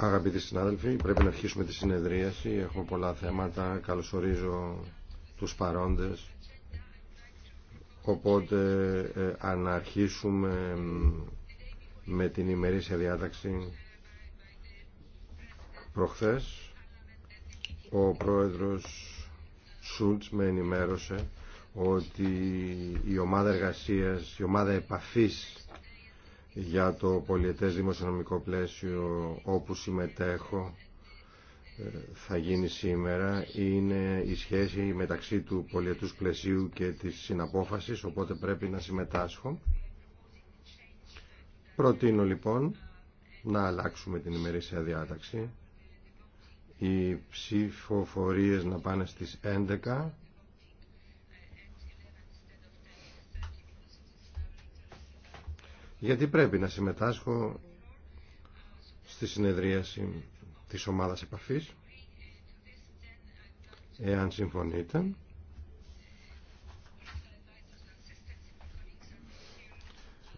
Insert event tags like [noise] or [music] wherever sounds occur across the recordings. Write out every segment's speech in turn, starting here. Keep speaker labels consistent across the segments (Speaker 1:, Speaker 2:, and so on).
Speaker 1: Αγαπητοί συνάδελφοι, πρέπει να αρχίσουμε τη συνεδρίαση. Έχουμε πολλά θέματα. Καλωσορίζω τους παρόντες. Οπότε, ε, αν αρχίσουμε με την ημερήσια διάταξη προχθές, ο πρόεδρος Σούλτς με ενημέρωσε ότι η ομάδα εργασίας, η ομάδα επαφής για το πολιετές δημοσιονομικό πλαίσιο όπου συμμετέχω ε, θα γίνει σήμερα είναι η σχέση μεταξύ του πολιετούς πλαισίου και της συναπόφασης οπότε πρέπει να συμμετάσχω προτείνω λοιπόν να αλλάξουμε την ημερήσια διάταξη οι ψηφοφορίες να πάνε στις 11 γιατί πρέπει να συμμετάσχω στη συνεδρίαση της ομάδας επαφής εάν συμφωνείτε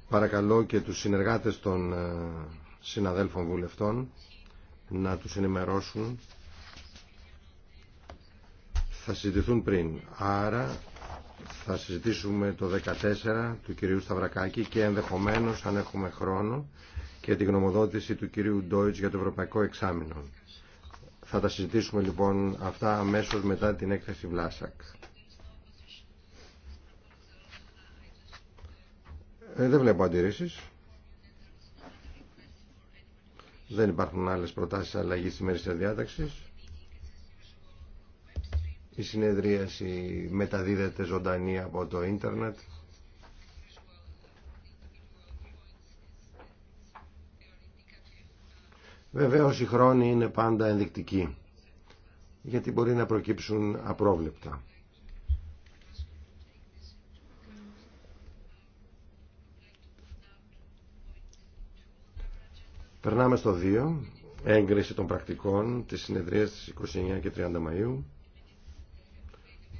Speaker 1: παρακαλώ και τους συνεργάτες των ε, συναδέλφων βουλευτών να τους ενημερώσουν θα συζητηθούν πριν άρα θα συζητήσουμε το 14 του κυρίου Σταυρακάκη και ενδεχομένως αν έχουμε χρόνο και την γνωμοδότηση του κυρίου Ντόιτς για το Ευρωπαϊκό Εξάμεινο. Θα τα συζητήσουμε λοιπόν αυτά αμέσως μετά την έκθεση Βλάσακ. Ε, δεν βλέπω αντιρρήσεις. Δεν υπάρχουν άλλες προτάσεις αλλαγής της τη διάταξης. Η συνεδρίαση μεταδίδεται ζωντανή από το ίντερνετ. Βεβαίως οι χρόνοι είναι πάντα ενδεικτικοί, γιατί μπορεί να προκύψουν απρόβλεπτα. Περνάμε στο 2, έγκριση των πρακτικών της συνεδρίας της 29 και 30 Μαΐου.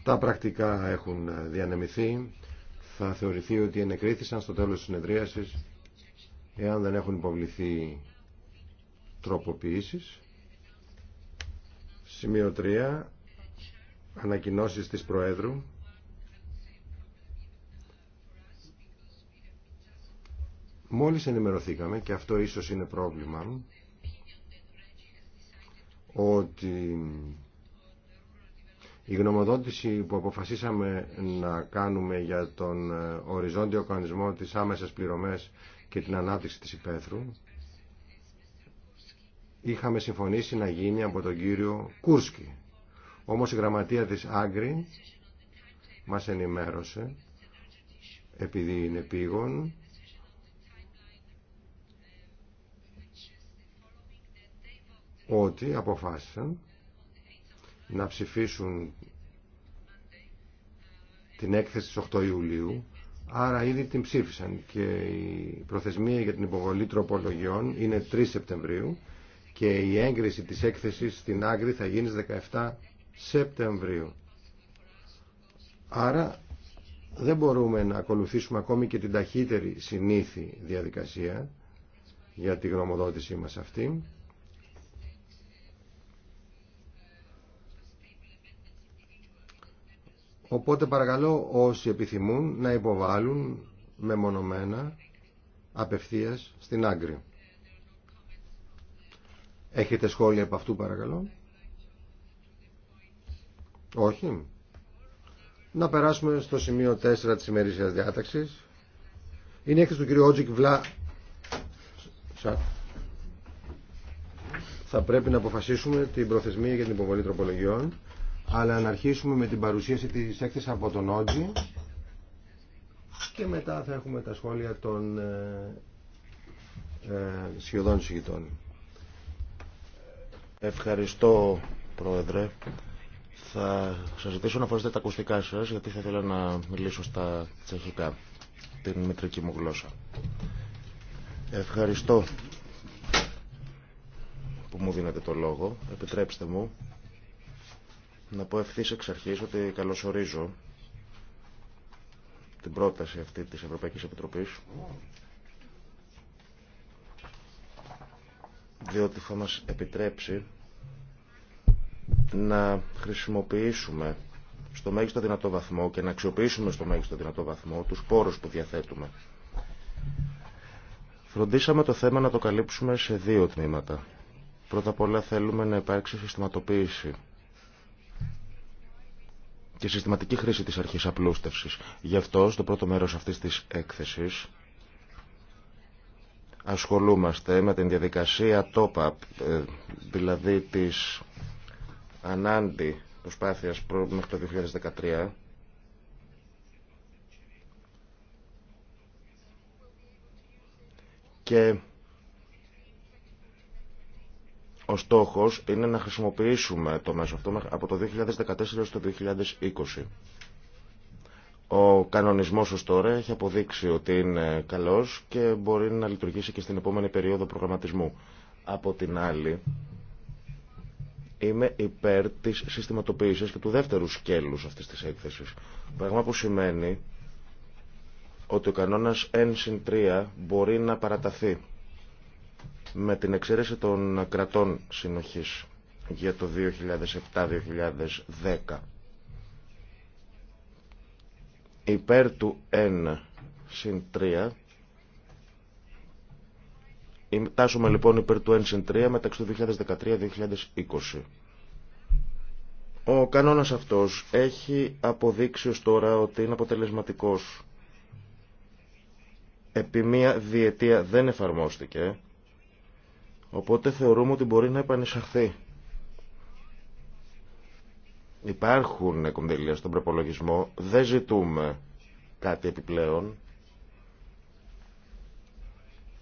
Speaker 1: Τα πρακτικά έχουν διανεμηθεί. Θα θεωρηθεί ότι ενεκρίθησαν στο τέλος της συνεδρίασης εάν δεν έχουν υποβληθεί τροποποιήσεις. Σημείο 3. Ανακοινώσεις της Προέδρου. Μόλις ενημερωθήκαμε, και αυτό ίσως είναι πρόβλημα, ότι η γνωμοδότηση που αποφασίσαμε να κάνουμε για τον ε, οριζόντιο κανονισμό της άμεσης πληρωμές και την ανάπτυξη της υπαίθρου είχαμε συμφωνήσει να γίνει από τον κύριο Κούρσκι. Όμως η γραμματεία της Άγκρη μας ενημέρωσε επειδή είναι πήγον ότι αποφάσισαν να ψηφίσουν την έκθεση στις 8 Ιουλίου, άρα ήδη την ψήφισαν και η προθεσμία για την υποβολή τροπολογιών είναι 3 Σεπτεμβρίου και η έγκριση της έκθεσης στην Άγκρη θα γίνει στις 17 Σεπτεμβρίου. Άρα δεν μπορούμε να ακολουθήσουμε ακόμη και την ταχύτερη συνήθη διαδικασία για τη γνωμοδότησή μας αυτή. Οπότε παρακαλώ όσοι επιθυμούν να υποβάλουν μεμονωμένα απευθείας στην άγκρη. Έχετε σχόλια από αυτού παρακαλώ. Όχι. Να περάσουμε στο σημείο 4 της ημερήσιας διάταξης. Είναι έκθεση του κ. Ότζικ Βλά... Θα πρέπει να αποφασίσουμε την προθεσμία για την υποβολή τροπολογιών αλλά να αρχίσουμε με την παρουσίαση της έκθεσης από τον Ότζι και μετά θα έχουμε τα σχόλια των ε,
Speaker 2: ε σχεδόν Ευχαριστώ, Πρόεδρε. Θα σας ζητήσω να φορέσετε τα ακουστικά σας, γιατί θα ήθελα να μιλήσω στα τσεχικά, την μητρική μου γλώσσα. Ευχαριστώ που μου δίνετε το λόγο. Επιτρέψτε μου να πω ευθύ εξ αρχή ότι καλωσορίζω την πρόταση αυτή της Ευρωπαϊκής Επιτροπής διότι θα μας επιτρέψει να χρησιμοποιήσουμε στο μέγιστο δυνατό βαθμό και να αξιοποιήσουμε στο μέγιστο δυνατό βαθμό τους πόρους που διαθέτουμε. Φροντίσαμε το θέμα να το καλύψουμε σε δύο τμήματα. Πρώτα απ' όλα θέλουμε να υπάρξει συστηματοποίηση και συστηματική χρήση της αρχής απλούστευσης. Γι' αυτό στο πρώτο μέρος αυτής της έκθεσης ασχολούμαστε με την διαδικασία top-up, ε, δηλαδή της ανάντι προσπάθειας μέχρι το 2013 και ο στόχος είναι να χρησιμοποιήσουμε το μέσο αυτό από το 2014 έως το 2020. Ο κανονισμός ως τώρα έχει αποδείξει ότι είναι καλός και μπορεί να λειτουργήσει και στην επόμενη περίοδο προγραμματισμού. Από την άλλη, είμαι υπέρ της συστηματοποίησης και του δεύτερου σκέλους αυτής της έκθεσης. Πράγμα που σημαίνει ότι ο κανόνας 1 3 μπορεί να παραταθεί με την εξαίρεση των κρατών συνοχής για το 2007-2010 υπέρ του 1 συν 3 τάσουμε λοιπόν υπέρ του 1 συν 3 μεταξύ του 2013-2020 ο κανόνας αυτός έχει αποδείξει ως τώρα ότι είναι αποτελεσματικός επί μία διετία δεν εφαρμόστηκε Οπότε θεωρούμε ότι μπορεί να επανεισαχθεί. Υπάρχουν κονδύλια στον προπολογισμό, δεν ζητούμε κάτι επιπλέον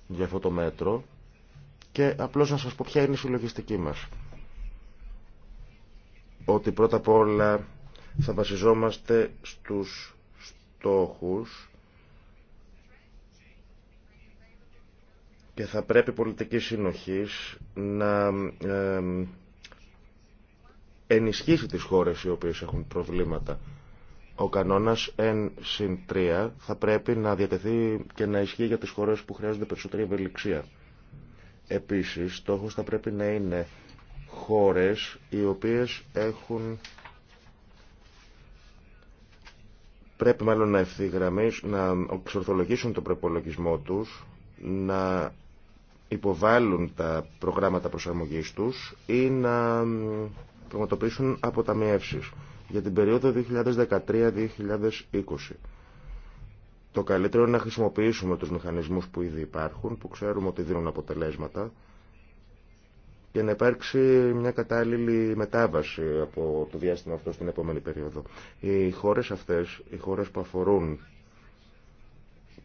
Speaker 2: για αυτό το μέτρο και απλώς να σας πω ποια είναι η συλλογιστική μας. Ότι πρώτα απ' όλα θα βασιζόμαστε στους στόχους και θα πρέπει η πολιτική συνοχής να ενισχύσει τις χώρες οι οποίες έχουν προβλήματα. Ο κανόνας εν συν 3 θα πρέπει να διατεθεί και να ισχύει για τις χώρες που χρειάζονται περισσότερη ευελιξία. Επίσης, στόχος θα πρέπει να είναι χώρες οι οποίες έχουν πρέπει μάλλον να ευθυγραμμίσουν, να εξορθολογήσουν τον προπολογισμό τους, να υποβάλουν τα προγράμματα προσαρμογής τους ή να πραγματοποιήσουν αποταμιεύσεις για την περίοδο 2013-2020. Το καλύτερο είναι να χρησιμοποιήσουμε τους μηχανισμούς που ήδη υπάρχουν, που ξέρουμε ότι δίνουν αποτελέσματα, και να υπάρξει μια κατάλληλη μετάβαση από το διάστημα αυτό στην επόμενη περίοδο. Οι χώρες αυτές, οι χώρες που αφορούν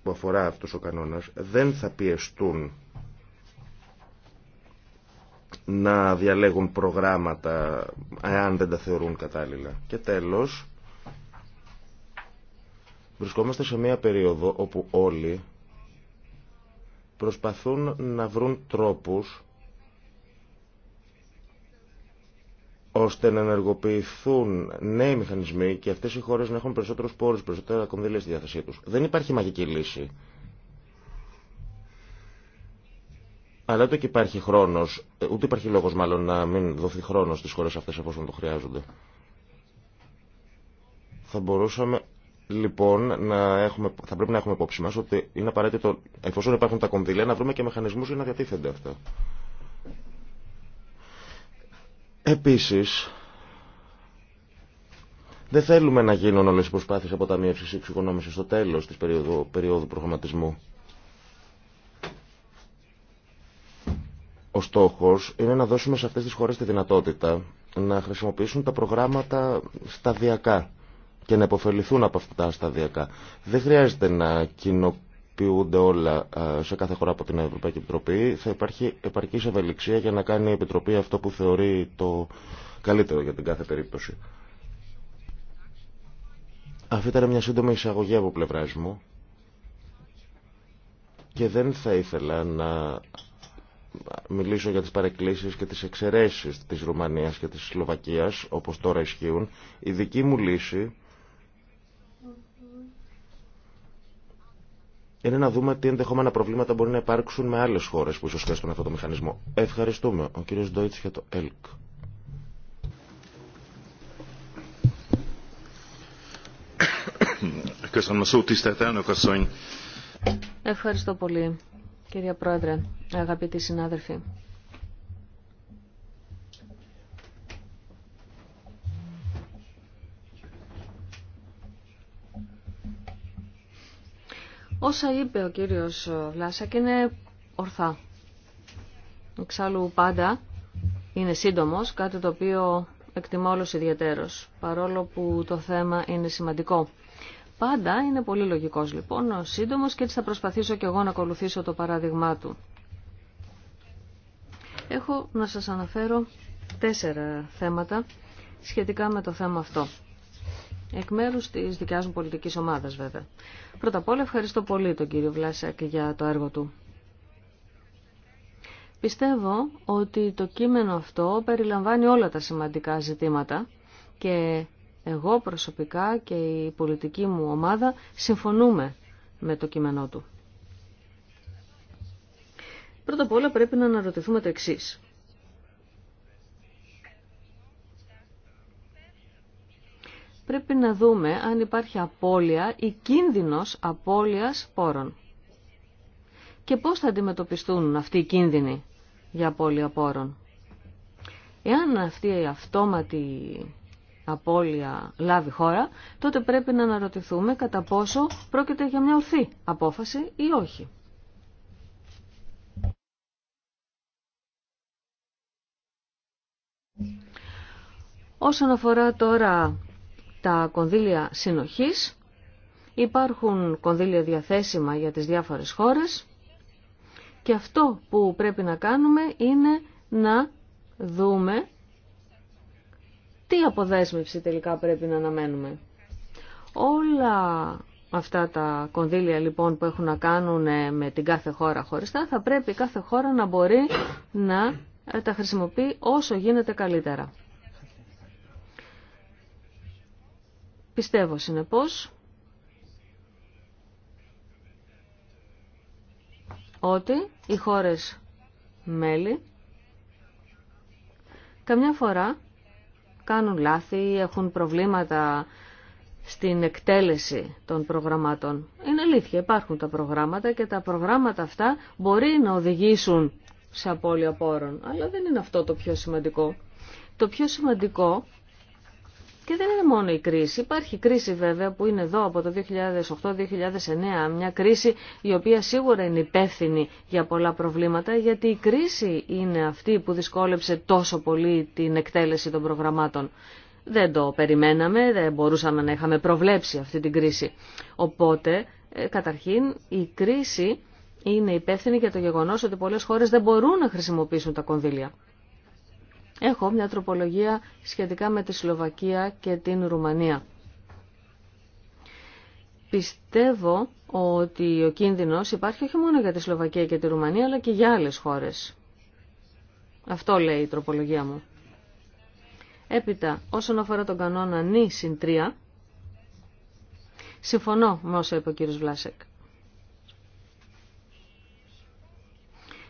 Speaker 2: που αφορά αυτός ο κανόνας, δεν θα πιεστούν να διαλέγουν προγράμματα εάν δεν τα θεωρούν κατάλληλα. Και τέλος, βρισκόμαστε σε μια περίοδο όπου όλοι προσπαθούν να βρουν τρόπους ώστε να ενεργοποιηθούν νέοι μηχανισμοί και αυτές οι χώρες να έχουν περισσότερους πόρους, περισσότερα κονδύλια στη διάθεσή τους. Δεν υπάρχει μαγική λύση. Αλλά ούτε και υπάρχει χρόνο, ε, ούτε υπάρχει λόγο μάλλον να μην δοθεί χρόνο στι χώρε αυτέ εφόσον το χρειάζονται. Θα μπορούσαμε λοιπόν να έχουμε, θα πρέπει να έχουμε υπόψη μα ότι είναι απαραίτητο, εφόσον υπάρχουν τα κονδύλια, να βρούμε και μηχανισμού για να διατίθενται αυτά. Επίση, δεν θέλουμε να γίνουν όλε οι προσπάθειε αποταμίευση ή εξοικονόμηση στο τέλο τη περίοδου, περίοδου προγραμματισμού. στόχος είναι να δώσουμε σε αυτές τις χώρες τη δυνατότητα να χρησιμοποιήσουν τα προγράμματα σταδιακά και να υποφεληθούν από αυτά σταδιακά. Δεν χρειάζεται να κοινοποιούνται όλα σε κάθε χώρα από την Ευρωπαϊκή Επιτροπή. Θα υπάρχει επαρκή ευελιξία για να κάνει η Επιτροπή αυτό που θεωρεί το καλύτερο για την κάθε περίπτωση. Αυτή ήταν μια σύντομη εισαγωγή από πλευρά μου και δεν θα ήθελα να μιλήσω για τις παρεκκλήσεις και τις εξαιρέσεις της Ρουμανίας και της Σλοβακίας, όπως τώρα ισχύουν, η δική μου λύση είναι να δούμε τι ενδεχόμενα προβλήματα μπορεί να υπάρξουν με άλλες χώρες που ίσως αυτό το μηχανισμό. Ευχαριστούμε. Ο κύριος Ντόιτς για το ΕΛΚ.
Speaker 3: Ευχαριστώ πολύ. Κυρία Πρόεδρε, αγαπητοί συνάδελφοι. Όσα είπε ο κύριος Βλάσακ είναι ορθά. Εξάλλου πάντα είναι σύντομος, κάτι το οποίο εκτιμώ όλος ιδιαίτερος, παρόλο που το θέμα είναι σημαντικό πάντα. Είναι πολύ λογικός λοιπόν ο σύντομο και έτσι θα προσπαθήσω και εγώ να ακολουθήσω το παράδειγμά του. Έχω να σας αναφέρω τέσσερα θέματα σχετικά με το θέμα αυτό. Εκ μέρους της δικιάς μου πολιτικής ομάδας βέβαια. Πρώτα απ' όλα ευχαριστώ πολύ τον κύριο και για το έργο του. Πιστεύω ότι το κείμενο αυτό περιλαμβάνει όλα τα σημαντικά ζητήματα και εγώ προσωπικά και η πολιτική μου ομάδα συμφωνούμε με το κείμενό του. Πρώτα απ' όλα πρέπει να αναρωτηθούμε το εξή. Πρέπει να δούμε αν υπάρχει απώλεια ή κίνδυνος απώλειας πόρων. Και πώς θα αντιμετωπιστούν αυτοί οι κίνδυνοι για απώλεια πόρων. Εάν αυτή η αυτόματη απώλεια λάβει χώρα, τότε πρέπει να αναρωτηθούμε κατά πόσο πρόκειται για μια ορθή απόφαση ή όχι. Όσον αφορά τώρα τα κονδύλια συνοχής, υπάρχουν κονδύλια διαθέσιμα για τις διάφορες χώρες και αυτό που πρέπει να κάνουμε είναι να δούμε τι αποδέσμευση τελικά πρέπει να αναμένουμε. Όλα αυτά τα κονδύλια λοιπόν που έχουν να κάνουν ε, με την κάθε χώρα χωριστά θα πρέπει κάθε χώρα να μπορεί να ε, τα χρησιμοποιεί όσο γίνεται καλύτερα. Πιστεύω συνεπώς ότι οι χώρες μέλη καμιά φορά κάνουν λάθη, έχουν προβλήματα στην εκτέλεση των προγραμμάτων. Είναι αλήθεια, υπάρχουν τα προγράμματα και τα προγράμματα αυτά μπορεί να οδηγήσουν σε απώλεια πόρων. Αλλά δεν είναι αυτό το πιο σημαντικό. Το πιο σημαντικό και δεν είναι μόνο η κρίση. Υπάρχει κρίση βέβαια που είναι εδώ από το 2008-2009, μια κρίση η οποία σίγουρα είναι υπεύθυνη για πολλά προβλήματα, γιατί η κρίση είναι αυτή που δυσκόλεψε τόσο πολύ την εκτέλεση των προγραμμάτων. Δεν το περιμέναμε, δεν μπορούσαμε να είχαμε προβλέψει αυτή την κρίση. Οπότε, ε, καταρχήν, η κρίση είναι υπεύθυνη για το γεγονός ότι πολλές χώρες δεν μπορούν να χρησιμοποιήσουν τα κονδύλια έχω μια τροπολογία σχετικά με τη Σλοβακία και την Ρουμανία. Πιστεύω ότι ο κίνδυνος υπάρχει όχι μόνο για τη Σλοβακία και τη Ρουμανία, αλλά και για άλλες χώρες. Αυτό λέει η τροπολογία μου. Έπειτα, όσον αφορά τον κανόνα νη συν 3, συμφωνώ με όσα είπε ο κύριος Βλάσεκ.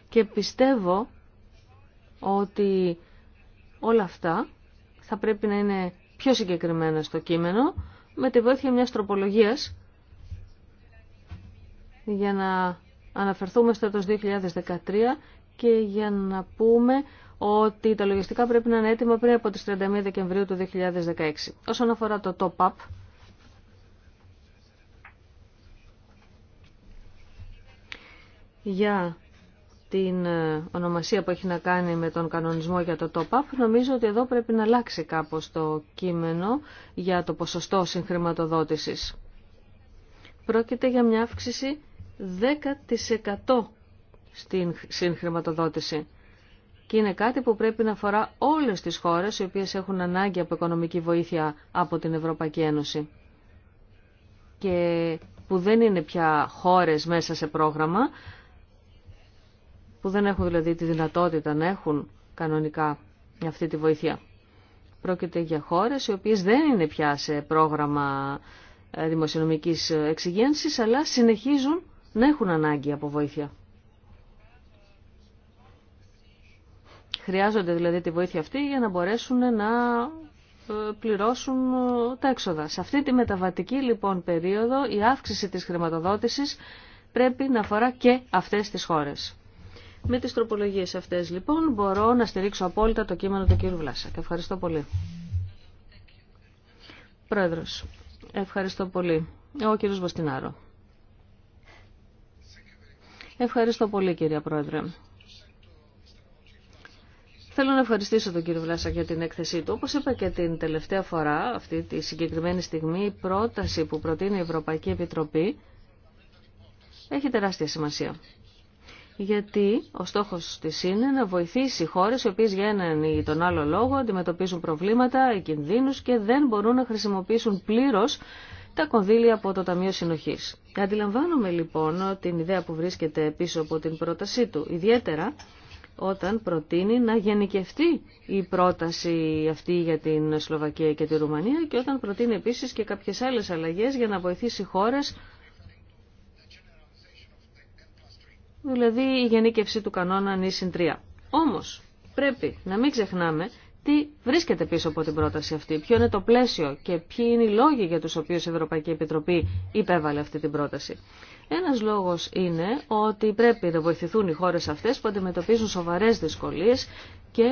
Speaker 3: Και πιστεύω ότι Όλα αυτά θα πρέπει να είναι πιο συγκεκριμένα στο κείμενο με τη βοήθεια μιας τροπολογίας για να αναφερθούμε στο έτος 2013 και για να πούμε ότι τα λογιστικά πρέπει να είναι έτοιμα πριν από τις 31 Δεκεμβρίου του 2016. Όσον αφορά το top-up, για την ε, ονομασία που έχει να κάνει με τον κανονισμό για το top-up, νομίζω ότι εδώ πρέπει να αλλάξει κάπως το κείμενο για το ποσοστό συγχρηματοδότησης. Πρόκειται για μια αύξηση 10% στην συγχρηματοδότηση. Και είναι κάτι που πρέπει να αφορά όλες τις χώρες οι οποίες έχουν ανάγκη από οικονομική βοήθεια από την Ευρωπαϊκή Ένωση. Και που δεν είναι πια χώρες μέσα σε πρόγραμμα, που δεν έχουν δηλαδή τη δυνατότητα να έχουν κανονικά αυτή τη βοήθεια. Πρόκειται για χώρες οι οποίες δεν είναι πια σε πρόγραμμα ε, δημοσιονομικής εξυγένσης, αλλά συνεχίζουν να έχουν ανάγκη από βοήθεια. Χρειάζονται δηλαδή τη βοήθεια αυτή για να μπορέσουν να ε, πληρώσουν ε, τα έξοδα. Σε αυτή τη μεταβατική λοιπόν περίοδο η αύξηση της χρηματοδότησης πρέπει να αφορά και αυτές τις χώρες. Με τις τροπολογίες αυτές λοιπόν μπορώ να στηρίξω απόλυτα το κείμενο του κύριου Βλάσακ. Ευχαριστώ πολύ. Πρόεδρος, ευχαριστώ πολύ. Ο κύριος Βαστινάρο. Ευχαριστώ πολύ κυρία Πρόεδρε. Θέλω να ευχαριστήσω τον κύριο Βλάσα για την έκθεσή του. Όπως είπα και την τελευταία φορά, αυτή τη συγκεκριμένη στιγμή, η πρόταση που προτείνει η Ευρωπαϊκή Επιτροπή έχει τεράστια σημασία γιατί ο στόχος της είναι να βοηθήσει χώρες οι οποίες για έναν ή τον άλλο λόγο αντιμετωπίζουν προβλήματα ή κινδύνους και δεν μπορούν να χρησιμοποιήσουν πλήρως τα κονδύλια από το Ταμείο Συνοχής. Αντιλαμβάνομαι λοιπόν την ιδέα που βρίσκεται πίσω από την πρότασή του, ιδιαίτερα όταν προτείνει να γενικευτεί η πρόταση αυτή για την Σλοβακία και τη Ρουμανία και όταν προτείνει επίσης και κάποιες άλλες αλλαγές για να βοηθήσει χώρες δηλαδή η γενίκευση του κανόνα νήσιν 3. Όμως πρέπει να μην ξεχνάμε τι βρίσκεται πίσω από την πρόταση αυτή, ποιο είναι το πλαίσιο και ποιοι είναι οι λόγοι για τους οποίους η Ευρωπαϊκή Επιτροπή υπέβαλε αυτή την πρόταση. Ένας λόγος είναι ότι πρέπει να βοηθηθούν οι χώρες αυτές που αντιμετωπίζουν σοβαρές δυσκολίες και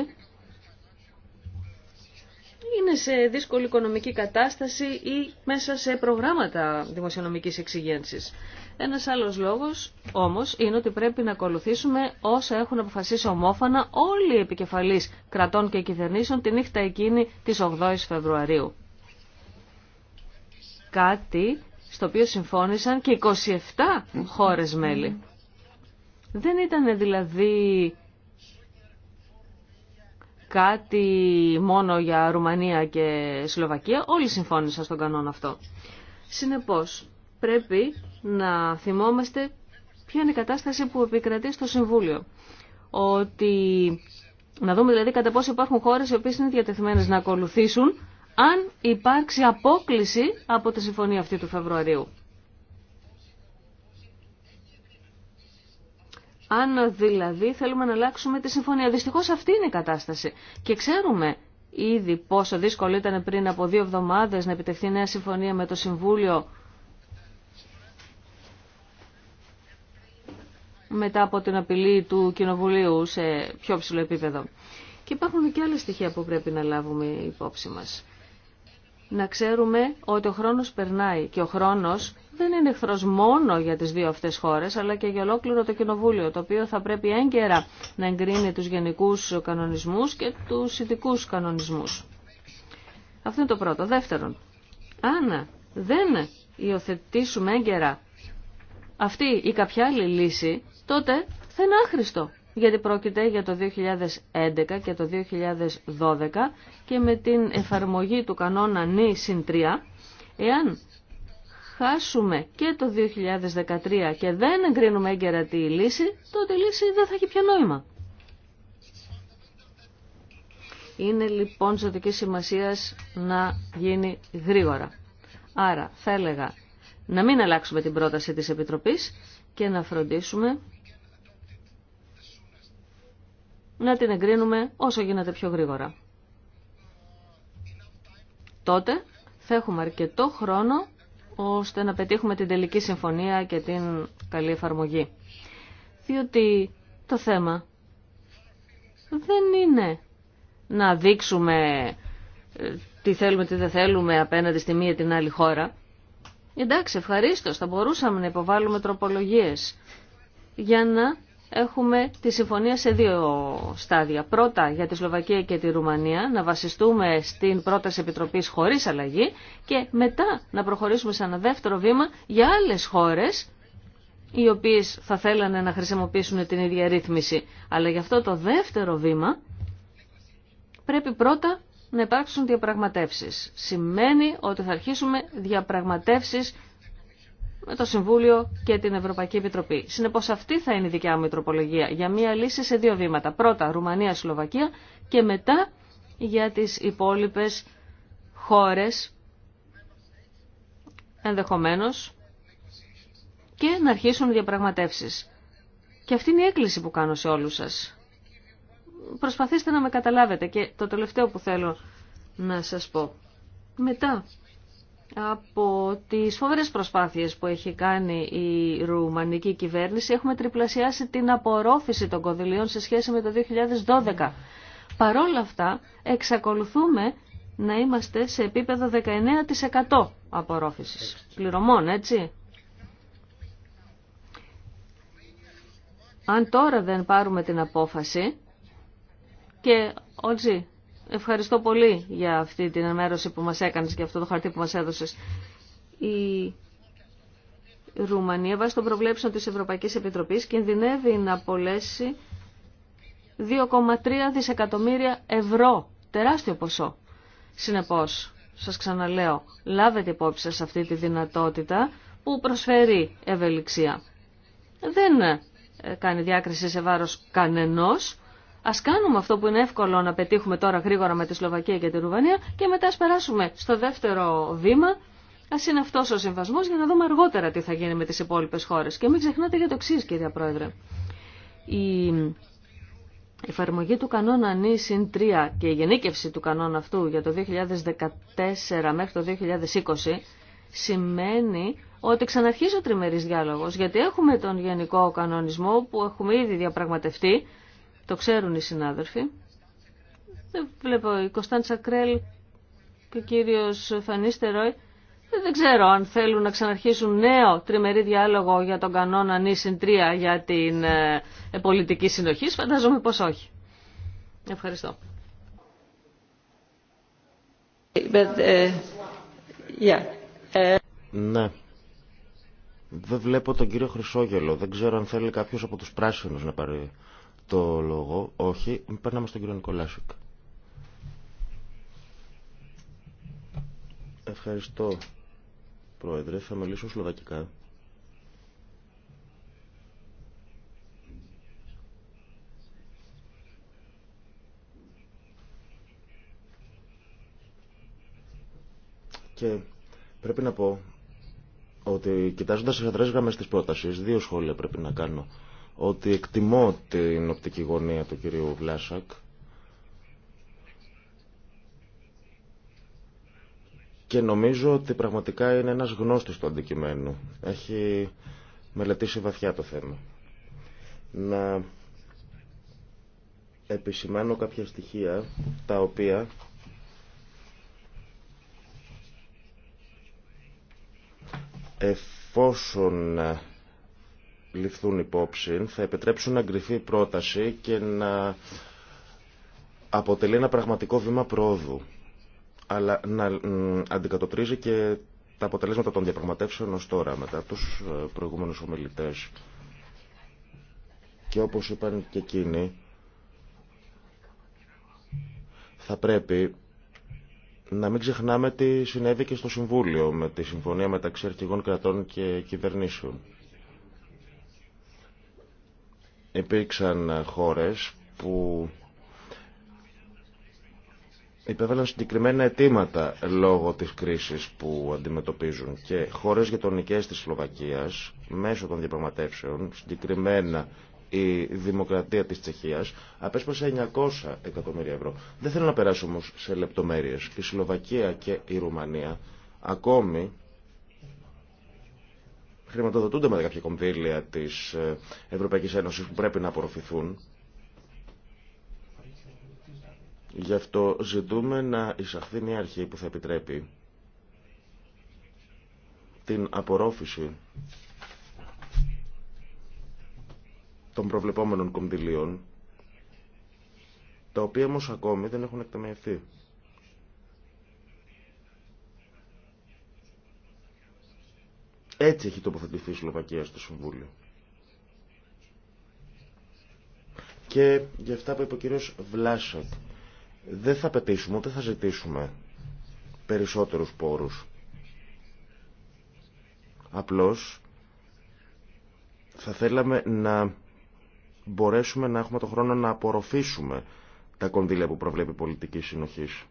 Speaker 3: είναι σε δύσκολη οικονομική κατάσταση ή μέσα σε προγράμματα δημοσιονομικής εξυγένσης. Ένας άλλος λόγος όμως είναι ότι πρέπει να ακολουθήσουμε όσα έχουν αποφασίσει ομόφανα όλοι οι επικεφαλείς κρατών και κυβερνήσεων τη νύχτα εκείνη της 8 η Φεβρουαρίου. Κάτι στο οποίο συμφώνησαν και 27 χώρες μέλη. Δεν ήταν δηλαδή κάτι μόνο για Ρουμανία και Σλοβακία. Όλοι συμφώνησαν στον κανόνα αυτό. Συνεπώς, πρέπει να θυμόμαστε ποια είναι η κατάσταση που επικρατεί στο Συμβούλιο. Ότι να δούμε δηλαδή κατά πόσο υπάρχουν χώρες οι οποίες είναι διατεθειμένες να ακολουθήσουν αν υπάρξει απόκληση από τη συμφωνία αυτή του Φεβρουαρίου. αν δηλαδή θέλουμε να αλλάξουμε τη συμφωνία. Δυστυχώ αυτή είναι η κατάσταση. Και ξέρουμε ήδη πόσο δύσκολο ήταν πριν από δύο εβδομάδες να επιτευχθεί νέα συμφωνία με το Συμβούλιο μετά από την απειλή του Κοινοβουλίου σε πιο ψηλό επίπεδο. Και υπάρχουν και άλλα στοιχεία που πρέπει να λάβουμε υπόψη μας. Να ξέρουμε ότι ο χρόνος περνάει και ο χρόνος δεν είναι εχθρό μόνο για τι δύο αυτέ χώρε, αλλά και για ολόκληρο το Κοινοβούλιο, το οποίο θα πρέπει έγκαιρα να εγκρίνει του γενικού κανονισμού και του ειδικού κανονισμού. Αυτό είναι το πρώτο. Δεύτερον, αν δεν υιοθετήσουμε έγκαιρα αυτή ή κάποια άλλη λύση, τότε θα είναι άχρηστο. Γιατί πρόκειται για το 2011 και το 2012 και με την εφαρμογή του κανόνα νη συν 3, εάν χάσουμε και το 2013 και δεν εγκρίνουμε έγκαιρα τη λύση, τότε η λύση δεν θα έχει πια νόημα. Είναι λοιπόν ζωτική σημασία να γίνει γρήγορα. Άρα θα έλεγα να μην αλλάξουμε την πρόταση της Επιτροπής και να φροντίσουμε να την εγκρίνουμε όσο γίνεται πιο γρήγορα. Τότε θα έχουμε αρκετό χρόνο ώστε να πετύχουμε την τελική συμφωνία και την καλή εφαρμογή. Διότι το θέμα δεν είναι να δείξουμε ε, τι θέλουμε, τι δεν θέλουμε απέναντι στη μία την άλλη χώρα. Εντάξει, ευχαρίστως, θα μπορούσαμε να υποβάλουμε τροπολογίες για να έχουμε τη συμφωνία σε δύο στάδια. Πρώτα για τη Σλοβακία και τη Ρουμανία να βασιστούμε στην πρόταση Επιτροπής χωρίς αλλαγή και μετά να προχωρήσουμε σε ένα δεύτερο βήμα για άλλες χώρες οι οποίες θα θέλανε να χρησιμοποιήσουν την ίδια ρύθμιση. Αλλά για αυτό το δεύτερο βήμα πρέπει πρώτα να υπάρξουν διαπραγματεύσεις. Σημαίνει ότι θα αρχίσουμε διαπραγματεύσεις με το Συμβούλιο και την Ευρωπαϊκή Επιτροπή. Συνεπώ αυτή θα είναι η δικιά μου τροπολογία για μία λύση σε δύο βήματα. Πρώτα Ρουμανία-Σλοβακία και μετά για τις υπόλοιπε χώρες ενδεχομένω, και να αρχίσουν διαπραγματεύσεις. Και αυτή είναι η έκκληση που κάνω σε όλους σας. Προσπαθήστε να με καταλάβετε και το τελευταίο που θέλω να σας πω. Μετά από τις φοβερές προσπάθειες που έχει κάνει η ρουμανική κυβέρνηση έχουμε τριπλασιάσει την απορρόφηση των κονδυλίων σε σχέση με το 2012. Παρόλα αυτά εξακολουθούμε να είμαστε σε επίπεδο 19% απορρόφησης πληρωμών, έτσι. Αν τώρα δεν πάρουμε την απόφαση και όχι Ευχαριστώ πολύ για αυτή την ενημέρωση που μας έκανες και αυτό το χαρτί που μας έδωσες. Η Ρουμανία, βάσει των προβλέψεων της Ευρωπαϊκής Επιτροπής, κινδυνεύει να απολέσει 2,3 δισεκατομμύρια ευρώ. Τεράστιο ποσό. Συνεπώς, σας ξαναλέω, λάβετε υπόψη σας αυτή τη δυνατότητα που προσφέρει ευελιξία. Δεν ε, κάνει διάκριση σε βάρος κανενός, Ας κάνουμε αυτό που είναι εύκολο να πετύχουμε τώρα γρήγορα με τη Σλοβακία και τη Ρουβανία και μετά ας περάσουμε στο δεύτερο βήμα Α είναι αυτό ο συμβασμό για να δούμε αργότερα τι θα γίνει με τι υπόλοιπε χώρε. Και μην ξεχνάτε για το εξή, κυρία Πρόεδρε. Η εφαρμογή του κανόνα νη συν 3 και η γενίκευση του κανόνα αυτού για το 2014 μέχρι το 2020 σημαίνει ότι ξαναρχίζει ο τριμερής διάλογος, γιατί έχουμε τον γενικό κανονισμό που έχουμε ήδη διαπραγματευτεί, το ξέρουν οι συνάδελφοι. Δεν Βλέπω η Κωνσταντσα Κρέλ και ο κύριος Φανίστεροι. Ε, δεν ξέρω αν θέλουν να ξαναρχίσουν νέο τριμερή διάλογο για τον κανόνα νήσιν 3 για την ε, ε, πολιτική συνοχή. Φαντάζομαι πως όχι. Ευχαριστώ. But,
Speaker 2: Ναι. Δεν βλέπω τον κύριο Χρυσόγελο. Δεν ξέρω αν θέλει κάποιος από τους πράσινους να πάρει το λόγο. Όχι, περνάμε στον κύριο Νικολάσικ. Ευχαριστώ, Πρόεδρε. Θα μιλήσω σλοβακικά. Και πρέπει να πω ότι κοιτάζοντας τις αδρές γραμμές της πρότασης, δύο σχόλια πρέπει να κάνω ότι εκτιμώ την οπτική γωνία του κυρίου Βλάσακ και νομίζω ότι πραγματικά είναι ένας γνώστης του αντικειμένου. Έχει μελετήσει βαθιά το θέμα. Να επισημάνω κάποια στοιχεία τα οποία εφόσον ληφθούν υπόψη θα επιτρέψουν να η πρόταση και να αποτελεί ένα πραγματικό βήμα πρόοδου αλλά να αντικατοπτρίζει και τα αποτελέσματα των διαπραγματεύσεων ως τώρα μετά τους ε, προηγούμενους ομιλητές και όπως είπαν και εκείνοι θα πρέπει να μην ξεχνάμε τι συνέβη και στο Συμβούλιο με τη συμφωνία μεταξύ αρχηγών κρατών και κυβερνήσεων υπήρξαν χώρες που υπέβαλαν συγκεκριμένα αιτήματα λόγω της κρίσης που αντιμετωπίζουν και χώρες γειτονικές της Σλοβακίας μέσω των διαπραγματεύσεων, συγκεκριμένα η δημοκρατία της Τσεχίας, απέσπασε 900 εκατομμύρια ευρώ. Δεν θέλω να περάσω όμως σε λεπτομέρειες. Η Σλοβακία και η Ρουμανία ακόμη χρηματοδοτούνται με κάποια κονδύλια της ε, Ευρωπαϊκής Ένωσης που πρέπει να απορροφηθούν. Γι' αυτό ζητούμε να εισαχθεί μια αρχή που θα επιτρέπει την απορρόφηση των προβλεπόμενων κονδυλίων, τα οποία όμως ακόμη δεν έχουν εκτεμευτεί. Έτσι έχει τοποθετηθεί η Σλοβακία στο Συμβούλιο. Και για αυτά που είπε ο κύριος Βλάσακ, δεν θα πετήσουμε δεν θα ζητήσουμε περισσότερους πόρους. Απλώς θα θέλαμε να μπορέσουμε να έχουμε το χρόνο να απορροφήσουμε τα κονδύλια που προβλέπει η πολιτική συνοχής.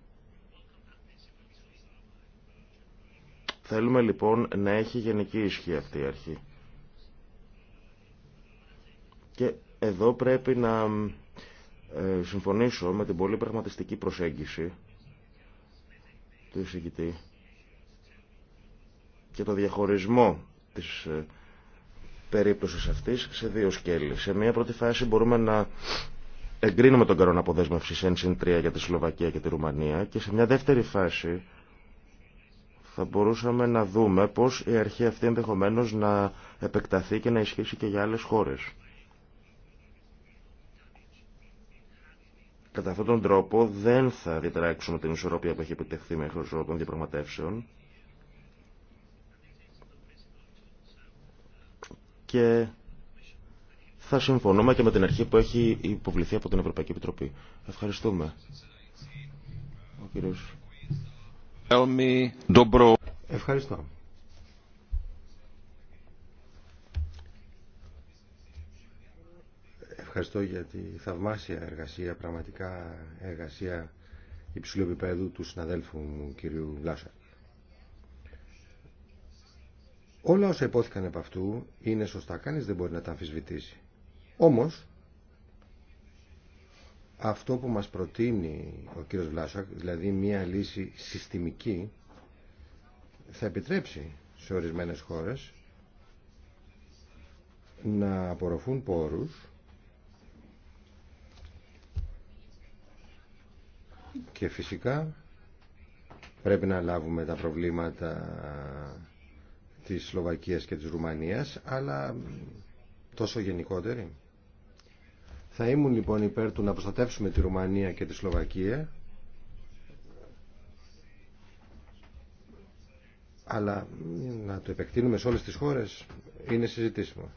Speaker 2: Θέλουμε λοιπόν να έχει γενική ισχύ αυτή η αρχή. Και εδώ πρέπει να ε, συμφωνήσω με την πολύ πραγματιστική προσέγγιση του εισηγητή και το διαχωρισμό της ε, περίπτωσης αυτής σε δύο σκέλη. Σε μία πρώτη φάση μπορούμε να εγκρίνουμε τον καρονα αποδέσμευση συν 3 για τη Σλοβακία και τη Ρουμανία και σε μια δεύτερη φάση θα μπορούσαμε να δούμε πώς η αρχή αυτή ενδεχομένως να επεκταθεί και να ισχύσει και για άλλες χώρες. Κατά αυτόν τον τρόπο δεν θα διτράξουμε την ισορροπία που έχει επιτευχθεί μέχρι των διαπραγματεύσεων και θα συμφωνούμε και με την αρχή που έχει υποβληθεί από την Ευρωπαϊκή Επιτροπή. Ευχαριστούμε. Ο κύριος Ευχαριστώ.
Speaker 1: Ευχαριστώ για τη θαυμάσια εργασία, πραγματικά εργασία υψηλού επίπεδου του συναδέλφου μου κυρίου Βλάσσα. Όλα όσα υπόθηκαν από αυτού είναι σωστά, κανείς δεν μπορεί να τα αμφισβητήσει. Όμως, αυτό που μας προτείνει ο κύριος Βλάσσακ, δηλαδή μια λύση συστημική, θα επιτρέψει σε ορισμένες χώρες να απορροφούν πόρους και φυσικά πρέπει να λάβουμε τα προβλήματα της Σλοβακίας και της Ρουμανίας αλλά τόσο γενικότερη θα ήμουν λοιπόν υπέρ του να προστατεύσουμε τη Ρουμανία και τη Σλοβακία αλλά να το επεκτείνουμε σε όλες τις χώρες είναι συζητήσιμο.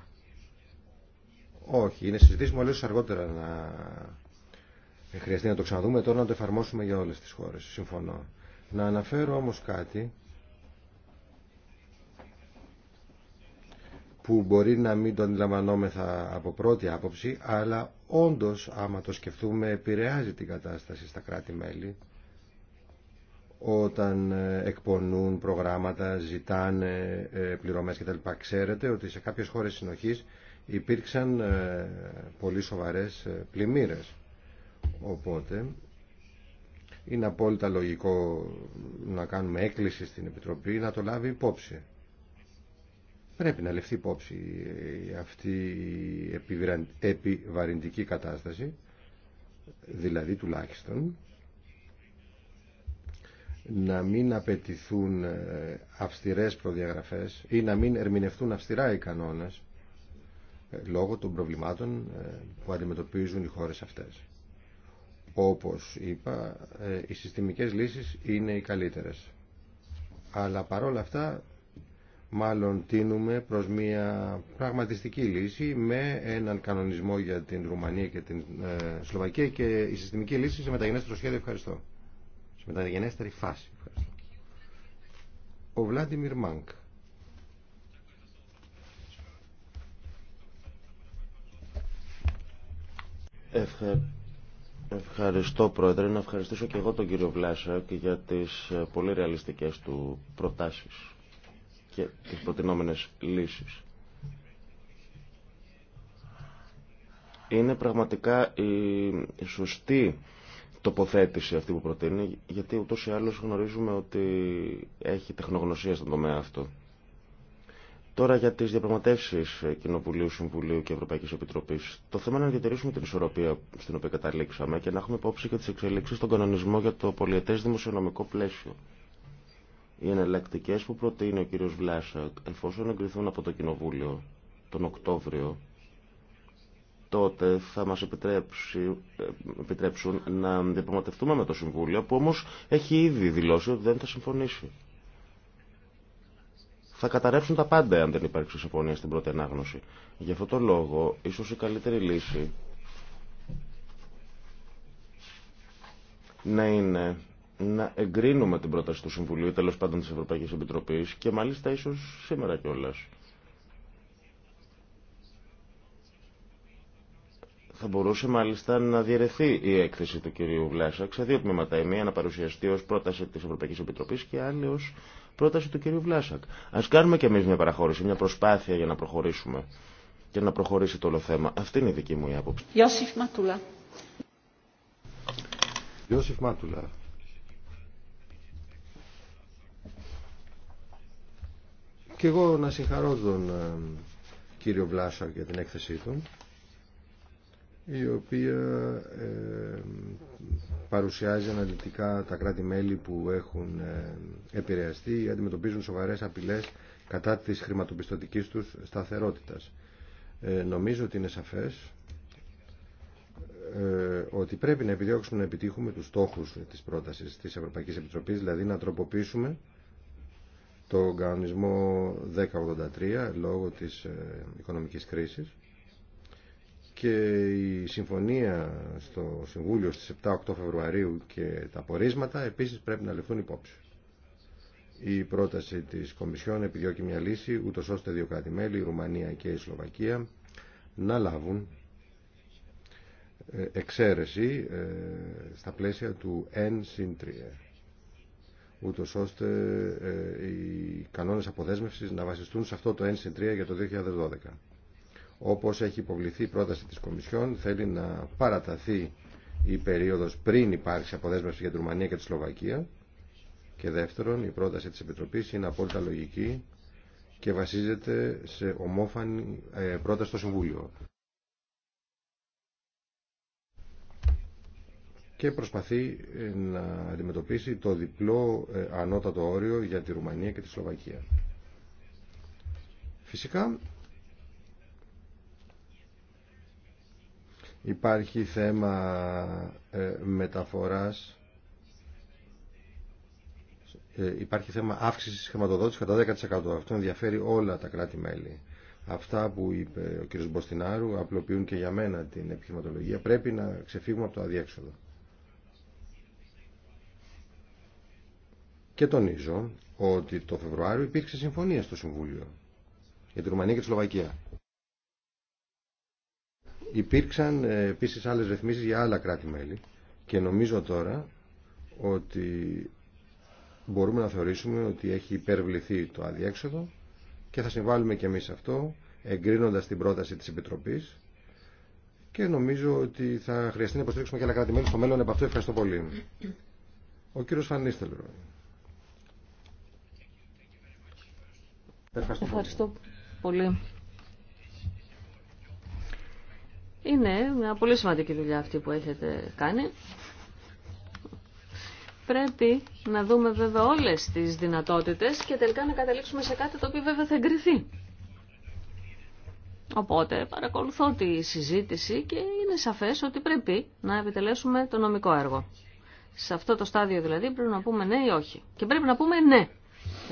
Speaker 1: Όχι, είναι συζητήσιμο, αλλιώς αργότερα να χρειαστεί να το ξαναδούμε, τώρα να το εφαρμόσουμε για όλες τις χώρες, συμφωνώ. Να αναφέρω όμως κάτι που μπορεί να μην το αντιλαμβανόμεθα από πρώτη άποψη, αλλά όντως άμα το σκεφτούμε επηρεάζει την κατάσταση στα κράτη-μέλη όταν ε, εκπονούν προγράμματα, ζητάνε ε, πληρωμές κτλ. Ξέρετε ότι σε κάποιες χώρες συνοχής υπήρξαν ε, πολύ σοβαρές πλημμύρες. Οπότε είναι απόλυτα λογικό να κάνουμε έκκληση στην Επιτροπή να το λάβει υπόψη. Πρέπει να λεφθεί υπόψη αυτή η επιβαρυντική κατάσταση, δηλαδή τουλάχιστον να μην απαιτηθούν ε, αυστηρές προδιαγραφές ή να μην ερμηνευτούν αυστηρά οι κανόνες ε, λόγω των προβλημάτων ε, που αντιμετωπίζουν οι χώρες αυτές. Όπως είπα, οι συστημικές λύσεις είναι οι καλύτερες. Αλλά παρόλα αυτά μάλλον τίνουμε προς μια πραγματιστική λύση με έναν κανονισμό για την Ρουμανία και την ε, Σλοβακία και η συστημική λύση σε μεταγενέστερο σχέδιο ευχαριστώ. Σε μεταγενέστερη φάση ευχαριστώ. Ο Βλάντιμιρ Μάνκ.
Speaker 2: Ευχα... Ευχαριστώ Πρόεδρε, να ευχαριστήσω και εγώ τον κύριο και για τις ε, πολύ ρεαλιστικές του προτάσεις και τις προτινόμενες λύσεις. Είναι πραγματικά η σωστή τοποθέτηση αυτή που προτείνει, γιατί ούτως ή άλλως γνωρίζουμε ότι έχει τεχνογνωσία στον τομέα αυτό. Τώρα για τις διαπραγματεύσεις Κοινοβουλίου, Συμβουλίου και Ευρωπαϊκής Επιτροπής. Το θέμα είναι να διατηρήσουμε την ισορροπία στην οποία καταλήξαμε και να έχουμε υπόψη και τις εξελίξεις στον κανονισμό για το πολιετές δημοσιονομικό πλαίσιο. Οι εναλλακτικέ που προτείνει ο κύριος Βλάσακ, εφόσον εγκριθούν από το Κοινοβούλιο τον Οκτώβριο, τότε θα μας ε, επιτρέψουν να διαπραγματευτούμε με το Συμβούλιο, που όμως έχει ήδη δηλώσει ότι δεν θα συμφωνήσει. Θα καταρρεύσουν τα πάντα αν δεν υπάρξει συμφωνία στην πρώτη ανάγνωση. Γι' αυτό το λόγο, ίσως η καλύτερη λύση να είναι να εγκρίνουμε την πρόταση του Συμβουλίου, τέλο πάντων τη Ευρωπαϊκή Επιτροπή και μάλιστα ίσω σήμερα κιόλα. Θα μπορούσε μάλιστα να διαιρεθεί η έκθεση του κυρίου Βλάσακ σε δύο τμήματα. Η μία να παρουσιαστεί ω πρόταση τη Ευρωπαϊκή Επιτροπή και άλλη ω πρόταση του κυρίου Βλάσακ. Α κάνουμε κι εμεί μια παραχώρηση, μια προσπάθεια για να προχωρήσουμε και να προχωρήσει το όλο θέμα. Αυτή είναι η δική μου άποψη. Ματούλα. Ματούλα.
Speaker 1: Και εγώ να συγχαρώ τον ε, κύριο Βλάσσα για την έκθεσή του η οποία ε, παρουσιάζει αναλυτικά τα κράτη-μέλη που έχουν ε, επηρεαστεί ή αντιμετωπίζουν σοβαρές απειλές κατά της χρηματοπιστωτικής τους σταθερότητας. Ε, νομίζω ότι είναι σαφές ότι πρέπει να επιδιώξουμε να επιτύχουμε τους στόχους της πρότασης της Ευρωπαϊκής Επιτροπής, δηλαδή να τροποποιήσουμε το κανονισμό 1083 λόγω της ε, οικονομικής κρίσης και η συμφωνία στο Συμβούλιο στις 7-8 Φεβρουαρίου και τα πορίσματα επίσης πρέπει να λεφθούν υπόψη. Η πρόταση της Κομισιόν επιδιώκει μια λύση ούτως ώστε δύο κράτη-μέλη, η Ρουμανία και η Σλοβακία, να λάβουν ε, εξαίρεση ε, στα πλαίσια του 1 συν 3 ούτως ώστε ε, οι κανόνες αποδέσμευσης να βασιστούν σε αυτό το 1 3 για το 2012. Όπως έχει υποβληθεί η πρόταση της Κομισιόν, θέλει να παραταθεί η περίοδος πριν υπάρξει αποδέσμευση για την Ρουμανία και τη Σλοβακία και δεύτερον, η πρόταση της Επιτροπής είναι απόλυτα λογική και βασίζεται σε ομόφανη ε, πρόταση στο Συμβούλιο. και προσπαθεί ε, να αντιμετωπίσει το διπλό ε, ανώτατο όριο για τη Ρουμανία και τη Σλοβακία. Φυσικά υπάρχει θέμα ε, μεταφοράς υπάρχει θέμα αύξησης χρηματοδότησης κατά 10%. Αυτό ενδιαφέρει όλα τα κράτη-μέλη. Αυτά που είπε ο κ. Μποστινάρου απλοποιούν και για μένα την επιχειρηματολογία. Πρέπει να ξεφύγουμε από το αδιέξοδο. Και τονίζω ότι το Φεβρουάριο υπήρξε συμφωνία στο Συμβούλιο για τη Ρουμανία και τη Σλοβακία. Υπήρξαν ε, επίσης άλλες ρυθμίσεις για άλλα κράτη-μέλη και νομίζω τώρα ότι μπορούμε να θεωρήσουμε ότι έχει υπερβληθεί το αδιέξοδο και θα συμβάλλουμε και εμείς αυτό εγκρίνοντας την πρόταση της Επιτροπής και νομίζω ότι θα χρειαστεί να υποστηρίξουμε και άλλα κράτη-μέλη στο μέλλον. Επ' αυτό ευχαριστώ πολύ. Ο κύριος Φανίστελρο.
Speaker 3: Ευχαριστώ, πολύ. Είναι μια πολύ σημαντική δουλειά αυτή που έχετε κάνει. Πρέπει να δούμε βέβαια όλες τις δυνατότητες και τελικά να καταλήξουμε σε κάτι το οποίο βέβαια θα εγκριθεί. Οπότε παρακολουθώ τη συζήτηση και είναι σαφές ότι πρέπει να επιτελέσουμε το νομικό έργο. Σε αυτό το στάδιο δηλαδή πρέπει να πούμε ναι ή όχι. Και πρέπει να πούμε ναι.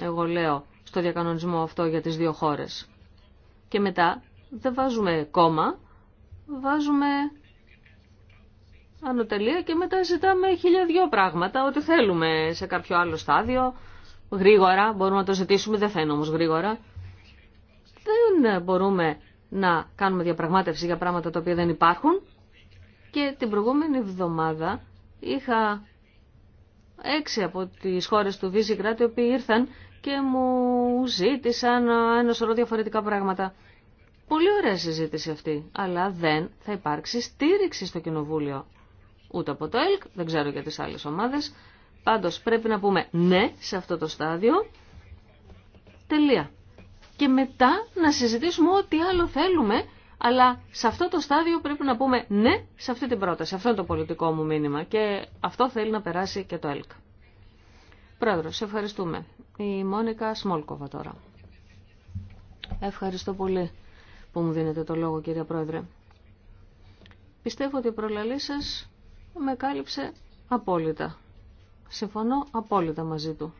Speaker 3: Εγώ λέω στο διακανονισμό αυτό για τις δύο χώρες. Και μετά δεν βάζουμε κόμμα, βάζουμε ανωτελεία και μετά ζητάμε δύο πράγματα, ό,τι θέλουμε σε κάποιο άλλο στάδιο. Γρήγορα, μπορούμε να το ζητήσουμε, δεν θα είναι όμως γρήγορα. Δεν μπορούμε να κάνουμε διαπραγμάτευση για πράγματα τα οποία δεν υπάρχουν. Και την προηγούμενη εβδομάδα είχα έξι από τις χώρες του Βίζιγκράτ οι οποίοι ήρθαν και μου ζήτησαν ένα σωρό διαφορετικά πράγματα. Πολύ ωραία συζήτηση αυτή, αλλά δεν θα υπάρξει στήριξη στο Κοινοβούλιο. Ούτε από το ΕΛΚ, δεν ξέρω για τις άλλες ομάδες. Πάντως πρέπει να πούμε ναι σε αυτό το στάδιο. Τελεία. Και μετά να συζητήσουμε ό,τι άλλο θέλουμε, αλλά σε αυτό το στάδιο πρέπει να πούμε ναι σε αυτή την πρόταση. Αυτό είναι το πολιτικό μου μήνυμα και αυτό θέλει να περάσει και το ΕΛΚ. Πρόεδρος, ευχαριστούμε. Η Μόνικα Σμόλκοβα τώρα. Ευχαριστώ πολύ που μου δίνετε το λόγο κύριε Πρόεδρε. Πιστεύω ότι η προλαλή σας με κάλυψε απόλυτα. Συμφωνώ απόλυτα μαζί του.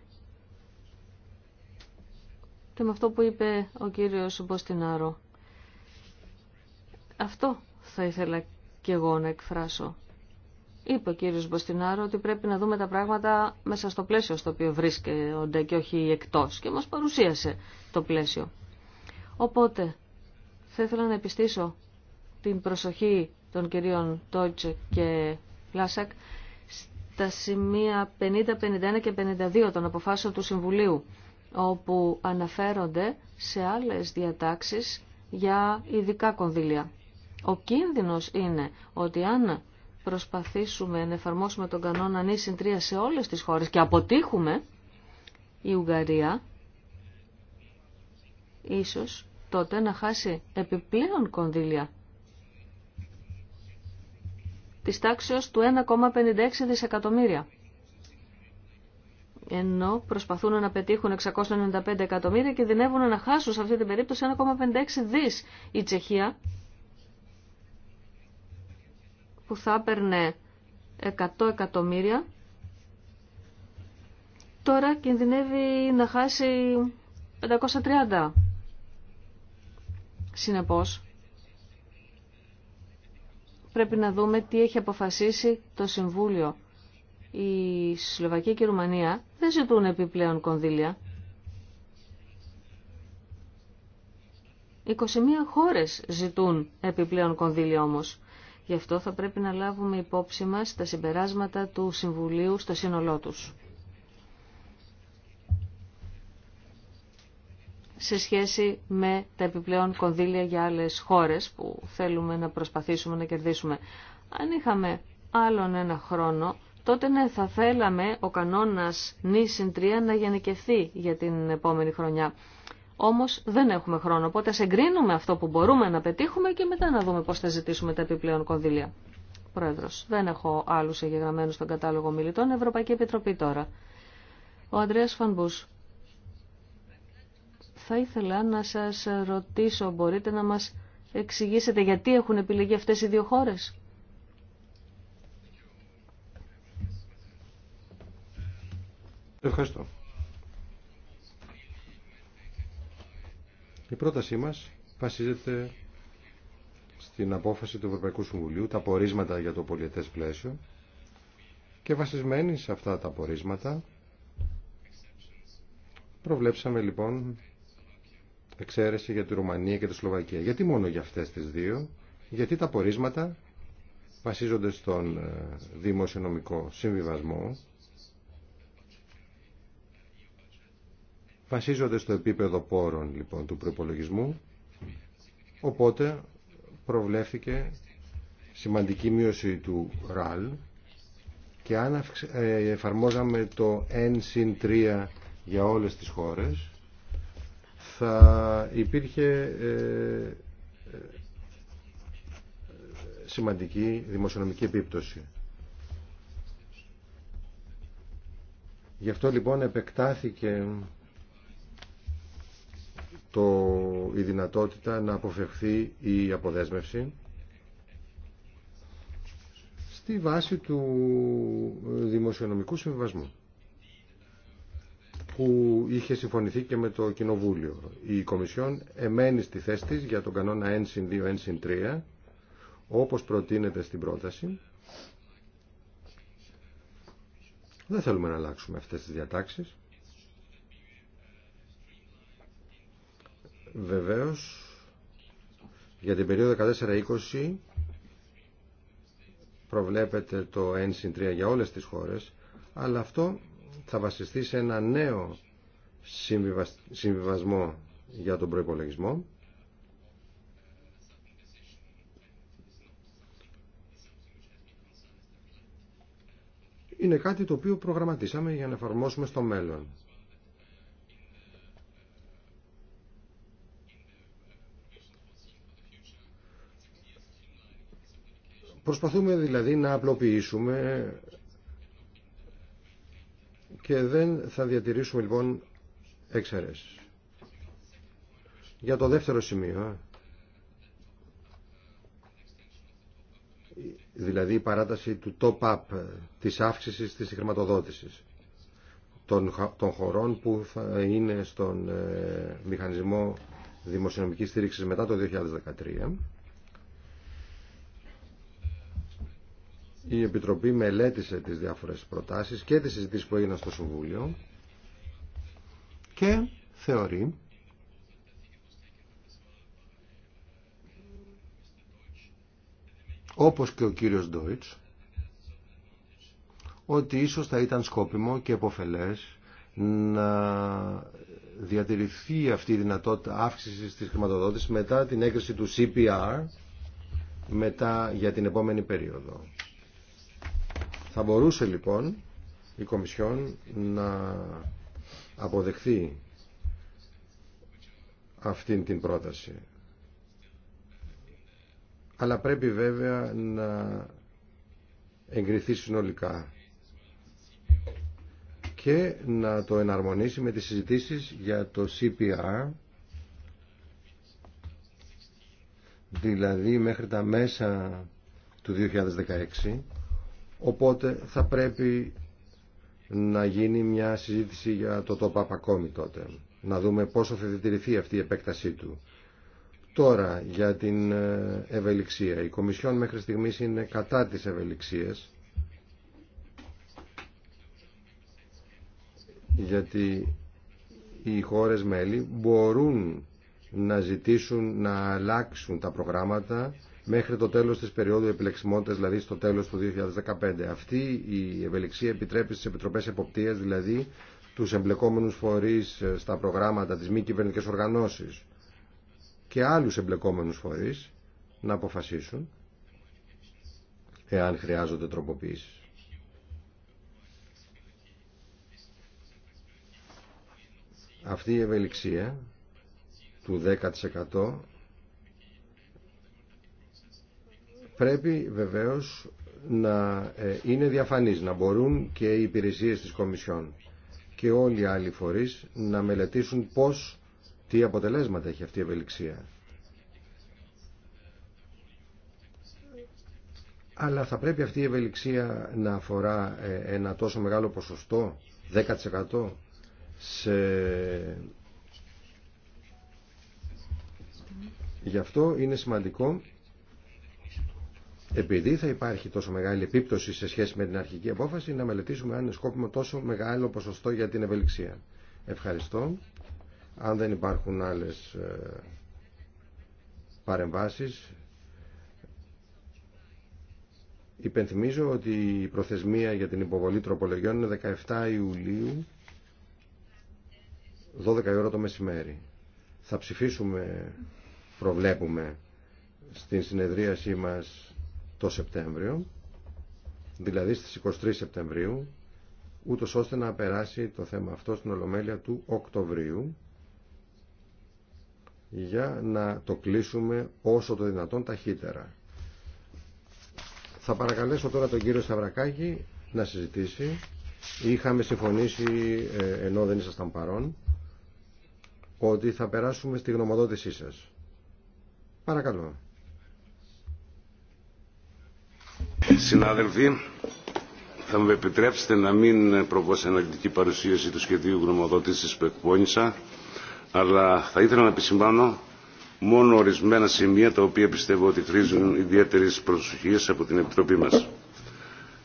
Speaker 3: Και με αυτό που είπε ο κύριος Μποστινάρο. Αυτό θα ήθελα και εγώ να εκφράσω. Είπε ο κύριος Μποστινάρο ότι πρέπει να δούμε τα πράγματα μέσα στο πλαίσιο στο οποίο βρίσκονται και όχι εκτός και μας παρουσίασε το πλαίσιο. Οπότε, θα ήθελα να επιστήσω την προσοχή των κυρίων Τόιτσε και Λάσακ στα σημεία 50, 51 και 52 των αποφάσεων του Συμβουλίου, όπου αναφέρονται σε άλλες διατάξεις για ειδικά κονδύλια. Ο κίνδυνος είναι ότι αν προσπαθήσουμε να εφαρμόσουμε τον κανόνα νη 3 σε όλες τις χώρες και αποτύχουμε η Ουγγαρία ίσως τότε να χάσει επιπλέον κονδύλια της τάξεως του 1,56 δισεκατομμύρια ενώ προσπαθούν να πετύχουν 695 εκατομμύρια και δυνεύουν να χάσουν σε αυτή την περίπτωση 1,56 δις. Η Τσεχία που θα έπαιρνε 100 εκατομμύρια, τώρα κινδυνεύει να χάσει 530. Συνεπώς, πρέπει να δούμε τι έχει αποφασίσει το Συμβούλιο. Η Σλοβακία και η Ρουμανία δεν ζητούν επιπλέον κονδύλια. 21 χώρες ζητούν επιπλέον κονδύλια όμως. Γι' αυτό θα πρέπει να λάβουμε υπόψη μας τα συμπεράσματα του Συμβουλίου στο σύνολό τους. σε σχέση με τα επιπλέον κονδύλια για άλλες χώρες που θέλουμε να προσπαθήσουμε να κερδίσουμε. Αν είχαμε άλλον ένα χρόνο, τότε ναι, θα θέλαμε ο κανόνας νη συν να γενικευθεί για την επόμενη χρονιά. Όμως δεν έχουμε χρόνο, οπότε ας εγκρίνουμε αυτό που μπορούμε να πετύχουμε και μετά να δούμε πώς θα ζητήσουμε τα επιπλέον κονδύλια. Πρόεδρος, δεν έχω άλλους εγγεγραμμένους στον κατάλογο μιλητών. Ευρωπαϊκή Επιτροπή τώρα. Ο Ανδρέας Φανμπούς. Θα ήθελα να σας ρωτήσω, μπορείτε να μας εξηγήσετε γιατί έχουν επιλεγεί αυτές οι δύο χώρες.
Speaker 1: Ευχαριστώ. Η πρότασή μας βασίζεται στην απόφαση του Ευρωπαϊκού Συμβουλίου, τα πορίσματα για το πολιετές πλαίσιο και βασισμένη σε αυτά τα πορίσματα προβλέψαμε λοιπόν εξαίρεση για τη Ρουμανία και τη Σλοβακία. Γιατί μόνο για αυτές τις δύο, γιατί τα πορίσματα βασίζονται στον ε, δημοσιονομικό συμβιβασμό βασίζονται στο επίπεδο πόρων λοιπόν του προπολογισμού, οπότε προβλέφθηκε σημαντική μείωση του ΡΑΛ και αν ε, εφαρμόζαμε το 1 3 για όλες τις χώρες θα υπήρχε ε, ε, σημαντική δημοσιονομική επίπτωση. Γι' αυτό λοιπόν επεκτάθηκε το, η δυνατότητα να αποφευχθεί η αποδέσμευση στη βάση του δημοσιονομικού συμβιβασμού που είχε συμφωνηθεί και με το Κοινοβούλιο. Η Κομισιόν εμένει στη θέση της για τον κανόνα 1-2, 1-3 όπως προτείνεται στην πρόταση. Δεν θέλουμε να αλλάξουμε αυτές τις διατάξεις. Βεβαίως, για την περίοδο 14-20 προβλέπεται το 1-3 για όλες τις χώρες, αλλά αυτό θα βασιστεί σε ένα νέο συμβιβασμό για τον προϋπολογισμό. Είναι κάτι το οποίο προγραμματίσαμε για να εφαρμόσουμε στο μέλλον. Προσπαθούμε δηλαδή να απλοποιήσουμε και δεν θα διατηρήσουμε λοιπόν εξαιρέσεις. Για το δεύτερο σημείο, δηλαδή η παράταση του top-up της αύξησης της χρηματοδότησης των χωρών που θα είναι στον ε, μηχανισμό δημοσιονομικής στήριξης μετά το 2013 Η Επιτροπή μελέτησε τις διάφορες προτάσεις και τις συζητήσεις που έγιναν στο Συμβούλιο και θεωρεί όπως και ο κύριος Ντόιτς ότι ίσως θα ήταν σκόπιμο και εποφελές να διατηρηθεί αυτή η δυνατότητα αύξησης της χρηματοδότησης μετά την έγκριση του CPR μετά για την επόμενη περίοδο. Θα μπορούσε λοιπόν η Κομισιόν να αποδεχθεί αυτήν την πρόταση. Αλλά πρέπει βέβαια να εγκριθεί συνολικά και να το εναρμονίσει με τις συζητήσεις για το CPR δηλαδή μέχρι τα μέσα του 2016 Οπότε θα πρέπει να γίνει μια συζήτηση για το το ακόμη τότε. Να δούμε πόσο θα διατηρηθεί αυτή η επέκτασή του. Τώρα για την ε, ευελιξία. Η Κομισιόν μέχρι στιγμής είναι κατά της ευελιξίας γιατί οι χώρες μέλη μπορούν να ζητήσουν να αλλάξουν τα προγράμματα μέχρι το τέλος της περίοδου επιλεξιμότητας, δηλαδή στο τέλος του 2015. Αυτή η ευελιξία επιτρέπει στις Επιτροπές Εποπτείας, δηλαδή τους εμπλεκόμενους φορείς ε, στα προγράμματα, τις μη κυβερνητικές οργανώσεις και άλλους εμπλεκόμενους φορείς να αποφασίσουν εάν χρειάζονται τροποποίηση. Αυτή η ευελιξία του 10% πρέπει βεβαίως να ε, είναι διαφανής, να μπορούν και οι υπηρεσίες της Κομισιόν και όλοι οι άλλοι φορείς να μελετήσουν πώς, τι αποτελέσματα έχει αυτή η ευελιξία. Αλλά θα πρέπει αυτή η ευελιξία να αφορά ε, ένα τόσο μεγάλο ποσοστό, 10% σε... Γι' αυτό είναι σημαντικό επειδή θα υπάρχει τόσο μεγάλη επίπτωση σε σχέση με την αρχική απόφαση, να μελετήσουμε αν είναι σκόπιμο τόσο μεγάλο ποσοστό για την ευελιξία. Ευχαριστώ. Αν δεν υπάρχουν άλλες ε, παρεμβάσεις, υπενθυμίζω ότι η προθεσμία για την υποβολή τροπολογιών είναι 17 Ιουλίου, 12 ώρα το μεσημέρι. Θα ψηφίσουμε, προβλέπουμε, στην συνεδρίασή μας το Σεπτέμβριο, δηλαδή στις 23 Σεπτεμβρίου, ούτω ώστε να περάσει το θέμα αυτό στην Ολομέλεια του Οκτωβρίου, για να το κλείσουμε όσο το δυνατόν ταχύτερα. Θα παρακαλέσω τώρα τον κύριο Σαβρακάκη να συζητήσει. Είχαμε συμφωνήσει, ε, ενώ δεν ήσασταν παρόν, ότι θα περάσουμε στη γνωμοδότησή σας. Παρακαλώ.
Speaker 4: Συνάδελφοι, θα μου επιτρέψετε να μην προβώ σε αναλυτική παρουσίαση του σχεδίου γνωμοδότησης που εκπώνησα, αλλά θα ήθελα να επισημάνω μόνο ορισμένα σημεία τα οποία πιστεύω ότι χρήζουν ιδιαίτερη προσοχή από την Επιτροπή μας.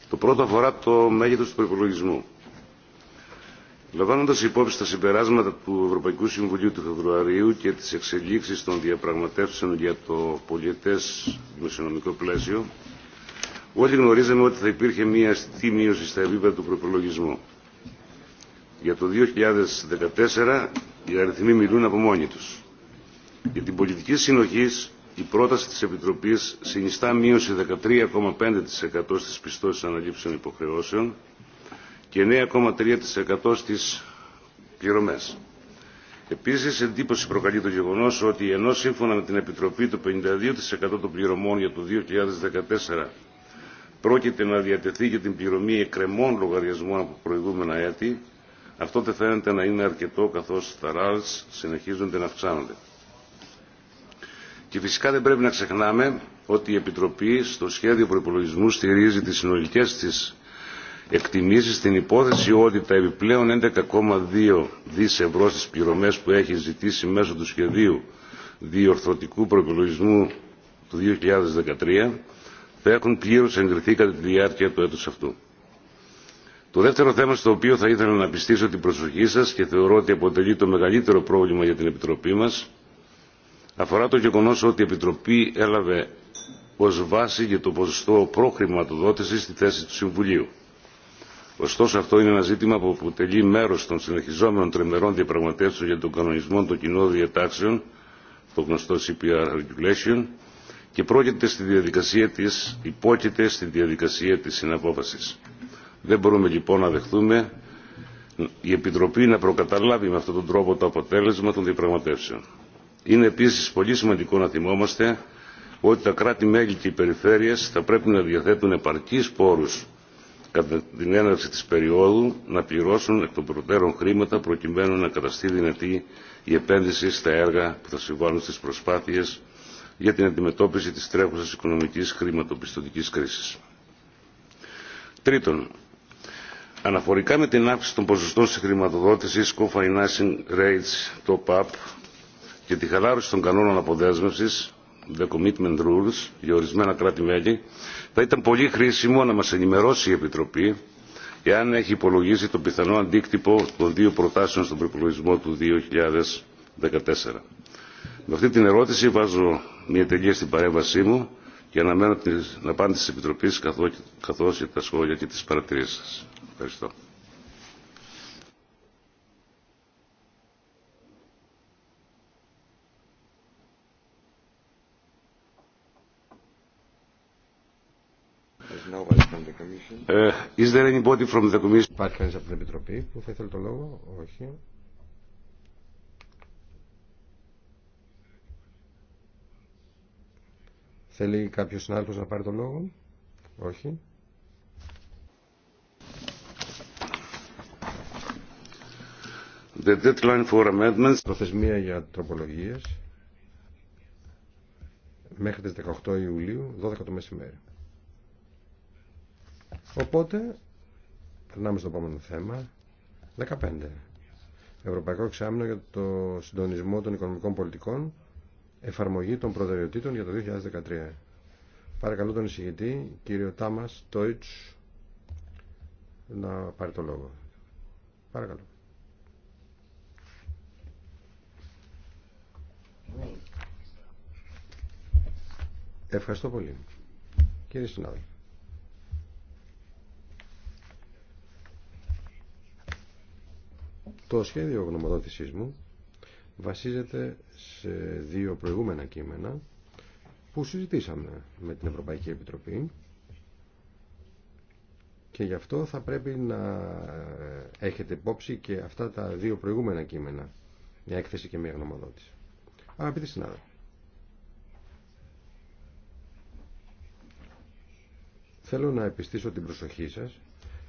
Speaker 4: Το πρώτο αφορά το μέγεθος του προπολογισμού. Λαμβάνοντα υπόψη τα συμπεράσματα του Ευρωπαϊκού Συμβουλίου του Φεβρουαρίου και τι εξελίξει των διαπραγματεύσεων για το πολιετέ δημοσιονομικό πλαίσιο, Όλοι γνωρίζαμε ότι θα υπήρχε μια αισθητή μείωση στα επίπεδα του προπολογισμού. Για το 2014 οι αριθμοί μιλούν από μόνοι τους. Για την πολιτική συνοχή η πρόταση της Επιτροπής συνιστά μείωση 13,5% στις πιστώσεις αναλήψεων υποχρεώσεων και 9,3% στις πληρωμές. Επίσης, εντύπωση προκαλεί το γεγονός ότι ενώ σύμφωνα με την Επιτροπή το 52% των πληρωμών για το 2014 πρόκειται να διατεθεί για την πληρωμή εκκρεμών λογαριασμών από προηγούμενα έτη, αυτό δεν φαίνεται να είναι αρκετό καθώς τα ράλς συνεχίζονται να αυξάνονται. Και φυσικά δεν πρέπει να ξεχνάμε ότι η Επιτροπή στο σχέδιο προπολογισμού στηρίζει τις συνολικέ της εκτιμήσει, στην υπόθεση ότι τα επιπλέον 11,2 δις ευρώ στις πληρωμές που έχει ζητήσει μέσω του σχεδίου διορθωτικού προπολογισμού του 2013 θα έχουν πλήρω εγκριθεί κατά τη διάρκεια του έτου αυτού. Το δεύτερο θέμα στο οποίο θα ήθελα να πιστήσω την προσοχή σα και θεωρώ ότι αποτελεί το μεγαλύτερο πρόβλημα για την Επιτροπή μα αφορά το γεγονό ότι η Επιτροπή έλαβε ω βάση για το ποσοστό προχρηματοδότηση στη θέση του Συμβουλίου. Ωστόσο αυτό είναι ένα ζήτημα που αποτελεί μέρο των συνεχιζόμενων τρεμερών διαπραγματεύσεων για τον κανονισμό των κοινών διατάξεων, το γνωστό CPR Regulation, και πρόκειται στη διαδικασία της, υπόκειται στη διαδικασία της συναπόφασης. Δεν μπορούμε λοιπόν να δεχθούμε η Επιτροπή να προκαταλάβει με αυτόν τον τρόπο το αποτέλεσμα των διαπραγματεύσεων. Είναι επίσης πολύ σημαντικό να θυμόμαστε ότι τα κράτη-μέλη και οι περιφέρειες θα πρέπει να διαθέτουν επαρκείς πόρους κατά την έναρξη της περίοδου να πληρώσουν εκ των προτέρων χρήματα προκειμένου να καταστεί δυνατή η επένδυση στα έργα που θα συμβάλλουν στις προσπάθειες για την αντιμετώπιση της τρέχουσας οικονομικής χρηματοπιστωτικής κρίσης. Τρίτον, αναφορικά με την αύξηση των ποσοστών στη χρηματοδότηση co-financing rates top-up και τη χαλάρωση των κανόνων αποδέσμευσης the commitment rules για ορισμένα κράτη-μέλη, θα ήταν πολύ χρήσιμο να μας ενημερώσει η Επιτροπή εάν έχει υπολογίσει το πιθανό αντίκτυπο των δύο προτάσεων στον προπολογισμό του 2014. Με αυτή την ερώτηση βάζω μια τελεία στην παρέμβασή μου και αναμένω να πάνε της Επιτροπής καθώς και τα σχόλια και τις παρατηρήσεις σας. Ευχαριστώ. Υπάρχει κανείς από την Επιτροπή
Speaker 1: που θα ήθελε το λόγο. Όχι. Θέλει κάποιος συνάδελφος να πάρει το λόγο. Όχι.
Speaker 4: The deadline for amendments. Προθεσμία για τροπολογίες
Speaker 1: μέχρι τις 18 Ιουλίου, 12 το μεσημέρι. Οπότε, περνάμε στο επόμενο θέμα. 15. Ευρωπαϊκό εξάμεινο για το συντονισμό των οικονομικών πολιτικών εφαρμογή των προτεραιοτήτων για το 2013. Παρακαλώ τον εισηγητή, κύριο Τάμας Τόιτς, να πάρει το λόγο. Παρακαλώ. Ευχαριστώ πολύ. Κύριε Συνάδελφε. Το σχέδιο γνωμοδότησής μου βασίζεται σε δύο προηγούμενα κείμενα που συζητήσαμε με την Ευρωπαϊκή Επιτροπή και γι' αυτό θα πρέπει να έχετε υπόψη και αυτά τα δύο προηγούμενα κείμενα, μια έκθεση και μια γνωμοδότηση. Αγαπητοί συνάδελφοι, θέλω να επιστήσω την προσοχή σας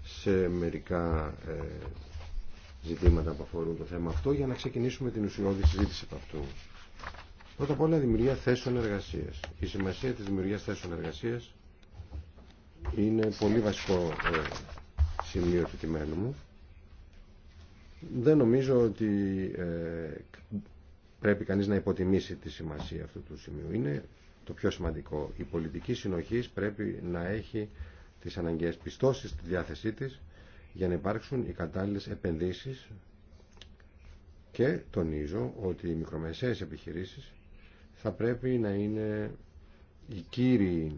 Speaker 1: σε μερικά ε, ζητήματα που αφορούν το θέμα αυτό για να ξεκινήσουμε την ουσιώδη συζήτηση από αυτού. Πρώτα απ' όλα, δημιουργία θέσεων εργασία. Η σημασία τη δημιουργία θέσεων εργασία είναι πολύ βασικό ε, σημείο του κειμένου μου. Δεν νομίζω ότι ε, πρέπει κανείς να υποτιμήσει τη σημασία αυτού του σημείου. Είναι το πιο σημαντικό. Η πολιτική συνοχή πρέπει να έχει τι αναγκαίε πιστώσει, στη διάθεσή της για να υπάρξουν οι κατάλληλες επενδύσεις και τονίζω ότι οι μικρομεσαίες επιχειρήσεις θα πρέπει να είναι οι κύριοι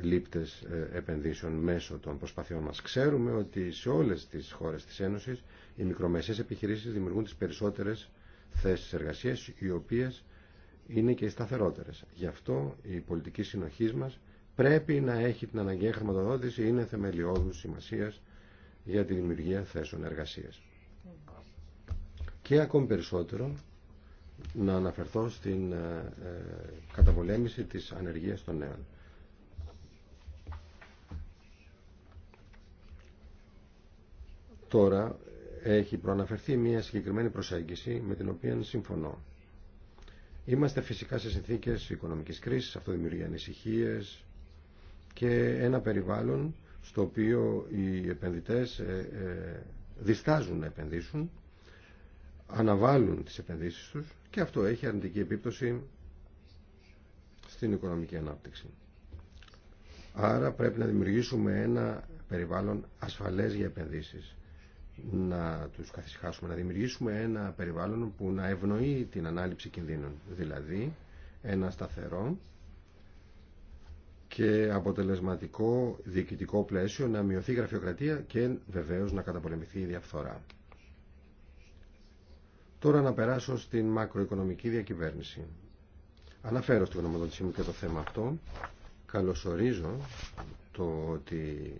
Speaker 1: λήπτες ε, επενδύσεων μέσω των προσπαθειών μας. Ξέρουμε ότι σε όλες τις χώρες της Ένωσης οι μικρομεσαίες επιχειρήσεις δημιουργούν τις περισσότερες θέσεις εργασίας οι οποίες είναι και οι σταθερότερες. Γι' αυτό η πολιτική συνοχής μας πρέπει να έχει την αναγκαία χρηματοδότηση είναι θεμελιώδους σημασίας για τη δημιουργία θέσεων εργασίας. Και ακόμη περισσότερο να αναφερθώ στην ε, ε, καταπολέμηση της ανεργίας των νέων. Τώρα έχει προαναφερθεί μια συγκεκριμένη προσέγγιση με την οποία συμφωνώ. Είμαστε φυσικά σε συνθήκες οικονομικής κρίσης, αυτό δημιουργεί ανησυχίες και ένα περιβάλλον στο οποίο οι επενδυτές ε, ε, διστάζουν να επενδύσουν, αναβάλουν τις επενδύσεις τους και αυτό έχει αρνητική επίπτωση στην οικονομική ανάπτυξη. Άρα πρέπει να δημιουργήσουμε ένα περιβάλλον ασφαλές για επενδύσεις. Να τους καθισχάσουμε, να δημιουργήσουμε ένα περιβάλλον που να ευνοεί την ανάληψη κινδύνων. Δηλαδή ένα σταθερό και αποτελεσματικό διοικητικό πλαίσιο, να μειωθεί η γραφειοκρατία και βεβαίως να καταπολεμηθεί η διαφθορά. Τώρα να περάσω στην μακροοικονομική διακυβέρνηση. Αναφέρω στην γνωμοδότησή μου και το θέμα αυτό. Καλωσορίζω το ότι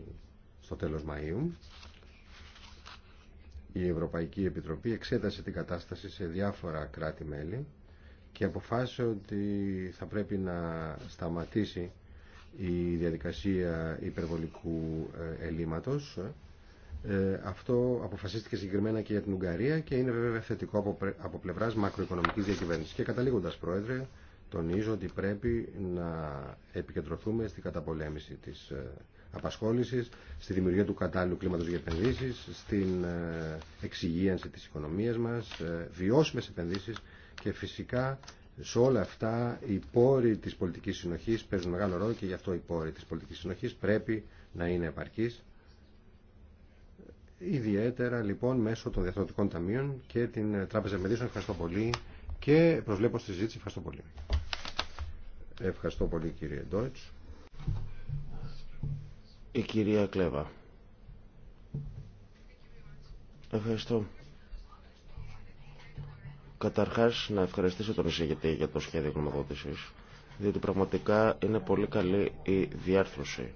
Speaker 1: στο τέλος Μαΐου η Ευρωπαϊκή Επιτροπή εξέτασε την κατάσταση σε διάφορα κράτη-μέλη και αποφάσισε ότι θα πρέπει να σταματήσει η διαδικασία υπερβολικού ε, ελλείμματος. Ε, αυτό αποφασίστηκε συγκεκριμένα και για την Ουγγαρία και είναι βέβαια θετικό από, από πλευράς μακροοικονομικής διακυβέρνησης. Και καταλήγοντας, Πρόεδρε, τονίζω ότι πρέπει να επικεντρωθούμε στην καταπολέμηση της ε, απασχόλησης, στη δημιουργία του κατάλληλου κλίματος για επενδύσεις, στην εξυγίανση της οικονομίας μας, βιώσιμες επενδύσεις και φυσικά σε όλα αυτά οι πόροι της πολιτικής συνοχής παίζουν μεγάλο ρόλο και γι' αυτό οι πόροι της πολιτικής συνοχής πρέπει να είναι επαρκείς ιδιαίτερα λοιπόν μέσω των διαθροτικών ταμείων και την Τράπεζα μερίσων. Ευχαριστώ πολύ και προσβλέπω στη συζήτηση. Ευχαριστώ πολύ.
Speaker 2: Ευχαριστώ πολύ κύριε Ντόιτς. Η κυρία Κλέβα. Ευχαριστώ. Καταρχάς να ευχαριστήσω τον εισηγητή για το σχέδιο γνωμοδότησης, διότι πραγματικά είναι πολύ καλή η διάρθρωση.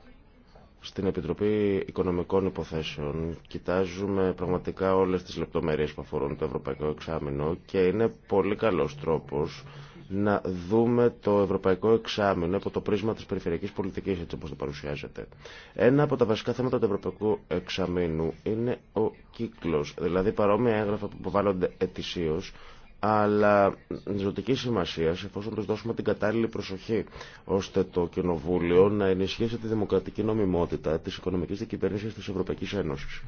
Speaker 2: Στην Επιτροπή Οικονομικών Υποθέσεων κοιτάζουμε πραγματικά όλες τις λεπτομέρειες που αφορούν το Ευρωπαϊκό Εξάμεινο και είναι πολύ καλός τρόπος να δούμε το Ευρωπαϊκό Εξάμεινο από το πρίσμα της περιφερειακής πολιτικής έτσι όπως το παρουσιάζεται. Ένα από τα βασικά θέματα του Ευρωπαϊκού Εξαμεινού είναι ο κύκλος, δηλαδή παρόμοια έγγραφα που υποβάλλονται ετησίω αλλά ζωτική σημασία εφόσον του δώσουμε την κατάλληλη προσοχή ώστε το Κοινοβούλιο να ενισχύσει τη δημοκρατική νομιμότητα της οικονομικής διακυβέρνησης της Ευρωπαϊκής Ένωσης.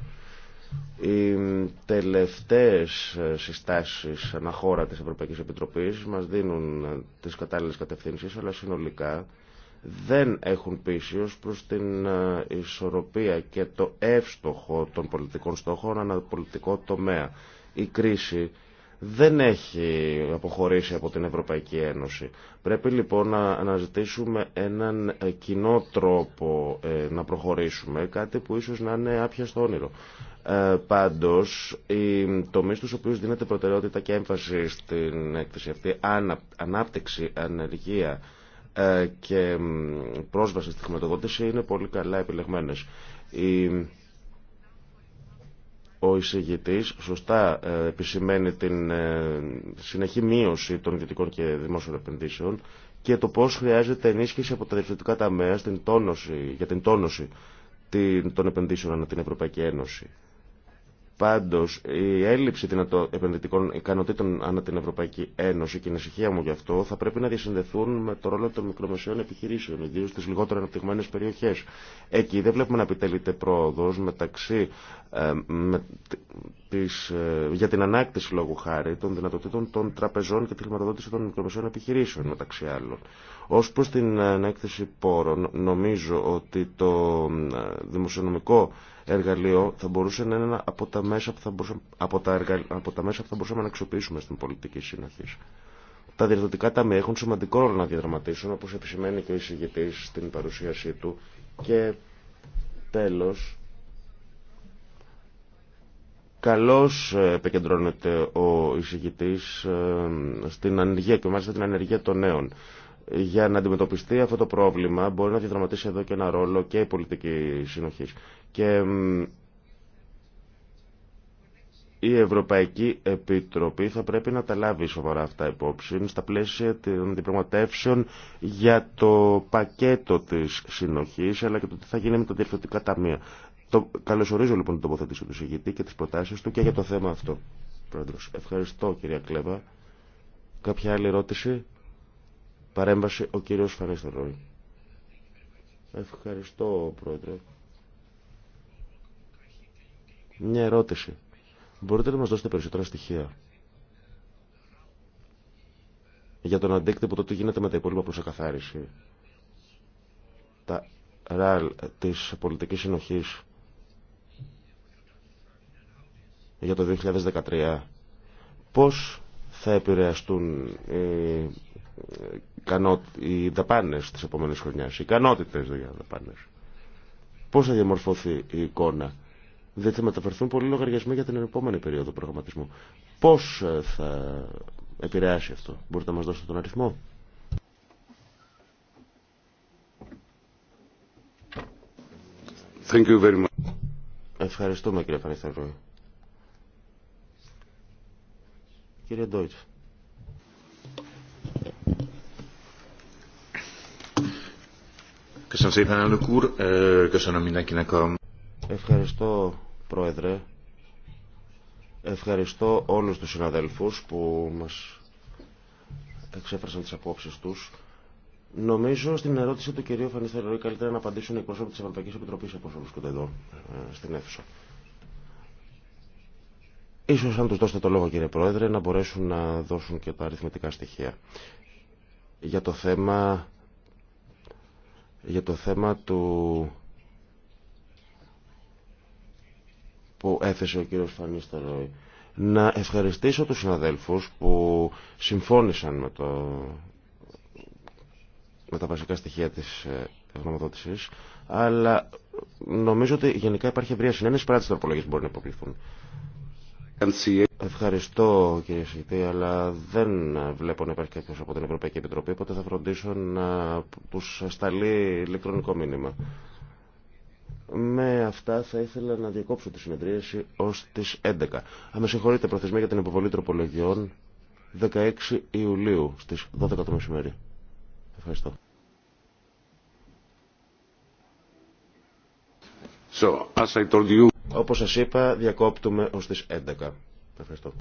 Speaker 2: Οι τελευταίες συστάσεις αναχώρα της Ευρωπαϊκής Επιτροπής μας δίνουν τις κατάλληλες κατευθύνσεις, αλλά συνολικά δεν έχουν πείσει ω προς την ε, ισορροπία και το εύστοχο των πολιτικών στόχων αναπολιτικό τομέα. Η κρίση δεν έχει αποχωρήσει από την Ευρωπαϊκή Ένωση. Πρέπει λοιπόν να αναζητήσουμε έναν ε, κοινό τρόπο ε, να προχωρήσουμε, κάτι που ίσως να είναι άπιαστο όνειρο. Ε, πάντως, οι τομείς στους οποίους δίνεται προτεραιότητα και έμφαση στην έκθεση αυτή, ανα, ανάπτυξη, ανεργία, ε, και πρόσβαση στη χρηματοδότηση είναι πολύ καλά επιλεγμένες. Ο εισηγητής σωστά ε, επισημαίνει την ε, συνεχή μείωση των ιδιωτικών και δημόσιων επενδύσεων και το πώς χρειάζεται ενίσχυση από τα διευθυντικά ταμεία στην τόνωση, για την τόνωση των επενδύσεων ανά την Ευρωπαϊκή Ένωση. Πάντως, η έλλειψη επενδυτικών ικανοτήτων ανά την Ευρωπαϊκή Ένωση και η ανησυχία μου γι' αυτό θα πρέπει να διασυνδεθούν με το ρόλο των μικρομεσαίων επιχειρήσεων, ιδίω στι λιγότερο αναπτυγμένε περιοχέ. Εκεί δεν βλέπουμε να επιτελείται πρόοδο μεταξύ ε, ε, για την ανάκτηση λόγου χάρη των δυνατοτήτων των τραπεζών και τη χρηματοδότηση των μικρομεσαίων επιχειρήσεων, μεταξύ άλλων. Ω προ την ε, ανάκτηση πόρων, νομίζω ότι το ε, δημοσιονομικό εργαλείο θα μπορούσε να είναι ένα από τα μέσα που θα μπορούσαμε, από τα από τα μέσα θα μπορούσαμε να αξιοποιήσουμε στην πολιτική συνοχή. Τα διευθυντικά ταμεία έχουν σημαντικό ρόλο να διαδραματίσουν, όπω επισημαίνει και ο εισηγητή στην παρουσίασή του. Και τέλο, καλώ ε, επικεντρώνεται ο εισηγητή ε, στην ανεργία και μάλιστα την ανεργία των νέων για να αντιμετωπιστεί αυτό το πρόβλημα μπορεί να διαδραματίσει εδώ και ένα ρόλο και η πολιτική συνοχή. Και η Ευρωπαϊκή Επιτροπή θα πρέπει να τα λάβει σοβαρά αυτά υπόψη στα πλαίσια των διπλωματεύσεων για το πακέτο της συνοχής αλλά και το τι θα γίνει με τα διευθυντικά ταμεία. Το καλωσορίζω λοιπόν την τοποθέτηση του συγγητή και τις προτάσεις του και για το θέμα αυτό. Πρόεδρος, ευχαριστώ κυρία Κλέβα. Κάποια άλλη ερώτηση παρέμβαση ο κύριος Ρόι. Ευχαριστώ, Πρόεδρε. Μια ερώτηση. Μπορείτε να μας δώσετε περισσότερα στοιχεία για τον αντίκτυπο το τι γίνεται με τα υπόλοιπα προς ακαθάριση. Τα ραλ της πολιτικής συνοχής για το 2013. Πώς θα επηρεαστούν οι οι δαπάνες της επόμενης χρονιάς, οι ικανότητες για δηλαδή, δαπάνες. Πώς θα διαμορφωθεί η εικόνα. Δεν θα μεταφερθούν πολλοί λογαριασμοί για την επόμενη περίοδο προγραμματισμού. Πώς ε, θα επηρεάσει αυτό. Μπορείτε να μας δώσετε τον αριθμό. Thank you very much. Ευχαριστούμε κύριε Φανίστερ Κύριε Ντόιτς. Ευχαριστώ, Πρόεδρε. Ευχαριστώ όλους τους συναδέλφους που μας εξέφρασαν τις απόψεις τους. Νομίζω στην ερώτηση του κυρίου Φανιστεροή καλύτερα να απαντήσουν οι πρόσωποι της Ευρωπαϊκής Επιτροπής όπως βρίσκονται εδώ ε, στην αίθουσα. Ίσως αν τους δώσετε το λόγο κύριε Πρόεδρε να μπορέσουν να δώσουν και τα αριθμητικά στοιχεία για το θέμα για το θέμα του που έθεσε ο κύριος Φανίσταροι Να ευχαριστήσω τους συναδέλφους που συμφώνησαν με, το, με τα βασικά στοιχεία της ε, γνωμοδότησης, αλλά νομίζω ότι γενικά υπάρχει ευρία συνένεση παρά τις τροπολογίες που μπορεί να υποκληθούν. Ευχαριστώ κύριε Σιγητή, αλλά δεν βλέπω να υπάρχει κάποιο από την Ευρωπαϊκή Επιτροπή, οπότε θα φροντίσω να τους σταλεί ηλεκτρονικό μήνυμα. Με αυτά θα ήθελα να διακόψω τη συνεδρίαση ως τις 11. Αν με συγχωρείτε, προθεσμία για την υποβολή τροπολογιών 16 Ιουλίου στις 12 το μεσημέρι. Ευχαριστώ. So, as I όπως σας είπα, διακόπτουμε ως τις 11. Ευχαριστώ.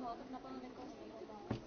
Speaker 5: No, tak na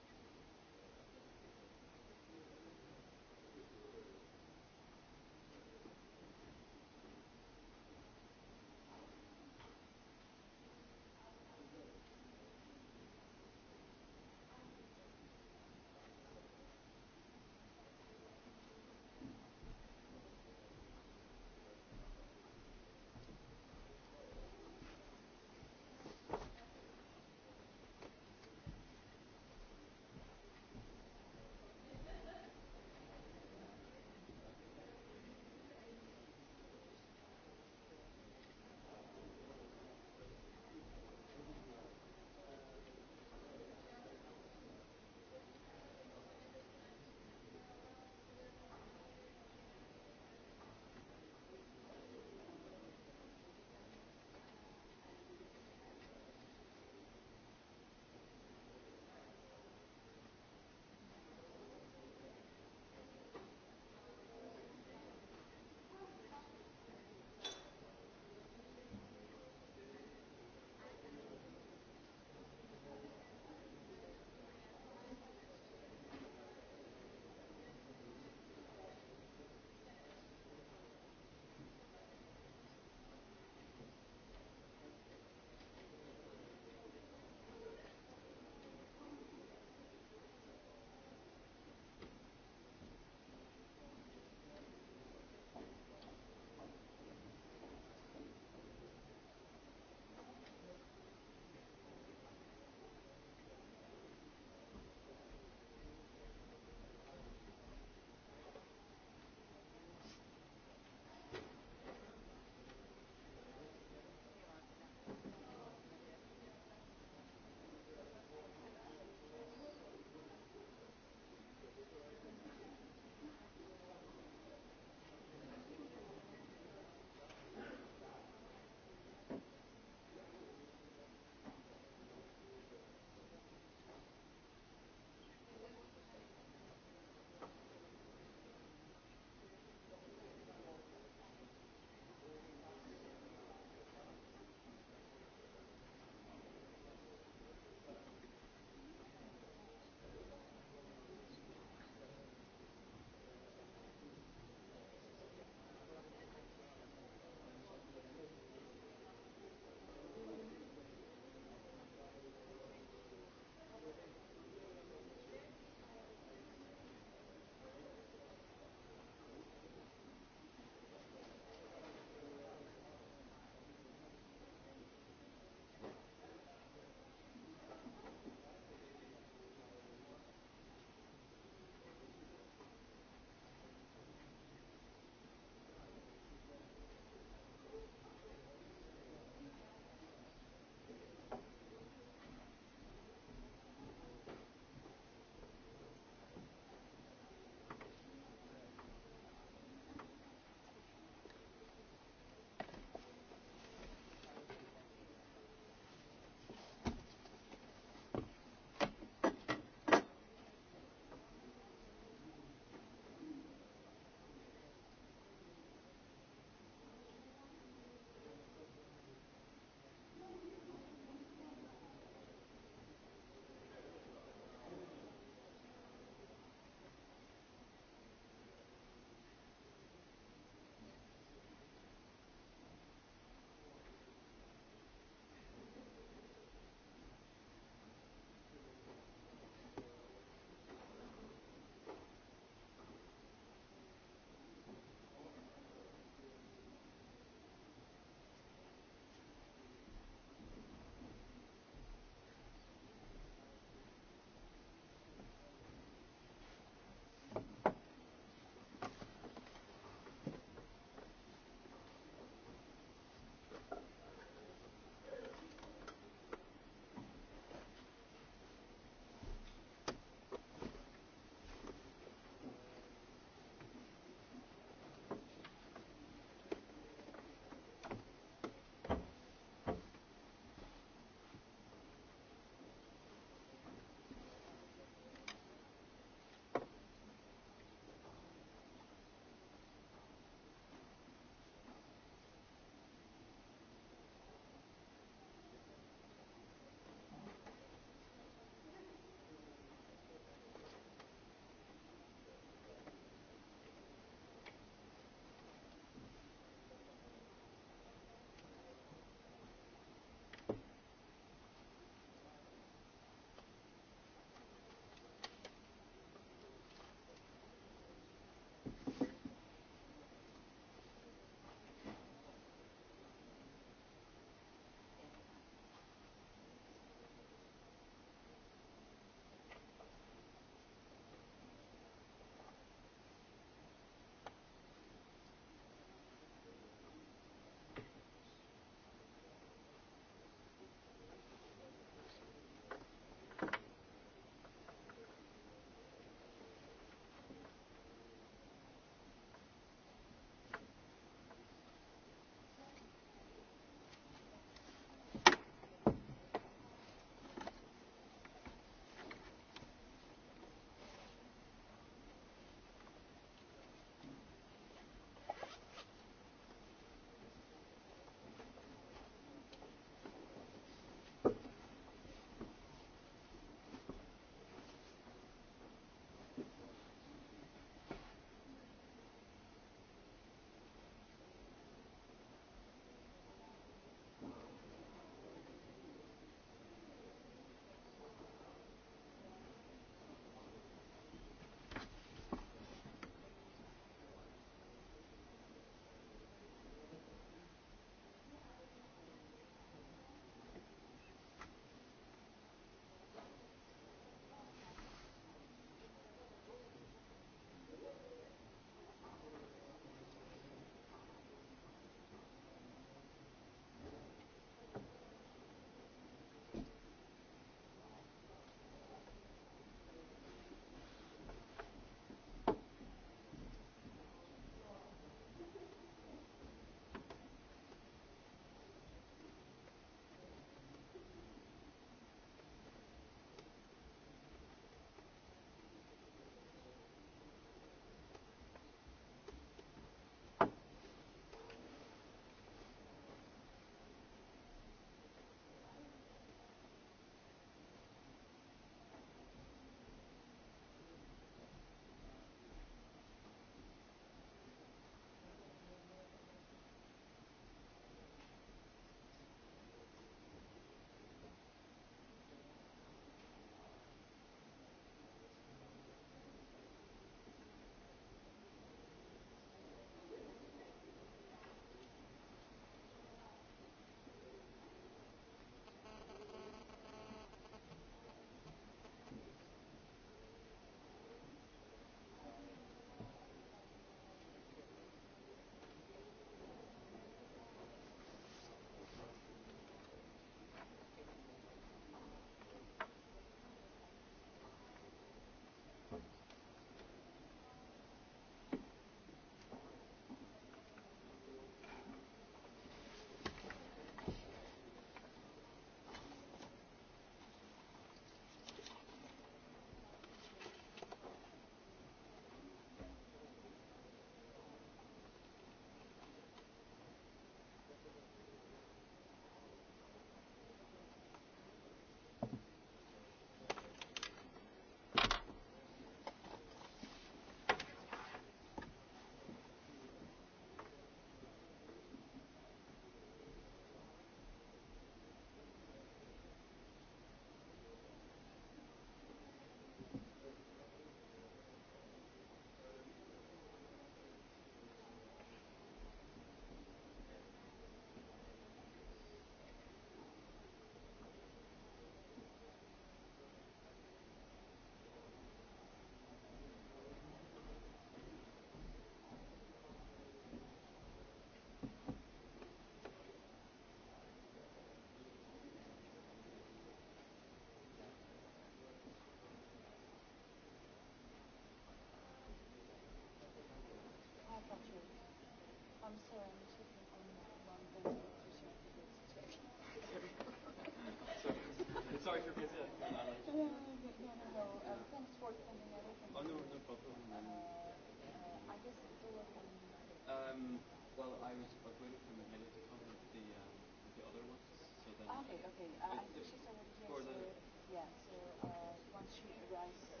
Speaker 5: Um, well, I was waiting for Mahela to come with the, um, with the other ones. So then okay, okay. Uh, I think she's already here. For the, yeah, so uh, once she arrives, then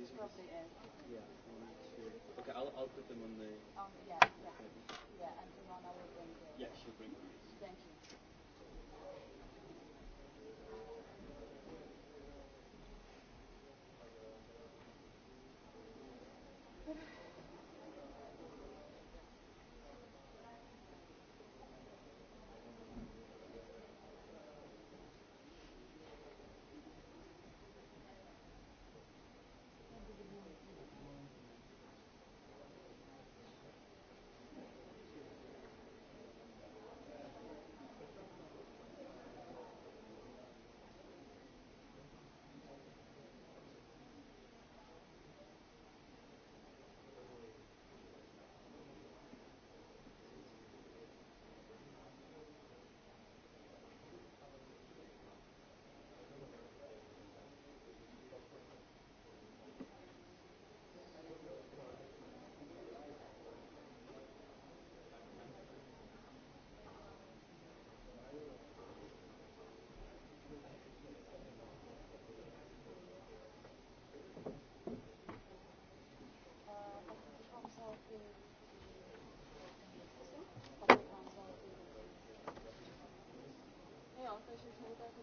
Speaker 5: she's probably in. Yeah, Okay, I'll, I'll put them on the... Um, yeah, yeah. Yeah, and Ivana will bring the... Yeah, she'll bring them. Thank you. Gracias.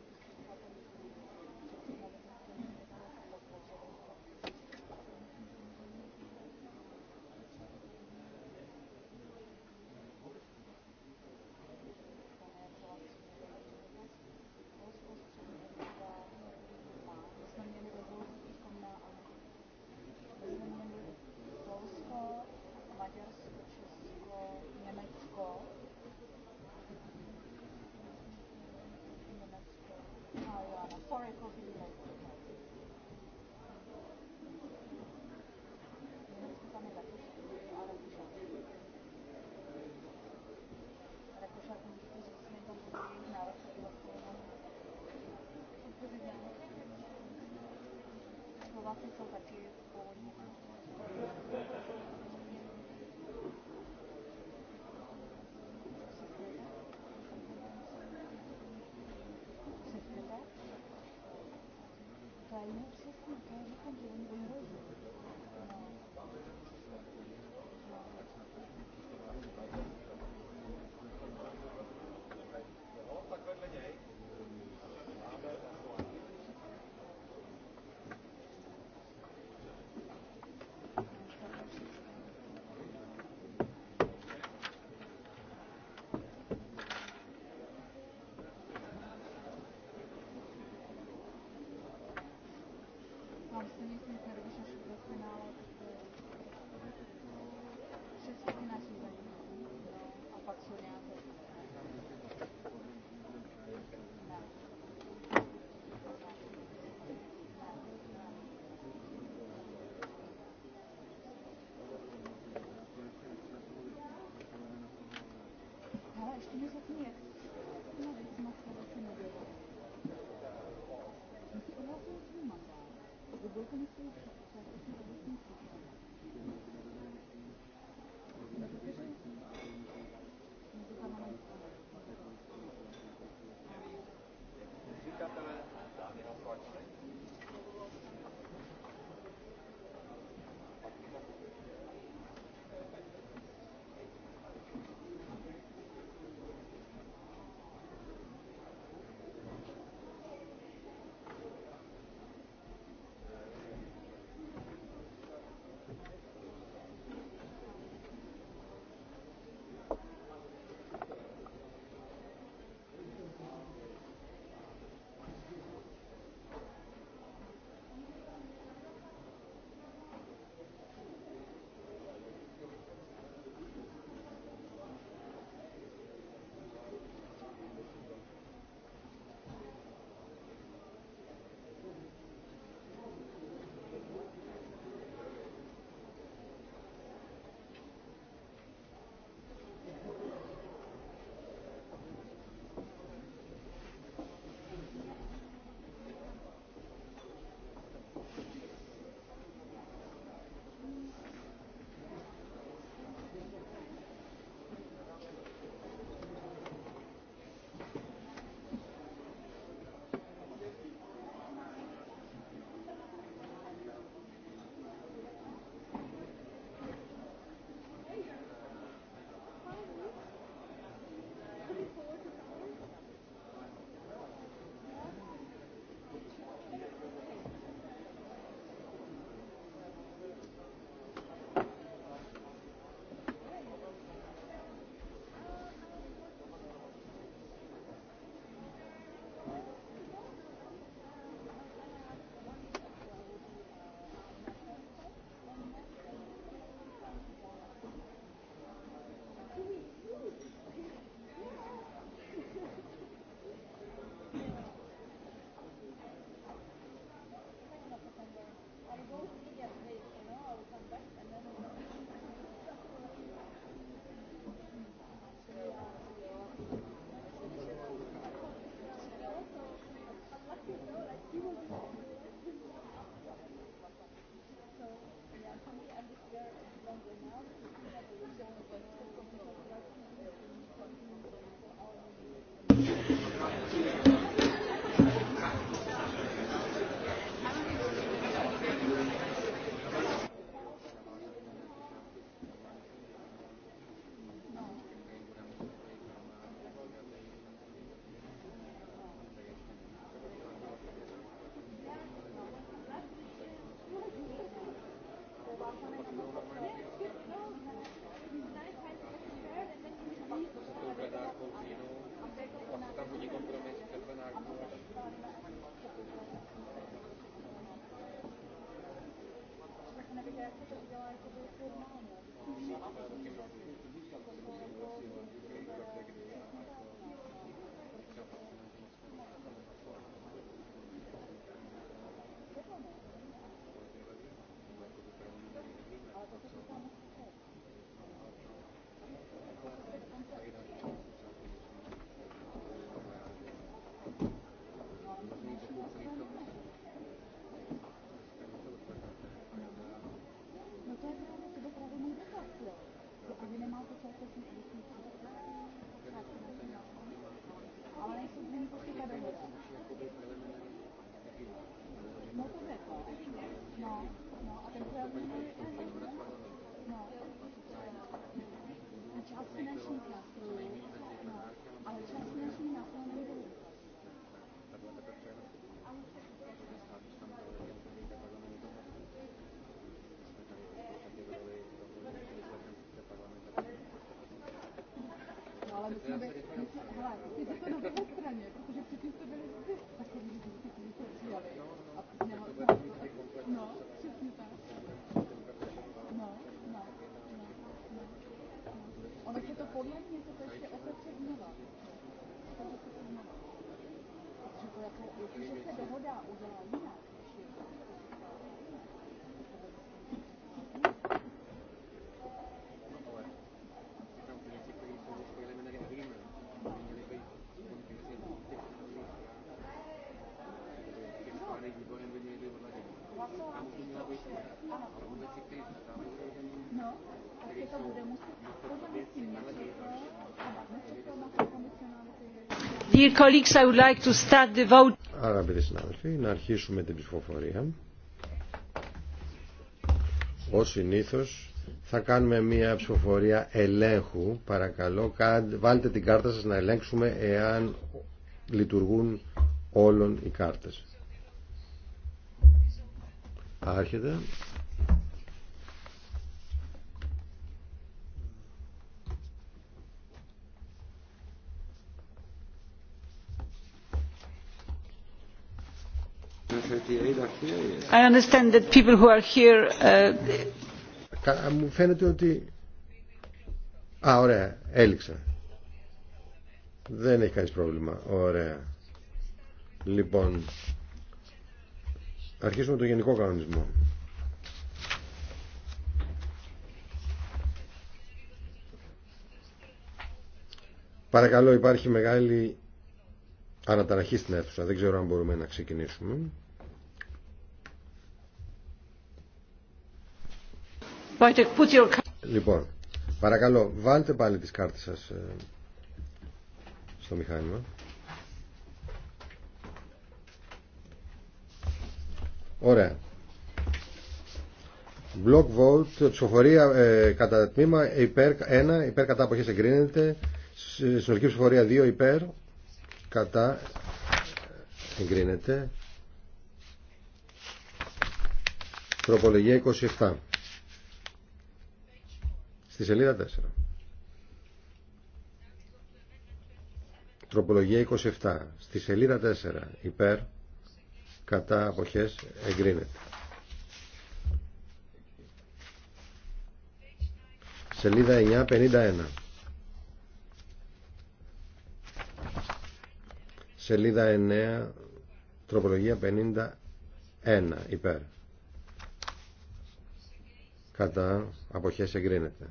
Speaker 5: Είναι μια μορφή που θα μπορούσα να χρησιμοποιήσω για να χρησιμοποιήσω τα πλήρια του. Επίση, είναι μια μορφή που θα μπορούσα να χρησιμοποιήσω για να δημιουργήσω τα να Thank you. Спасибо.
Speaker 1: Αγαπητοί συνάδελφοι, να αρχίσουμε την ψηφοφορία. Ως συνήθω θα κάνουμε μια ψηφοφορία ελέγχου. Παρακαλώ, βάλτε την κάρτα σας να ελέγξουμε εάν λειτουργούν όλων οι κάρτες. Άρχεται. I understand that people who are here... Uh, μου φαίνεται ότι... Α, ωραία, έληξα. Δεν έχει κανείς πρόβλημα. Ωραία. Λοιπόν, αρχίσουμε το γενικό κανονισμό. Παρακαλώ, υπάρχει μεγάλη αναταραχή στην αίθουσα. Δεν ξέρω αν μπορούμε να ξεκινήσουμε. Λοιπόν, παρακαλώ, βάλτε πάλι τις κάρτες σας ε, στο μηχάνημα. Ωραία. Block vote, ψηφοφορία ε, κατά τμήμα υπέρ 1, υπέρ κατά αποχές εγκρίνεται. Συνολική ψηφοφορία 2, υπέρ κατά εγκρίνεται. Τροπολογία 27 στη σελίδα 4. Τροπολογία 27. Στη σελίδα 4. Υπέρ. Κατά αποχές εγκρίνεται. Σελίδα 951. Σελίδα 9. Τροπολογία 51. Υπέρ. Κατά αποχές εγκρίνεται.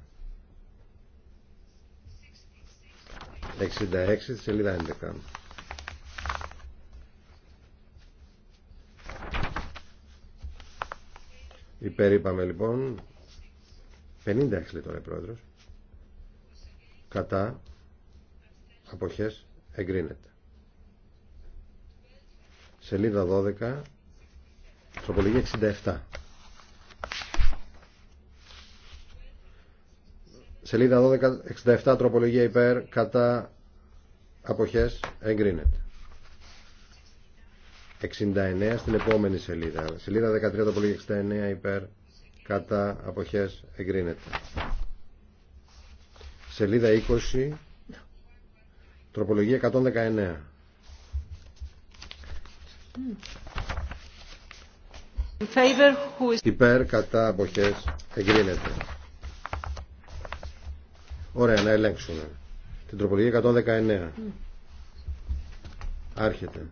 Speaker 1: 66 σελίδα 11 Υπέρ λοιπόν 56 λέει τώρα κατά αποχές εγκρίνεται σελίδα 12 τροπολογία 67 Σελίδα 12, 67 τροπολογία υπέρ κατά αποχές εγκρίνεται. 69 στην επόμενη σελίδα. Σελίδα 13 τροπολογία 69 υπέρ κατά αποχές εγκρίνεται. Σελίδα 20 τροπολογία 119. Υπέρ κατά αποχές εγκρίνεται. Ωραία, να ελέγξουμε. Την τροπολογία 119. Mm. Άρχεται.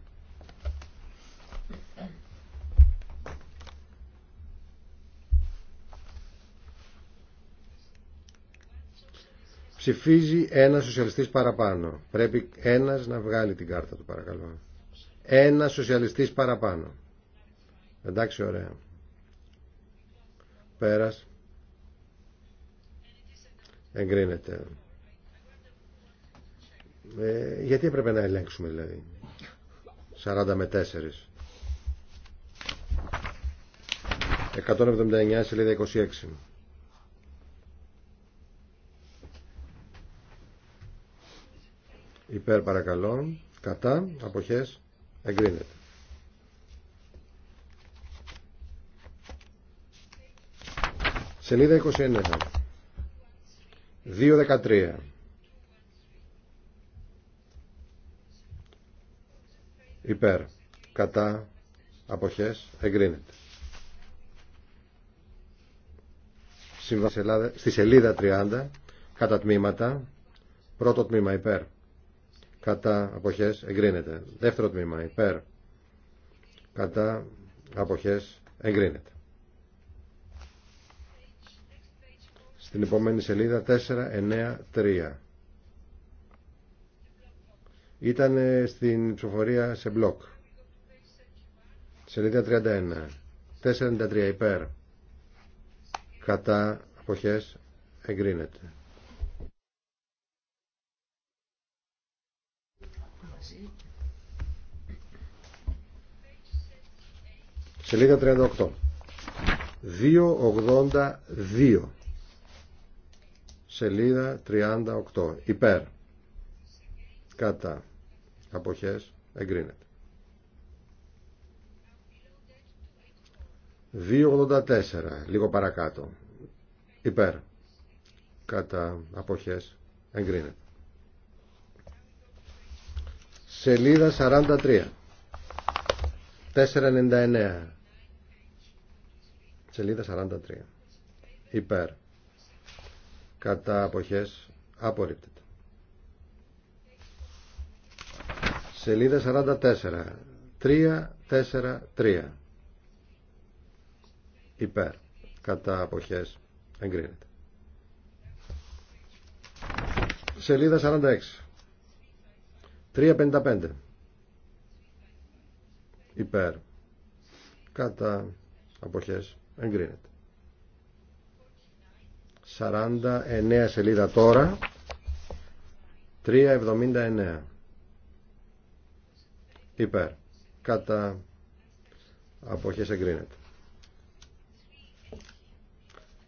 Speaker 1: Ψηφίζει ένα σοσιαλιστής παραπάνω. Πρέπει ένας να βγάλει την κάρτα του παρακαλώ. Ένα σοσιαλιστής παραπάνω. Εντάξει, ωραία. Πέρας εγκρίνεται. Ε, γιατί έπρεπε να ελέγξουμε δηλαδή. 40 με 4. 179 σελίδα 26. Υπέρ παρακαλώ. Κατά. Αποχές. Εγκρίνεται. Σελίδα 29. 2.13 υπέρ κατά αποχές εγκρίνεται στη σελίδα 30 κατά τμήματα πρώτο τμήμα υπέρ κατά αποχές εγκρίνεται δεύτερο τμήμα υπέρ κατά αποχές εγκρίνεται στην επόμενη σελίδα 493. Ήταν στην ψηφοφορία σε μπλοκ. Σελίδα 31. 493 υπέρ. Κατά αποχές εγκρίνεται. Σελίδα 38. 282 σελίδα 38 υπέρ κατά αποχές εγκρίνεται 284 λίγο παρακάτω υπέρ κατά αποχές εγκρίνεται σελίδα 43 499 σελίδα 43 υπέρ κατά αποχές απορρίπτεται. Σελίδα 44. 3, 4, 3. Υπέρ. Κατά αποχές εγκρίνεται. Σελίδα 46. 355. Υπέρ. Κατά αποχές εγκρίνεται. 49 σελίδα τώρα 379 υπέρ κατά αποχές εγκρίνεται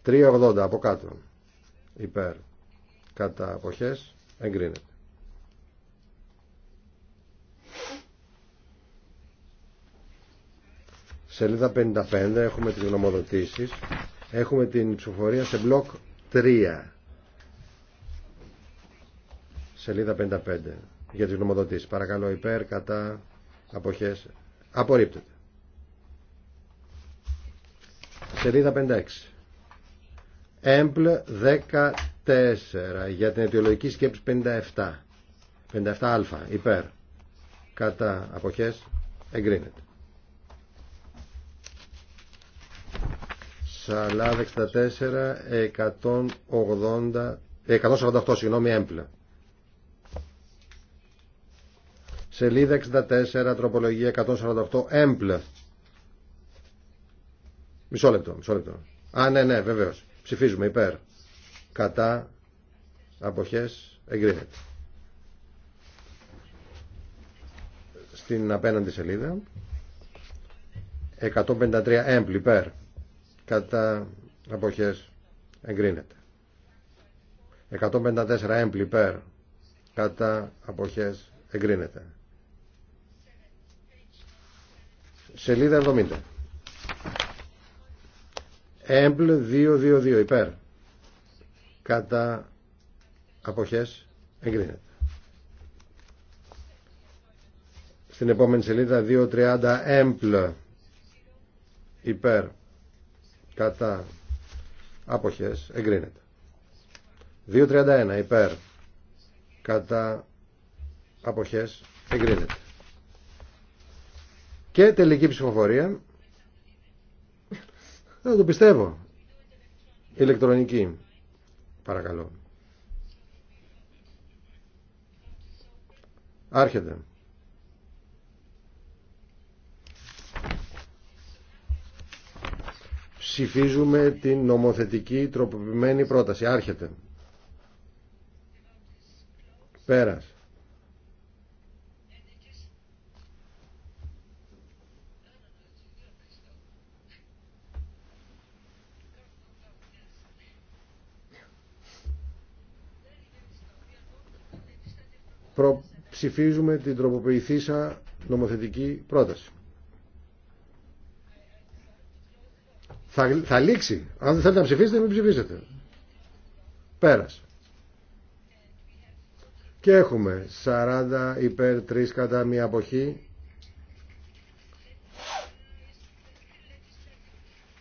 Speaker 1: 380 από κάτω υπέρ κατά αποχές εγκρίνεται Σελίδα 55 έχουμε τις γνωμοδοτήσεις έχουμε την ψηφοφορία σε μπλοκ 3 σελίδα 55 για τις νομοδοτήσεις παρακαλώ υπέρ κατά αποχές απορρίπτεται σελίδα 56 έμπλ 14 για την αιτιολογική σκέψη 57 57α υπέρ κατά αποχές εγκρίνεται αλλά 64, 148, συγγνώμη, έμπλα. Σελίδα 64, τροπολογία 148, έμπλα. Μισό λεπτό, μισό λεπτό. Α, ναι, ναι, βεβαίως. Ψηφίζουμε υπέρ. Κατά, αποχές, εγκρίνεται. Στην απέναντι σελίδα. 153 έμπλη υπέρ κατά αποχές εγκρίνεται 154 έμπλη υπέρ κατά αποχές εγκρίνεται σελίδα 70 έμπλ 222 υπέρ κατά αποχές εγκρίνεται στην επόμενη σελίδα 230 έμπλ υπέρ κατά αποχές εγκρίνεται 2.31 υπέρ κατά αποχές εγκρίνεται και τελική ψηφοφορία δεν το πιστεύω ηλεκτρονική παρακαλώ άρχεται Ψηφίζουμε την νομοθετική τροποποιημένη πρόταση. Άρχεται. Πέρας. Ψηφίζουμε την τροποποιηθήσα νομοθετική πρόταση. Θα, λήξει. Αν δεν θέλετε να ψηφίσετε, μην ψηφίσετε. Πέρασε. Και έχουμε 40 υπέρ 3 κατά μία αποχή.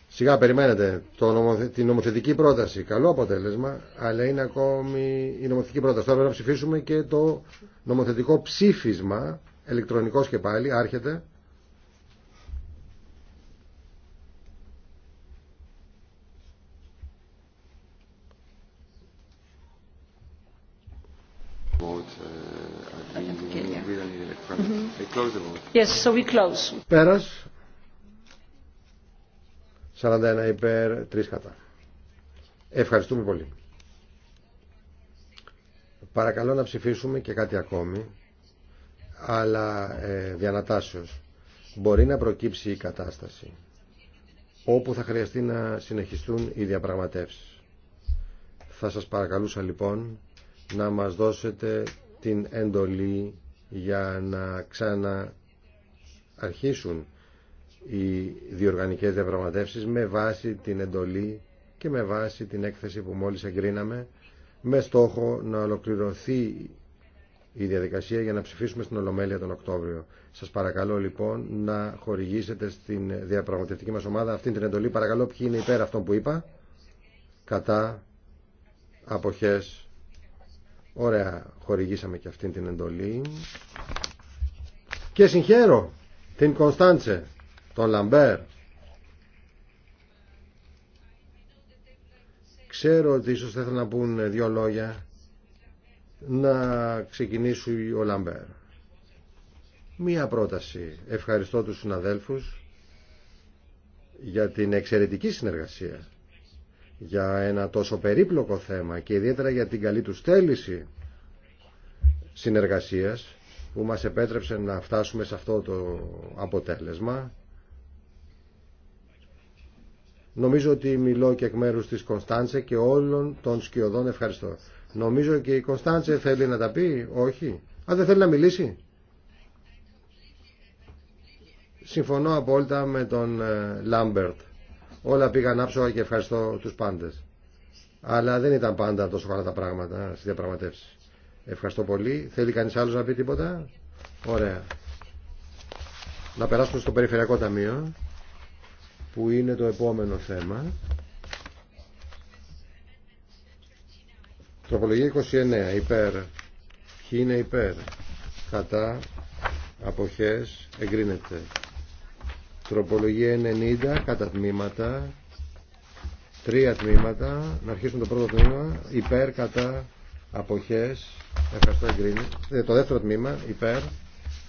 Speaker 1: Σιγά περιμένετε το την νομοθετική πρόταση. Καλό αποτέλεσμα, αλλά είναι ακόμη η νομοθετική πρόταση. Τώρα πρέπει να ψηφίσουμε και το νομοθετικό ψήφισμα, ηλεκτρονικός και πάλι, άρχεται. Yes, 41 υπέρ, 3 κατά. Ευχαριστούμε πολύ. Παρακαλώ να ψηφίσουμε και κάτι ακόμη, αλλά ε, διανατάσεως. Μπορεί να προκύψει η κατάσταση όπου θα χρειαστεί να συνεχιστούν οι διαπραγματεύσεις. Θα σας παρακαλούσα λοιπόν να μας δώσετε την εντολή για να ξανα αρχίσουν οι διοργανικές διαπραγματεύσεις με βάση την εντολή και με βάση την έκθεση που μόλις εγκρίναμε με στόχο να ολοκληρωθεί η διαδικασία για να ψηφίσουμε στην Ολομέλεια τον Οκτώβριο. Σας παρακαλώ λοιπόν να χορηγήσετε στην διαπραγματευτική μας ομάδα αυτή την εντολή. Παρακαλώ ποιοι είναι υπέρ αυτών που είπα. Κατά αποχές. Ωραία, χορηγήσαμε και αυτή την εντολή. Και συγχαίρω την Κωνσταντσε, τον Λαμπέρ. Ξέρω ότι ίσως θα να πούν δύο λόγια να ξεκινήσει ο Λαμπέρ. Μία πρόταση. Ευχαριστώ τους συναδέλφους για την εξαιρετική συνεργασία για ένα τόσο περίπλοκο θέμα και ιδιαίτερα για την καλή του θέληση συνεργασίας που μας επέτρεψε να φτάσουμε σε αυτό το αποτέλεσμα. Νομίζω ότι μιλώ και εκ μέρους της Κωνσταντσε και όλων των σκιωδών ευχαριστώ. Νομίζω και η Κωνσταντσε θέλει να τα πει, όχι. Αν δεν θέλει να μιλήσει. Συμφωνώ απόλυτα με τον ε, Λάμπερτ. Όλα πήγαν άψογα και ευχαριστώ τους πάντες. Αλλά δεν ήταν πάντα τόσο καλά τα πράγματα στις διαπραγματεύσεις. Ευχαριστώ πολύ. Θέλει κανείς άλλος να πει τίποτα. Ωραία. Να περάσουμε στο Περιφερειακό Ταμείο που είναι το επόμενο θέμα. Τροπολογία 29. Υπέρ. Ποιοι είναι υπέρ. Κατά. Αποχές. Εγκρίνεται. Τροπολογία 90. Κατά τμήματα. Τρία τμήματα. Να αρχίσουμε το πρώτο τμήμα. Υπέρ. Κατά αποχές ευχαριστώ ε, το δεύτερο τμήμα υπέρ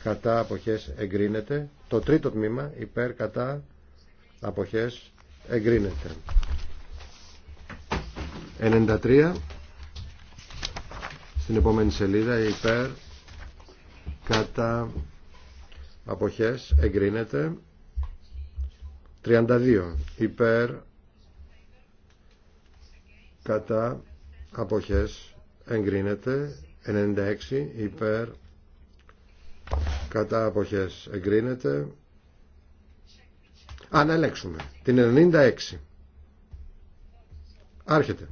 Speaker 1: κατά αποχές εγκρίνεται το τρίτο τμήμα υπέρ κατά αποχές εγκρίνεται 93 στην επόμενη σελίδα υπέρ κατά αποχές εγκρίνεται 32 υπέρ κατά αποχές εγκρίνεται 96 υπέρ κατά αποχές εγκρίνεται να την 96 άρχεται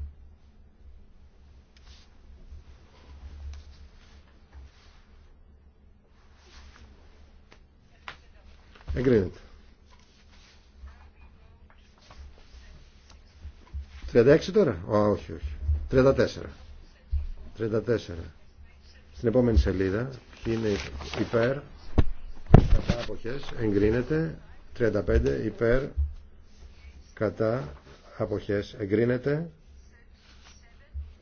Speaker 1: εγκρίνεται 36 τώρα, όχι όχι 34 34. Στην επόμενη σελίδα είναι υπέρ, κατά αποχές, εγκρίνεται. 35 υπέρ, κατά αποχές, εγκρίνεται.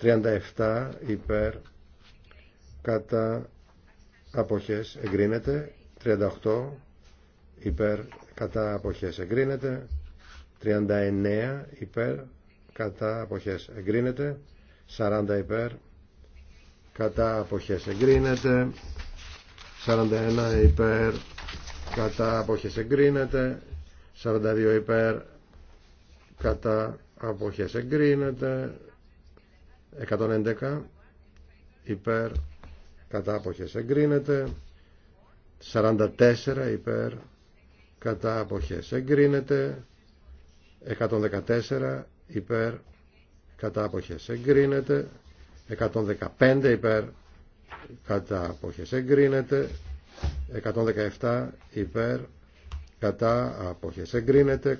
Speaker 1: 37 υπέρ, κατά αποχές, εγκρίνεται. 38 υπέρ, κατά αποχές, εγκρίνεται. 39 υπέρ, κατά αποχές, εγκρίνεται. 40 υπέρ, κατά αποχές εγκρίνεται 41 υπέρ κατά αποχές εγκρίνεται 42 υπέρ κατά αποχές εγκρίνεται 111 υπέρ κατά αποχές εγκρίνεται 44 υπέρ κατά αποχές εγκρίνεται 114 υπέρ κατά αποχές εγκρίνεται 115 υπέρ κατά αποχές εγκρίνεται 117 υπέρ κατά αποχές εγκρίνεται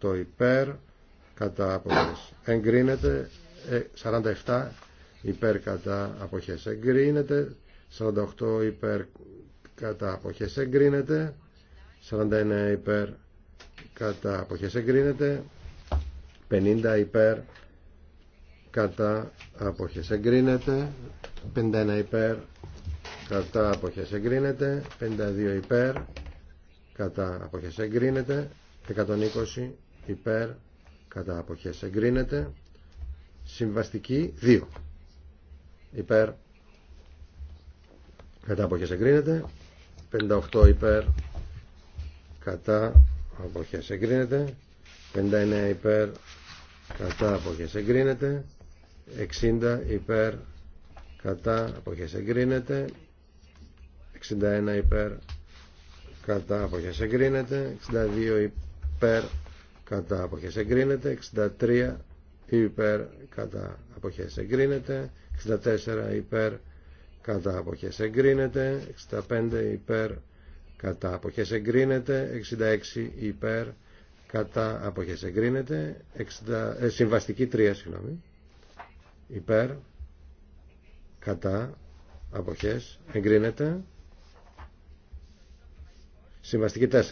Speaker 1: 118 υπέρ κατά αποχές εγκρίνεται 47 ε, υπέρ κατά αποχές εγκρίνεται 48 υπέρ κατά αποχές εγκρίνεται 49 υπέρ κατά αποχές εγκρίνεται 50 υπέρ κατά αποχές εγκρίνεται 51 υπέρ κατά αποχές εγκρίνεται 52 υπέρ κατά αποχές εγκρίνεται 120 υπέρ κατά αποχές εγκρίνεται συμβαστική 2 υπέρ κατά αποχές εγκρίνεται 58 υπέρ κατά αποχές εγκρίνεται 59 υπέρ κατά αποχές εγκρίνεται 60 υπέρ κατά αποχές εγκρίνεται 61 υπέρ κατά αποχές εγκρίνεται 62 υπέρ κατά αποχές εγκρίνεται 63 υπέρ κατά αποχές εγκρίνεται 64 υπέρ κατά αποχές εγκρίνεται 65 υπέρ κατά αποχές εγκρίνεται 66 υπέρ κατά αποχές εγκρίνεται 60, ε, συμβαστική 3 συγγνώμη υπέρ κατά αποχές εγκρίνεται συμβαστική 4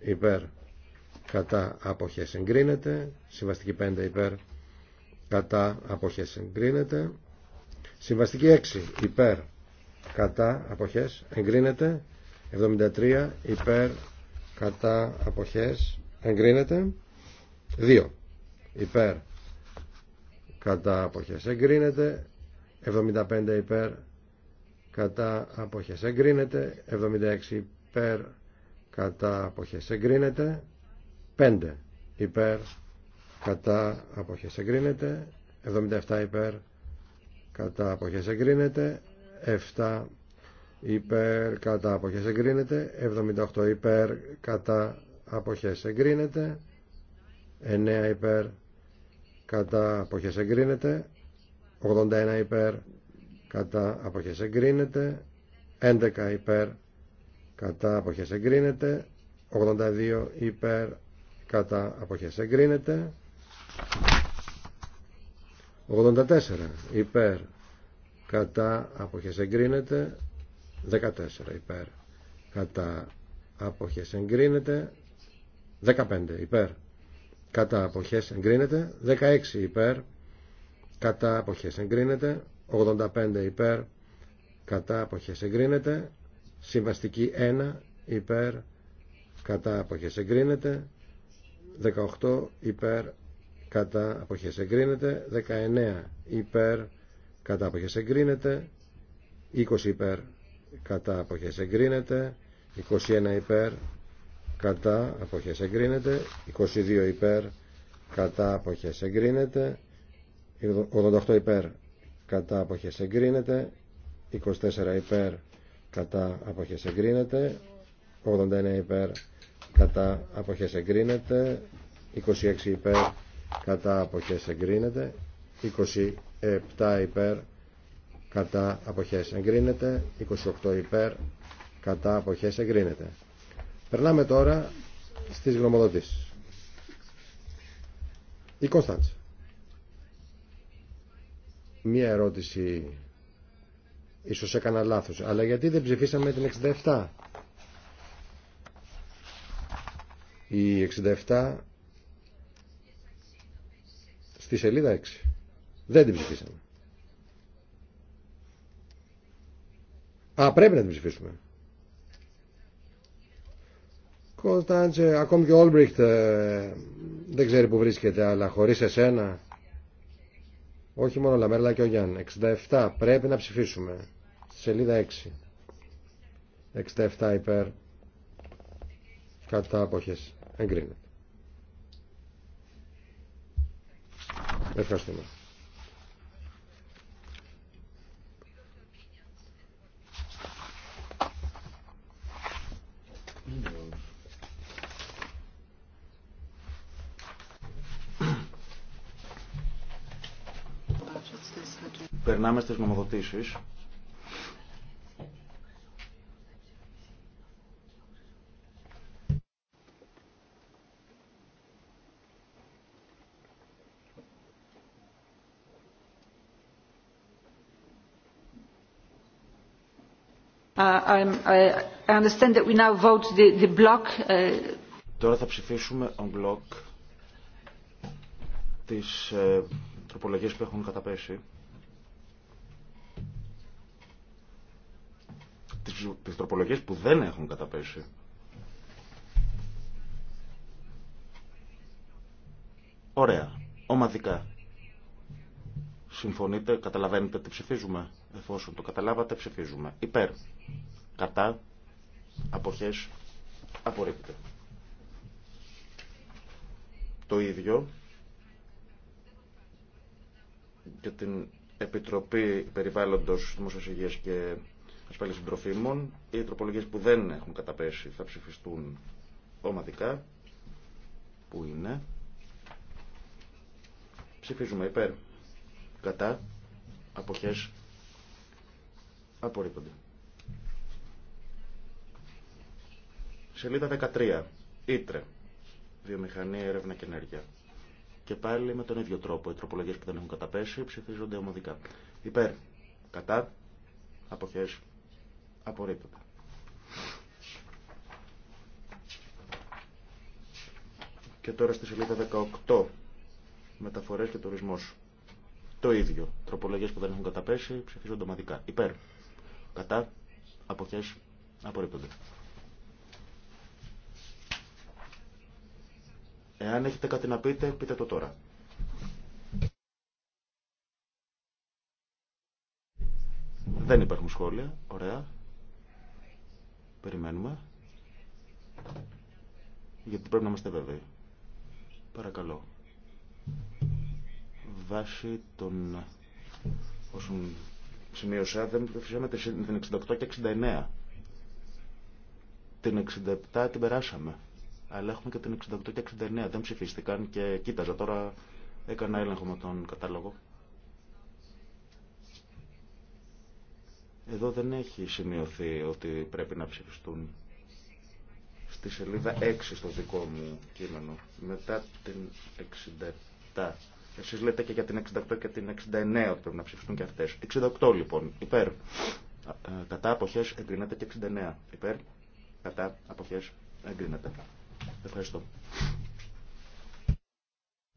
Speaker 1: υπέρ κατά αποχές εγκρίνεται συμβαστική 5 υπέρ κατά αποχές εγκρίνεται συμβαστική 6 υπέρ κατά αποχές εγκρίνεται 73 υπέρ κατά αποχές εγκρίνεται 2 υπέρ κατά αποχές εγκρίνεται 75 υπέρ κατά αποχές εγκρίνεται 76 υπέρ κατά αποχές εγκρίνεται 5 υπέρ κατά αποχές εγκρίνεται 77 υπέρ κατά αποχές εγκρίνεται 7 υπέρ κατά αποχές εγκρίνεται 78 υπέρ κατά αποχές εγκρίνεται 9 υπέρ κατά αποχές εγκρίνεται 81 υπέρ κατά αποχές εγκρίνεται 11 υπέρ κατά αποχές εγκρίνεται 82 υπέρ κατά αποχές εγκρίνεται 84 υπέρ κατά αποχές εγκρίνεται 14 υπέρ κατά αποχές εγκρίνεται 15 υπέρ κατά αποχές εγκρίνεται 16 υπέρ κατά αποχές εγκρίνεται 85 υπέρ κατά αποχές εγκρίνεται συμβαστική 1 υπέρ κατά αποχές εγκρίνεται 18 υπέρ κατά αποχές εγκρίνεται 19 υπέρ κατά αποχές εγκρίνεται 20 υπέρ κατά αποχές εγκρίνεται 21 υπέρ κατά αποχές εγκρίνεται 22 υπέρ κατά αποχές εγκρίνεται 88 υπέρ κατά αποχές εγκρίνεται 24 υπέρ κατά αποχές εγκρίνεται 89 υπέρ κατά αποχές εγκρίνεται 26 υπέρ κατά αποχές εγκρίνεται 27 υπέρ κατά αποχές εγκρίνεται 28 υπέρ κατά αποχές εγκρίνεται Περνάμε τώρα στις γνωμοδοτήσεις. Η Κωνσταντς. Μία ερώτηση, ίσως έκανα λάθος, αλλά γιατί δεν ψηφίσαμε την 67. Η 67 στη σελίδα 6. Δεν την ψηφίσαμε. Α, πρέπει να την ψηφίσουμε. Κωνσταντζε, ακόμη και ο Όλμπριχτ ε, δεν ξέρει που βρίσκεται, αλλά χωρίς εσένα, όχι μόνο ο Λαμέρλα και ο Γιάννη. 67, πρέπει να ψηφίσουμε. Σελίδα 6. 67 υπέρ, κατά αποχές, εγκρίνεται. Ευχαριστούμε.
Speaker 2: Περνάμε στις νομοδοτήσεις.
Speaker 3: Uh, uh,
Speaker 2: Τώρα θα ψηφίσουμε on block τις ε, τροπολογίες που έχουν καταπέσει. τις τροπολογίες που δεν έχουν καταπέσει. Ωραία. Ομαδικά. Συμφωνείτε, καταλαβαίνετε τι ψηφίζουμε. Εφόσον το καταλάβατε, ψηφίζουμε. Υπέρ. Κατά. Αποχές. Απορρίπτεται. Το ίδιο για την Επιτροπή Περιβάλλοντος Δημόσιας και ασφάλεια συντροφίμων. Οι τροπολογίε που δεν έχουν καταπέσει θα ψηφιστούν ομαδικά. Πού είναι. Ψηφίζουμε υπέρ. Κατά. Αποχές. Απορρίπτονται. Σελίδα 13. Ήτρε. Βιομηχανία, έρευνα και ενέργεια. Και πάλι με τον ίδιο τρόπο. Οι τροπολογίε που δεν έχουν καταπέσει ψηφίζονται ομαδικά. Υπέρ. Κατά. Αποχές. Απορρίπτονται. Και τώρα στη σελίδα 18. Μεταφορές και τουρισμός. Το ίδιο. Τροπολογίες που δεν έχουν καταπέσει ψηφίζονται ομαδικά. Υπέρ. Κατά. Αποχές. Απορρίπτονται. Εάν έχετε κάτι να πείτε, πείτε το τώρα. Δεν υπάρχουν σχόλια. Ωραία. Περιμένουμε. Γιατί πρέπει να είμαστε βέβαιοι. Παρακαλώ. Βάσει των όσων σημείωσα, δεν ψηφίσαμε την 68 και 69. Την 67 την περάσαμε. Αλλά έχουμε και την 68 και 69. Δεν ψηφίστηκαν και κοίταζα τώρα. Έκανα έλεγχο με τον κατάλογο. Εδώ δεν έχει σημειωθεί ότι πρέπει να ψηφιστούν στη σελίδα 6 στο δικό μου κείμενο, μετά την 67. Εσείς λέτε και για την 68 και την 69 ότι πρέπει να ψηφιστούν και αυτές. 68 λοιπόν, υπέρ. Ε, κατά αποχές εγκρίνεται και 69. Υπέρ. Κατά αποχές εγκρίνεται. Ευχαριστώ.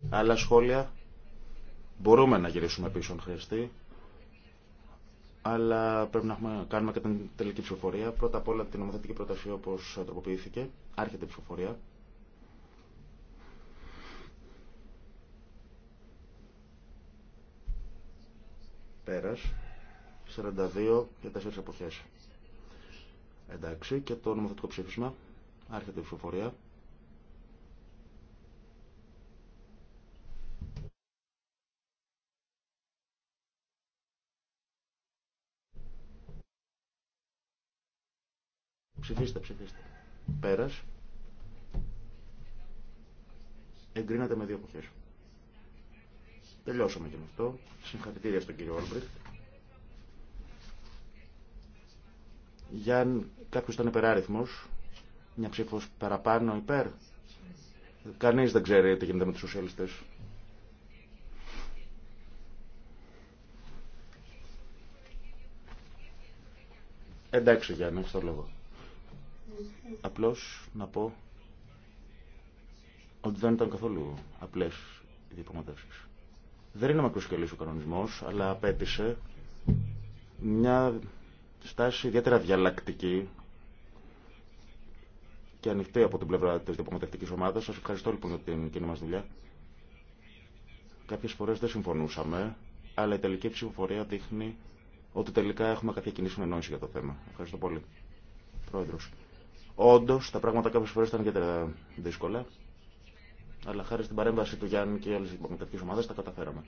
Speaker 2: Άλλα σχόλια. Μπορούμε να γυρίσουμε πίσω αν χρειαστεί αλλά πρέπει να κάνουμε και την τελική ψηφοφορία. Πρώτα απ' όλα την νομοθετική πρόταση όπως τροποποιήθηκε. Άρχεται η ψηφοφορία. Πέρας. 42 για 4 εποχές. Εντάξει, και το νομοθετικό ψήφισμα. Άρχεται η ψηφοφορία. Ψηφίστε, ψηφίστε. Πέρας. Εγκρίνατε με δύο εποχέ. Τελειώσαμε και με αυτό. Συγχαρητήρια στον κύριο Όλμπριχτ. Για αν κάποιος ήταν υπεράριθμο, μια ψήφο παραπάνω υπέρ. Κανείς δεν ξέρει τι γίνεται με τους σοσιαλιστές. Εντάξει Γιάννη, έχεις το λόγο. Απλώς να πω ότι δεν ήταν καθόλου απλές οι διαπραγματεύσεις. Δεν είναι μακροσκελής ο κανονισμός, αλλά απέτησε μια στάση ιδιαίτερα διαλλακτική και ανοιχτή από την πλευρά της διαπραγματευτικής ομάδας. Σας ευχαριστώ λοιπόν για την κοινή μας δουλειά. Κάποιες φορές δεν συμφωνούσαμε, αλλά η τελική ψηφοφορία δείχνει ότι τελικά έχουμε κάποια κοινή συνεννόηση για το θέμα. Ευχαριστώ πολύ. Πρόεδρος. Όντω, τα πράγματα κάποιε φορέ ήταν ιδιαίτερα δύσκολα. Αλλά χάρη στην παρέμβαση του Γιάννη και άλλε μεταπτυχιακέ ομάδε τα καταφέραμε.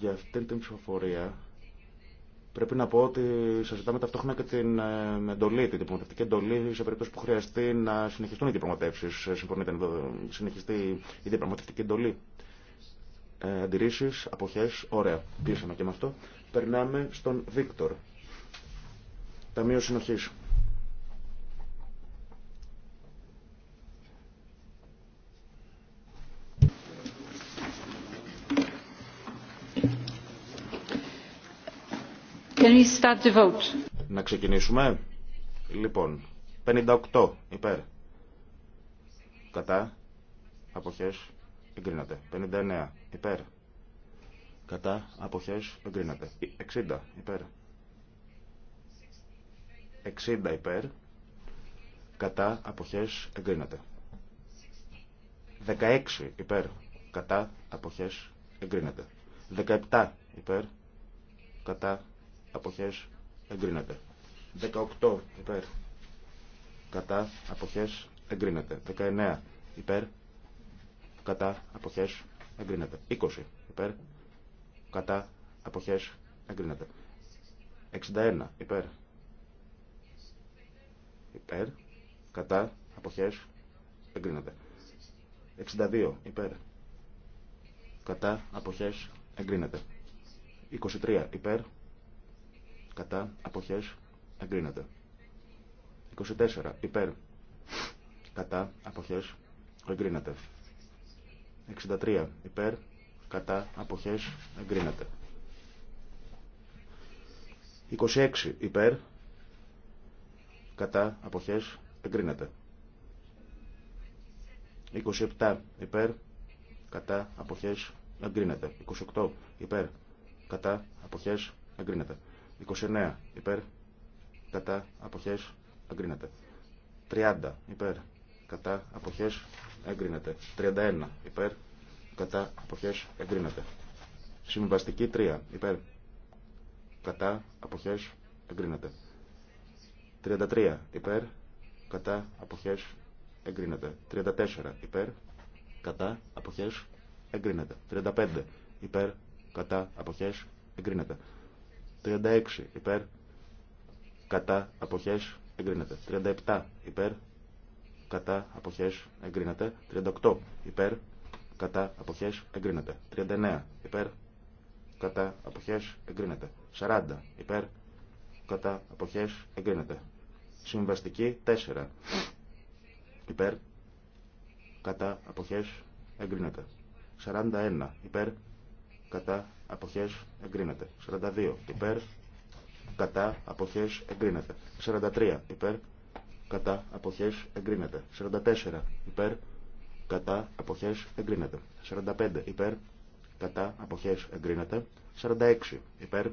Speaker 2: Για αυτή την ψηφοφορία πρέπει να πω ότι σα ζητάμε ταυτόχρονα και την ε, εντολή, την διπλωματευτική εντολή σε περίπτωση που χρειαστεί να συνεχιστούν οι διαπραγματεύσει. Ε, συμφωνείτε να συνεχιστεί η διαπραγματευτική εντολή. Ε, Αντιρρήσει, αποχέ, ωραία. Κλείσαμε και με αυτό. Περνάμε στον Βίκτορ. Ταμείο συνοχή. Να ξεκινήσουμε. Λοιπόν, 58 υπέρ. Κατά. Αποχές. Εγκρίνεται. 59 υπέρ. Κατά. Αποχές. Εγκρίνεται. 60 υπέρ. 60 υπέρ. Κατά. Αποχές. Εγκρίνεται. 16 υπέρ. Κατά. Αποχές. Εγκρίνεται. 17 υπέρ. Κατά αποχές εγκρίνεται. 18 υπέρ κατά αποχές εγκρίνεται. 19 υπέρ κατά αποχές εγκρίνεται. 20 υπέρ κατά αποχές εγκρίνεται. 61 υπέρ υπέρ κατά αποχές εγκρίνεται. 62 υπέρ κατά αποχές εγκρίνεται. 23 υπέρ κατά, αποχές, εγκρίνεται. 24. Υπέρ, κατά, αποχές, εγκρίνεται. 63. Υπέρ, κατά, αποχές, εγκρίνεται. 26. Υπέρ, κατά, αποχές, εγκρίνεται. 27. Υπέρ, κατά, αποχές, εγκρίνεται. 28. Υπέρ, κατά, αποχές, εγκρίνεται. 29 υπέρ κατά αποχές εγκρίνεται. 30 υπέρ κατά αποχές εγκρίνεται. 31 υπέρ κατά αποχές εγκρίνεται. Συμβαστική 3 υπέρ κατά αποχές εγκρίνεται. 33 υπέρ κατά αποχές εγκρίνεται. 34 υπέρ κατά αποχές εγκρίνεται. 35 υπέρ κατά αποχές εγκρίνεται. 36 υπέρ κατά αποχές εγκρίνεται. 37 υπέρ κατά αποχές εγκρίνεται. 38 υπέρ κατά αποχές εγκρίνεται. 39 υπέρ κατά αποχές εγκρίνεται. 40 υπέρ κατά αποχές εγκρίνεται. Συμβαστική 4 υπέρ κατά αποχές εγκρίνεται. 41 υπέρ κατά αποχές εγκρίνεται. 42 υπέρ, κατά, αποχές εγκρίνεται. 43 υπέρ, κατά, αποχές εγκρίνεται. 44 υπέρ, κατά, αποχές εγκρίνεται. 45 υπέρ, κατά, αποχές εγκρίνεται. 46 υπέρ,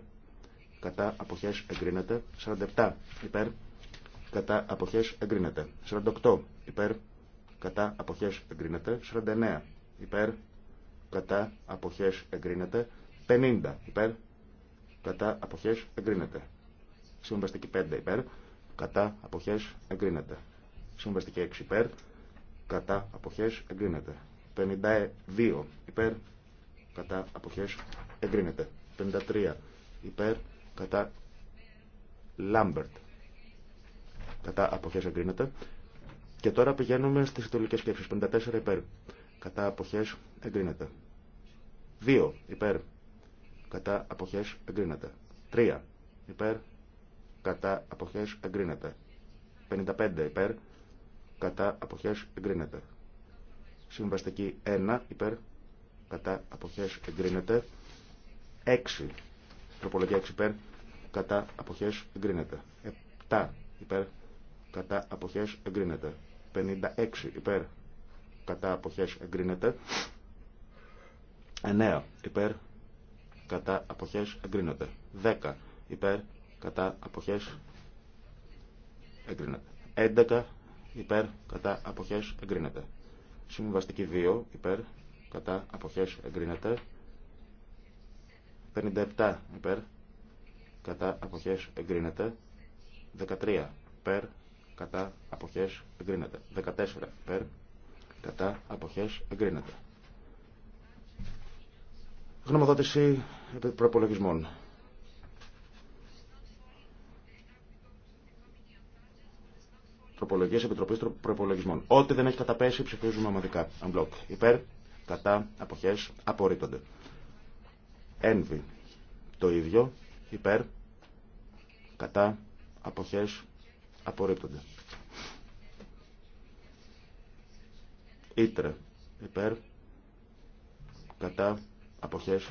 Speaker 2: κατά, αποχές εγκρίνεται. 47 υπέρ, κατά, αποχές εγκρίνεται. 48 υπέρ, κατά, αποχές εγκρίνεται. 49 υπέρ, κατά, αποχές εγκρίνεται. 50 υπέρ, κατά αποχές εγκρίνεται. Συμβαστική 5 υπέρ, κατά αποχές εγκρίνεται. Συμβαστική 6 υπέρ, κατά αποχές εγκρίνεται. 52 υπέρ, κατά αποχές εγκρίνεται. 53 υπέρ, κατά Λάμπερτ. Κατά αποχές εγκρίνεται. Και τώρα πηγαίνουμε στις ιτολικές σκέψεις. 54 υπέρ. Κατά αποχές εγκρίνεται. 2 υπέρ κατά αποχές εγκρίνεται. 3 υπέρ κατά αποχές εγκρίνεται. 55 υπέρ κατά αποχές εγκρίνεται. Συμβαστική 1 υπέρ κατά αποχές εγκρίνεται. 6 τροπολογία 6 υπέρ κατά αποχές εγκρίνεται. 7 υπέρ κατά αποχές εγκρίνεται. 56 υπέρ κατά αποχές εγκρίνεται. 9 υπέρ κατά αποχές εγκρίνονται. 10 υπέρ κατά αποχές εγκρίνονται. 11 υπέρ κατά αποχές εγκρίνονται. Συμβαστική 2 υπέρ κατά αποχές εγκρίνεται. 57 υπέρ κατά αποχές εγκρίνεται. 13 υπέρ κατά αποχές εγκρίνεται. 14 υπέρ κατά αποχές εγκρίνεται. Γνωμοδότηση προπολογισμών. Τροπολογίε Επιτροπή Προπολογισμών. Ό,τι δεν έχει καταπέσει ψηφίζουμε ομαδικά. Unblock. Υπέρ, κατά, αποχέ, απορρίπτονται. Envy. Το ίδιο. Υπέρ, κατά, αποχέ, απορρίπτονται. Ήτρε. Υπέρ, κατά, Αποχές.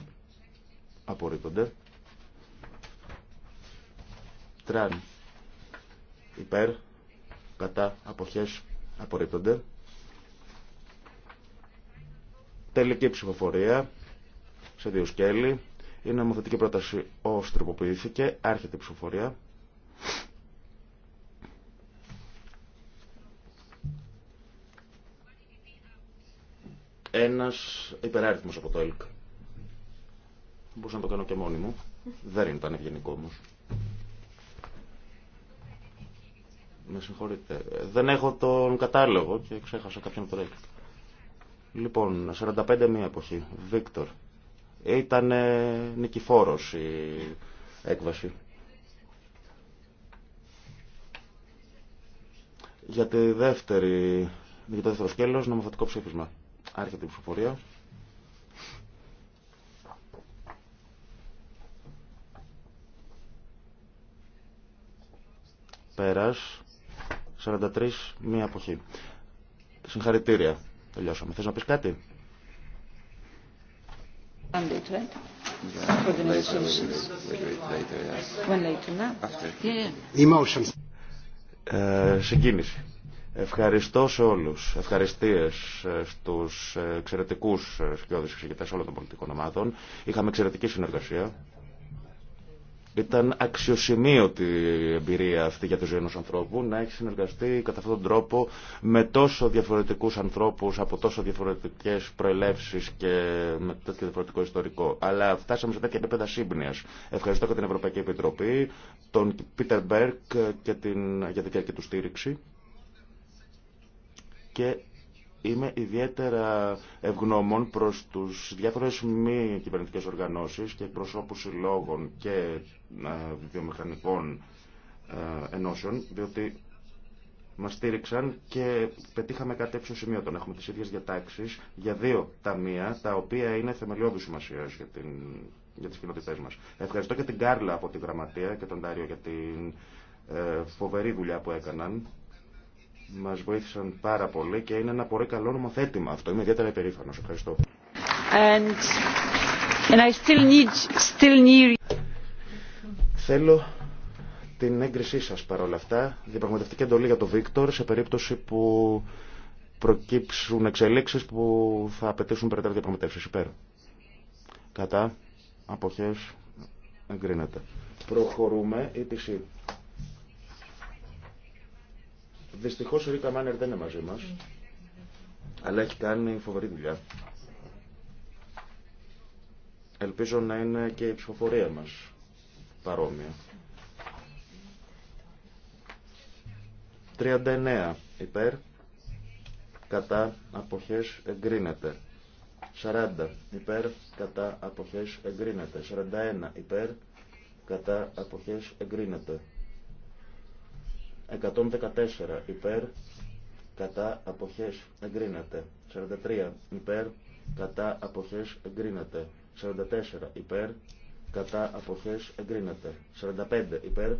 Speaker 2: Απορρίπτονται. Τραν. Υπέρ. Κατά. Αποχές. Απορρίπτονται. Τελική ψηφοφορία. Σε δύο σκέλη. Η νομοθετική πρόταση ως τροποποιήθηκε. Άρχεται η ψηφοφορία. Ένας υπεράριθμος από το ΕΛΚ. Μπορούσα να το κάνω και μόνη μου. Δεν ήταν ευγενικό όμω. Με συγχωρείτε. Δεν έχω τον κατάλογο και ξέχασα κάποιον που Λοιπόν, 45 μία εποχή. Βίκτορ. Ήταν νικηφόρος η έκβαση. Για, τη δεύτερη, για το δεύτερο σκέλος, νομοθετικό ψήφισμα. Άρχεται η ψηφοφορία. πέρας. 43, μία αποχή. Συγχαρητήρια. Τελειώσαμε. Θες να πεις κάτι? Ε, συγκίνηση. Ευχαριστώ σε όλους. Ευχαριστίες ε, στους ε, εξαιρετικούς σκιώδεις εξηγητές όλων των πολιτικών ομάδων. Είχαμε εξαιρετική συνεργασία. Ήταν αξιοσημείωτη η εμπειρία αυτή για τη ζωή ενός ανθρώπου να έχει συνεργαστεί κατά αυτόν τον τρόπο με τόσο διαφορετικούς ανθρώπους από τόσο διαφορετικές προελεύσεις και με τέτοιο διαφορετικό ιστορικό. Αλλά φτάσαμε σε τέτοια επίπεδα σύμπνοιας. Ευχαριστώ και την Ευρωπαϊκή Επιτροπή, τον Πίτερ Μπέρκ για την διάρκεια του στήριξη και Είμαι ιδιαίτερα ευγνώμων προς τους διάφορες μη κυβερνητικές οργανώσεις και προσώπους συλλόγων και ε, βιομηχανικών ε, ενώσεων, διότι μας στήριξαν και πετύχαμε κάτι έξω σημείο. Τον έχουμε τις ίδιες διατάξεις για δύο ταμεία, τα οποία είναι θεμελιώδη σημασία για, την... για τι κοινότητέ μα. Ευχαριστώ και την Κάρλα από την Γραμματεία και τον Τάριο για την ε, φοβερή δουλειά που έκαναν μας βοήθησαν πάρα πολύ και είναι ένα πολύ καλό νομοθέτημα αυτό. Είμαι ιδιαίτερα υπερήφανος. Ευχαριστώ. Θέλω την έγκρισή σας παρόλα αυτά. Διαπραγματευτική εντολή για τον Βίκτορ σε περίπτωση που προκύψουν εξελίξεις που θα απαιτήσουν περαιτέρω διαπραγματεύσεις υπέρ. Κατά, αποχές, εγκρίνεται. Προχωρούμε, η Δυστυχώς ο Ρίκα Μάνερ δεν είναι μαζί μας, αλλά έχει κάνει φοβερή δουλειά. Ελπίζω να είναι και η ψηφοφορία μας παρόμοια. 39 υπέρ, κατά αποχές εγκρίνεται. 40 υπέρ, κατά αποχές εγκρίνεται. 41 υπέρ, κατά αποχές εγκρίνεται. 114 υπέρ κατά αποχές εγκρίνεται 43 υπέρ κατά αποχές εγκρίνεται 44 υπέρ κατά αποχές εγκρίνεται 45 υπέρ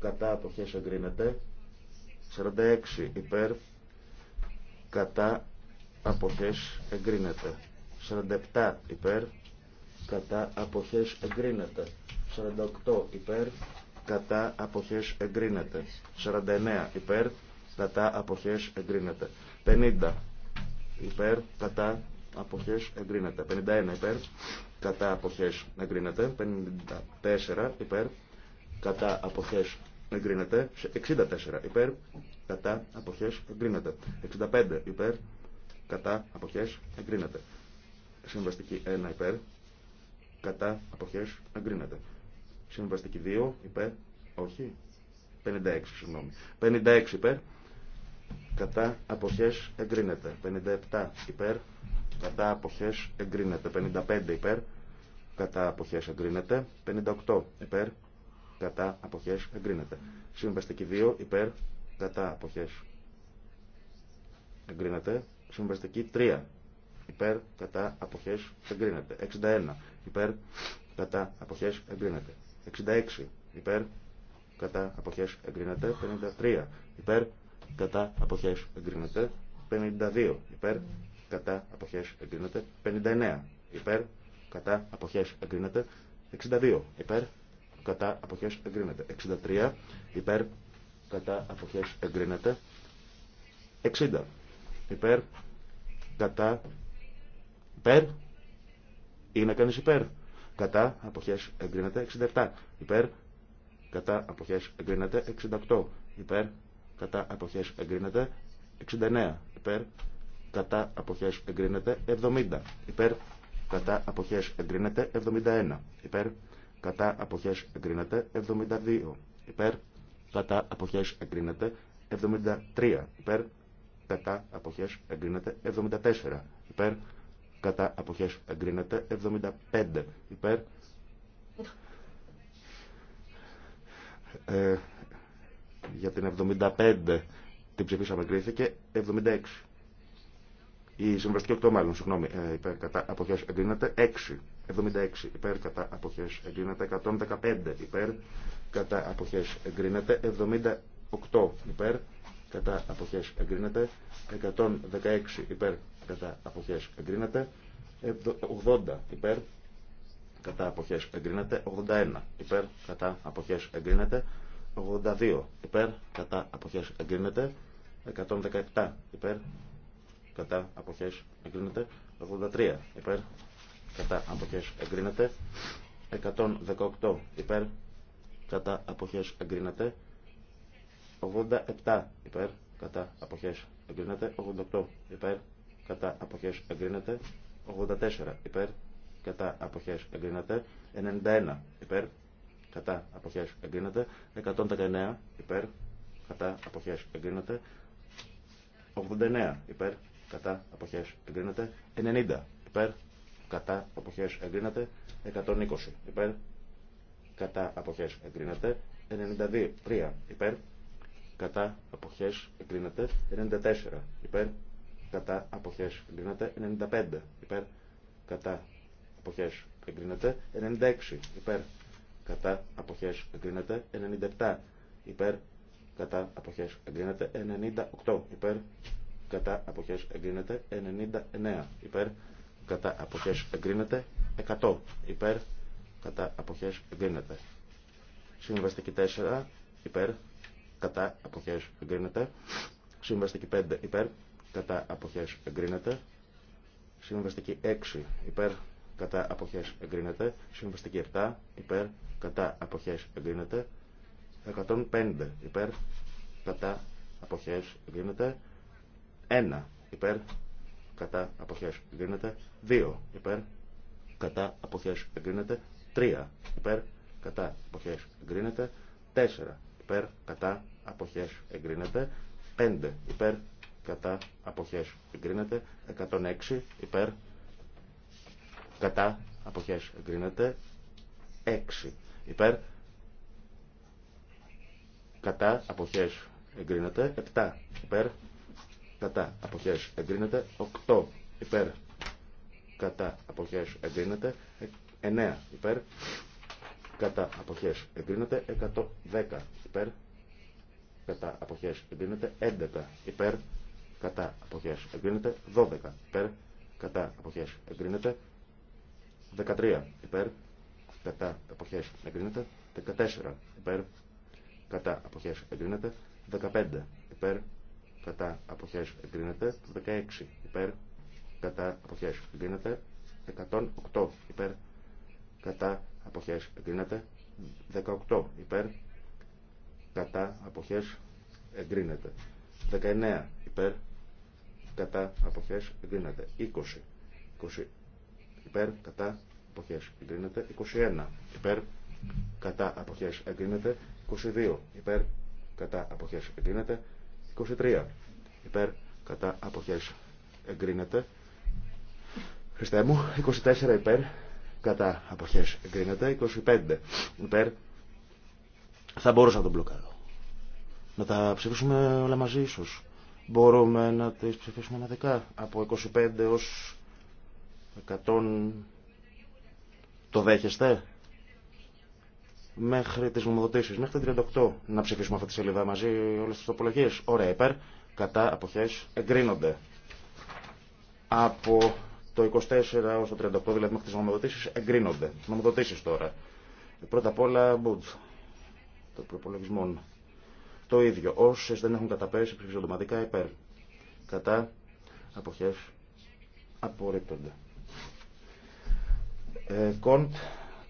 Speaker 2: κατά αποχές εγκρίνεται 46 υπέρ κατά αποχές εγκρίνεται 47 υπέρ κατά αποχές εγκρίνεται 48 υπέρ κατά αποχές εγκρίνεται. 49 υπέρ κατά αποχές εγκρίνεται. 50 υπέρ κατά αποχές εγκρίνεται. 51 υπέρ κατά αποχές εγκρίνεται. 54 υπέρ κατά αποχές εγκρίνεται. 64 υπέρ κατά αποχές εγκρίνεται. 65 υπέρ κατά αποχές εγκρίνεται. Συμβαστική 1 υπέρ κατά αποχές εγκρίνεται. Συμβαστική 2 υπέρ. Όχι. 56, συγγνώμη. 56 υπέρ. Κατά αποχές εγκρίνεται. 57 υπέρ. Κατά αποχές εγκρίνεται. 55 υπέρ. Κατά αποχές εγκρίνεται. 58 υπέρ. Κατά αποχές εγκρίνεται. Συμβαστική 2 υπέρ. Κατά αποχές εγκρίνεται. Συμβαστική 3 υπέρ. Κατά αποχές εγκρίνεται. 61 υπέρ. Κατά αποχές εγκρίνεται. 66 υπέρ κατά αποχές εγκρίνεται 53 υπέρ κατά αποχές εγκρίνεται 52 υπέρ κατά αποχές εγκρίνεται 59 υπέρ κατά αποχές εγκρίνεται 62 υπέρ κατά αποχές εγκρίνεται 63 υπέρ κατά αποχές εγκρίνεται 60 υπέρ κατά υπέρ είναι κανείς υπέρ κατά αποχές εγκρίνεται 67 υπέρ κατά αποχές εγκρίνεται 68 υπέρ κατά αποχές εγκρίνεται 69 υπέρ κατά αποχές εγκρίνεται 70 υπέρ κατά αποχές εγκρίνεται 71 υπέρ κατά αποχές εγκρίνεται 72 υπέρ κατά αποχές εγκρίνεται 73 υπέρ κατά αποχές εγκρίνεται 74 υπέρ κατά αποχές εγκρίνεται 75 υπέρ ε, για την 75 την ψηφίσαμε εγκρίθηκε 76 η συμβαστική 8 μάλλον, συγγνώμη, ε, υπέρ κατά αποχές εγκρίνεται 6, 76 υπέρ κατά αποχές εγκρίνεται 115 υπέρ κατά αποχές εγκρίνεται 78 υπέρ κατά αποχές εγκρίνεται, 116 υπέρ κατά αποχές εγκρίνεται, 80 υπέρ κατά αποχές εγκρίνεται, 81 υπέρ κατά αποχές εγκρίνεται, 82 υπέρ κατά αποχές εγκρίνεται, 117 υπέρ κατά αποχές εγκρίνεται, 83 υπέρ κατά αποχές εγκρίνεται, 118 υπέρ κατά αποχές εγκρίνεται, 87 υπέρ κατά αποχές εγκρίνεται 88 υπέρ κατά αποχές εγκρίνεται 84 υπέρ κατά αποχές εγκρίνεται 91 υπέρ κατά αποχές εγκρίνεται 119 υπέρ κατά αποχές εγκρίνεται 89 υπέρ κατά αποχές εγκρίνεται 90 υπέρ κατά αποχές εγκρίνεται 120 υπέρ κατά αποχές εγκρίνεται 92 3 υπέρ κατά αποχές εκκλίνεται, 94 υπέρ κατά αποχές εκκλίνεται, 95 υπέρ κατά αποχές εκκλίνεται, 96 υπέρ κατά αποχές εκκλίνεται, 97 υπέρ κατά αποχές εκκλίνεται, 98 υπέρ κατά αποχές εκκλίνεται, 99 υπέρ κατά αποχές εκκλίνεται, 100 υπέρ κατά αποχές εκκλίνεται. συμβαστική 4 υπέρ κατά αποχές εγκρίνεται. Συμβαστική 5 υπέρ, κατά αποχές εγκρίνεται. Συμβαστική 6 υπέρ, κατά αποχές εγκρίνεται. Συμβαστική 7 υπέρ, κατά αποχές εγκρίνεται. 105 υπέρ, κατά αποχές εγκρίνεται. 1 υπέρ, κατά αποχές εγκρίνεται. 2 υπέρ, κατά αποχές εγκρίνεται. 3 υπέρ, κατά αποχές εγκρίνεται. 4 υπέρ, κατά, αποχές, εγκρίνεται. 5 υπέρ, κατά, αποχές, εγκρίνεται. 106 υπέρ, κατά, αποχές, εγκρίνεται. 6 υπέρ, κατά, αποχές, εγκρίνεται. 7 υπέρ, κατά, αποχές, εγκρίνεται. 8 υπέρ, κατά, αποχές, εγκρίνεται. 9 υπέρ, κατά αποχές εγκρίνεται 110 υπέρ κατά αποχές εγκρίνεται 11 υπέρ κατά αποχές εγκρίνεται 12 υπέρ κατά αποχές εγκρίνεται 13 υπέρ κατά αποχές εγκρίνεται 14 υπέρ κατά αποχές εγκρίνεται 15 υπέρ κατά αποχές εγκρίνεται 16 υπέρ κατά αποχές εγκρίνεται 108 υπέρ κατά αποχές εγκρίνεται 18 υπέρ κατά αποχές εγκρίνεται 19 υπέρ κατά αποχές εγκρίνεται 20 20 υπέρ κατά αποχές εγκρίνεται 21 υπέρ κατά αποχές εγκρίνεται 22 υπέρ κατά αποχές εγκρίνεται 23 υπέρ κατά αποχές εγκρίνεται Χριστέ μου 24 υπέρ κατά αποχές εγκρίνεται 25 υπέρ θα μπορούσα να τον μπλοκάρω να τα ψηφίσουμε όλα μαζί ίσως μπορούμε να τις ψηφίσουμε δεκά. από 25 ως 100 το δέχεστε μέχρι τις νομοδοτήσεις, μέχρι τα 38 να ψηφίσουμε αυτή τη σελίδα μαζί όλες τις τοπολογίες. Ωραία, υπέρ, κατά, αποχές, εγκρίνονται. Από το 24 ως το 38, δηλαδή μέχρι τις νομοδοτήσεις, εγκρίνονται. Νομοδοτήσεις τώρα. Πρώτα απ' όλα, μπουτ, Το προπολογισμό. Το ίδιο. Όσε δεν έχουν καταπέσει, ψηφίζονται οντοματικά υπέρ. Κατά, αποχές, απορρίπτονται. Ε, κοντ,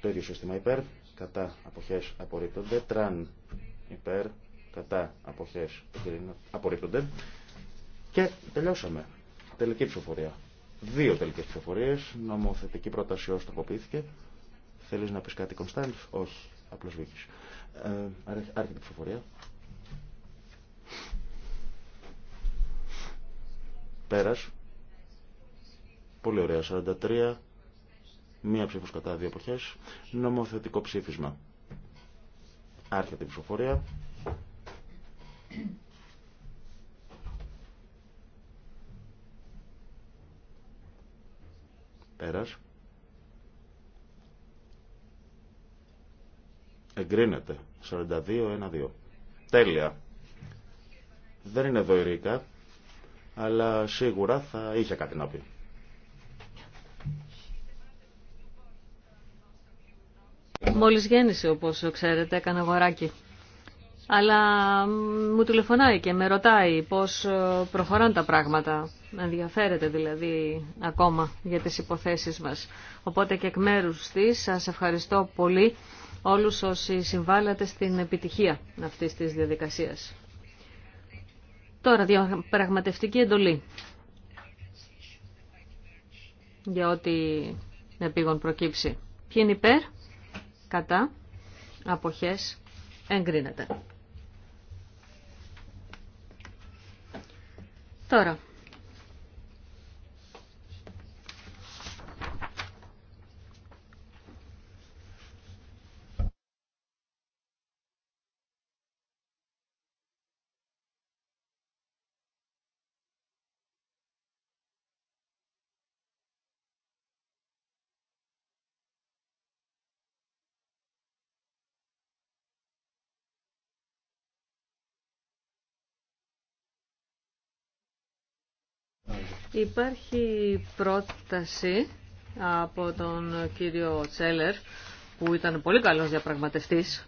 Speaker 2: το ίδιο σύστημα υπέρ. Κατά, αποχές, απορρίπτονται. Τραν, υπέρ. Κατά, αποχές, απορρίπτονται. Και τελειώσαμε. Τελική ψηφοφορία. Δύο τελικές ψηφοφορίες. Νομοθετική πρόταση όσο τοποποιήθηκε. Θέλεις να πεις κάτι Κωνσταντ. Όχι. Απλώς βγήκες. Ε, άρχεται η ψηφοφορία. Πέρας. Πολύ ωραία. 43. Μία ψήφος κατά δύο εποχές. Νομοθετικό ψήφισμα. Άρχεται η ψηφοφορία. Πέρας. Εγκρίνεται. 42-1-2. Τέλεια. Δεν είναι εδώ η Ρίκα, αλλά σίγουρα θα είχε κάτι να πει.
Speaker 3: Μόλις γέννησε, όπως ξέρετε, έκανα αγοράκι αλλά μου τηλεφωνάει και με ρωτάει πώς ε, προχωράνε τα πράγματα. Ενδιαφέρεται δηλαδή ακόμα για τις υποθέσεις μας. Οπότε και εκ μέρου της σας ευχαριστώ πολύ όλους όσοι συμβάλλατε στην επιτυχία αυτής της διαδικασίας. Τώρα, διαπραγματευτική εντολή για ό,τι επίγον προκύψει. Ποιοι είναι υπέρ, κατά, αποχές, εγκρίνεται. Τώρα, Υπάρχει πρόταση από τον κύριο Τσέλερ που ήταν πολύ καλός διαπραγματευτής.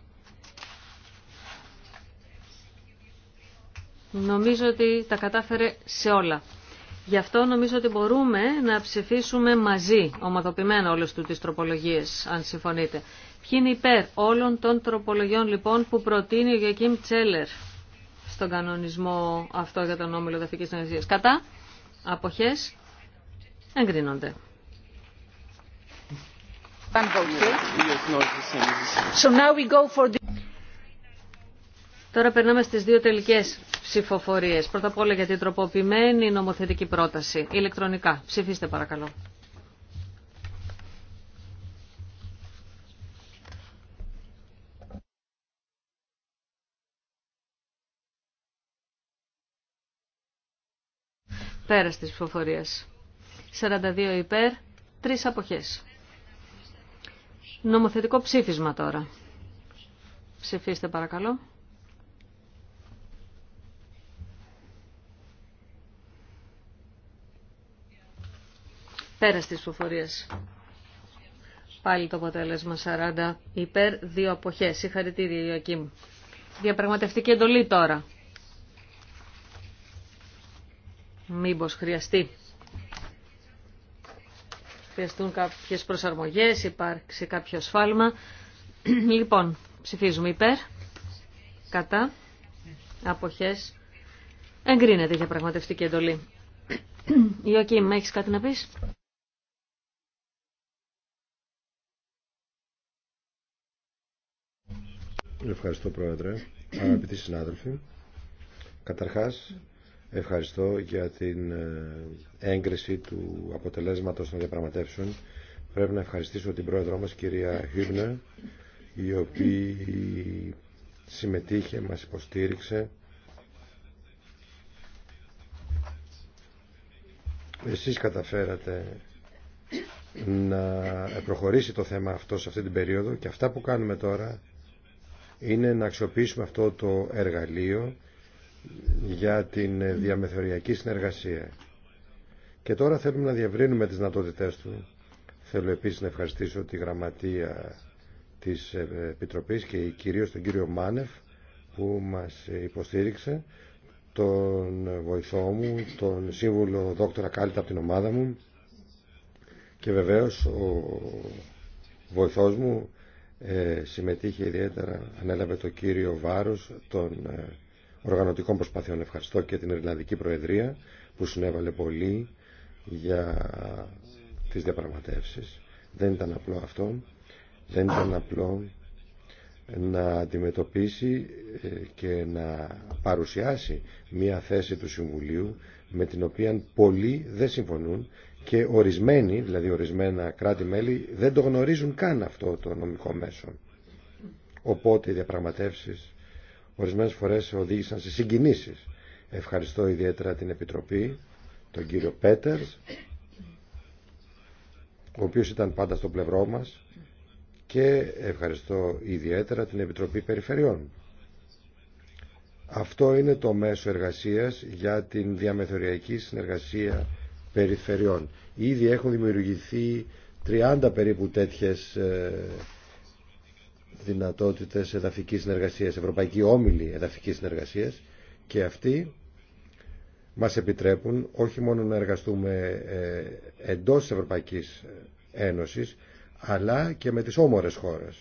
Speaker 3: Νομίζω ότι τα κατάφερε σε όλα. Γι' αυτό νομίζω ότι μπορούμε να ψηφίσουμε μαζί, ομαδοποιημένα όλες του τις τροπολογίες, αν συμφωνείτε. Ποιοι είναι υπέρ όλων των τροπολογιών λοιπόν που προτείνει ο Γιακίμ Τσέλερ στον κανονισμό αυτό για τον όμιλο δαφικής Κατά αποχές εγκρίνονται. Τώρα περνάμε στις δύο τελικές ψηφοφορίες. Πρώτα απ' όλα για την τροποποιημένη νομοθετική πρόταση. Ηλεκτρονικά. Ψηφίστε παρακαλώ. Πέρα της ψηφοφορίας. 42 υπέρ, 3 αποχές. Νομοθετικό ψήφισμα τώρα. Ψηφίστε παρακαλώ. Πέρα της ψηφοφορίας. Πάλι το αποτέλεσμα 40 υπέρ, 2 αποχές. Συγχαρητήρια Ιωακήμ. Διαπραγματευτική εντολή τώρα. μήπως χρειαστεί. Χρειαστούν κάποιες προσαρμογές, υπάρξει κάποιο σφάλμα. [clears throat] Λοιπόν, ψηφίζουμε υπέρ, κατά, αποχές, εγκρίνεται για πραγματευτική εντολή. [clears throat] Ιωκίμ, έχεις κάτι να πεις?
Speaker 1: Ευχαριστώ Πρόεδρε, αγαπητοί συνάδελφοι. Καταρχάς, Ευχαριστώ για την ε, έγκριση του αποτελέσματος των διαπραγματεύσεων. Πρέπει να ευχαριστήσω την πρόεδρό μας, κυρία Χίμπνερ, η οποία συμμετείχε, μας υποστήριξε. Εσείς καταφέρατε να προχωρήσει το θέμα αυτό σε αυτή την περίοδο και αυτά που κάνουμε τώρα είναι να αξιοποιήσουμε αυτό το εργαλείο για την ε, διαμεθοριακή συνεργασία. Και τώρα θέλουμε να διαβρύνουμε τις δυνατότητές του. Θέλω επίσης να ευχαριστήσω τη γραμματεία της ε, Επιτροπής και κυρίως τον κύριο Μάνεφ που μας υποστήριξε, τον βοηθό μου, τον σύμβουλο δόκτωρα Κάλιτα από την ομάδα μου και βεβαίως ο βοηθός μου ε, συμμετείχε ιδιαίτερα, ανέλαβε το κύριο βάρος τον οργανωτικών προσπάθειων. Ευχαριστώ και την Ιρλανδική Προεδρία που συνέβαλε πολύ για τις διαπραγματεύσεις. Δεν ήταν απλό αυτό. Δεν ήταν απλό να αντιμετωπίσει ε, και να παρουσιάσει μια θέση του Συμβουλίου με την οποία πολλοί δεν συμφωνούν και ορισμένοι, δηλαδή ορισμένα κράτη-μέλη, δεν το γνωρίζουν καν αυτό το νομικό μέσο. Οπότε οι διαπραγματεύσεις ορισμένες φορές οδήγησαν σε συγκινήσεις. Ευχαριστώ ιδιαίτερα την Επιτροπή, τον κύριο Πέτερς, ο οποίος ήταν πάντα στο πλευρό μας και ευχαριστώ ιδιαίτερα την Επιτροπή Περιφερειών. Αυτό είναι το μέσο εργασίας για την διαμεθοριακή συνεργασία περιφερειών. Ήδη έχουν δημιουργηθεί 30 περίπου τέτοιες ε, δυνατότητες εδαφικής συνεργασίας, ευρωπαϊκή όμιλη εδαφικής συνεργασίας και αυτοί μας επιτρέπουν όχι μόνο να εργαστούμε ε, εντός Ευρωπαϊκής Ένωσης, αλλά και με τις όμορες χώρες.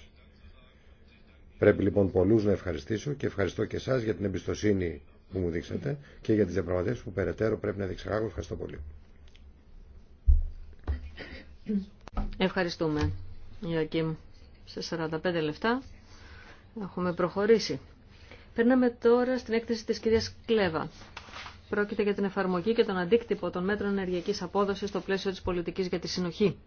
Speaker 1: Πρέπει λοιπόν πολλούς να ευχαριστήσω και ευχαριστώ και εσάς για την εμπιστοσύνη που μου δείξατε και για τις διαπραγματεύσεις που περαιτέρω πρέπει να διεξαγάγω. Ευχαριστώ πολύ.
Speaker 3: Ευχαριστούμε, σε 45 λεπτά έχουμε προχωρήσει. Περνάμε τώρα στην έκθεση της κυρίας Κλέβα. Πρόκειται για την εφαρμογή και τον αντίκτυπο των μέτρων ενεργειακής απόδοσης στο πλαίσιο της πολιτικής για τη συνοχή.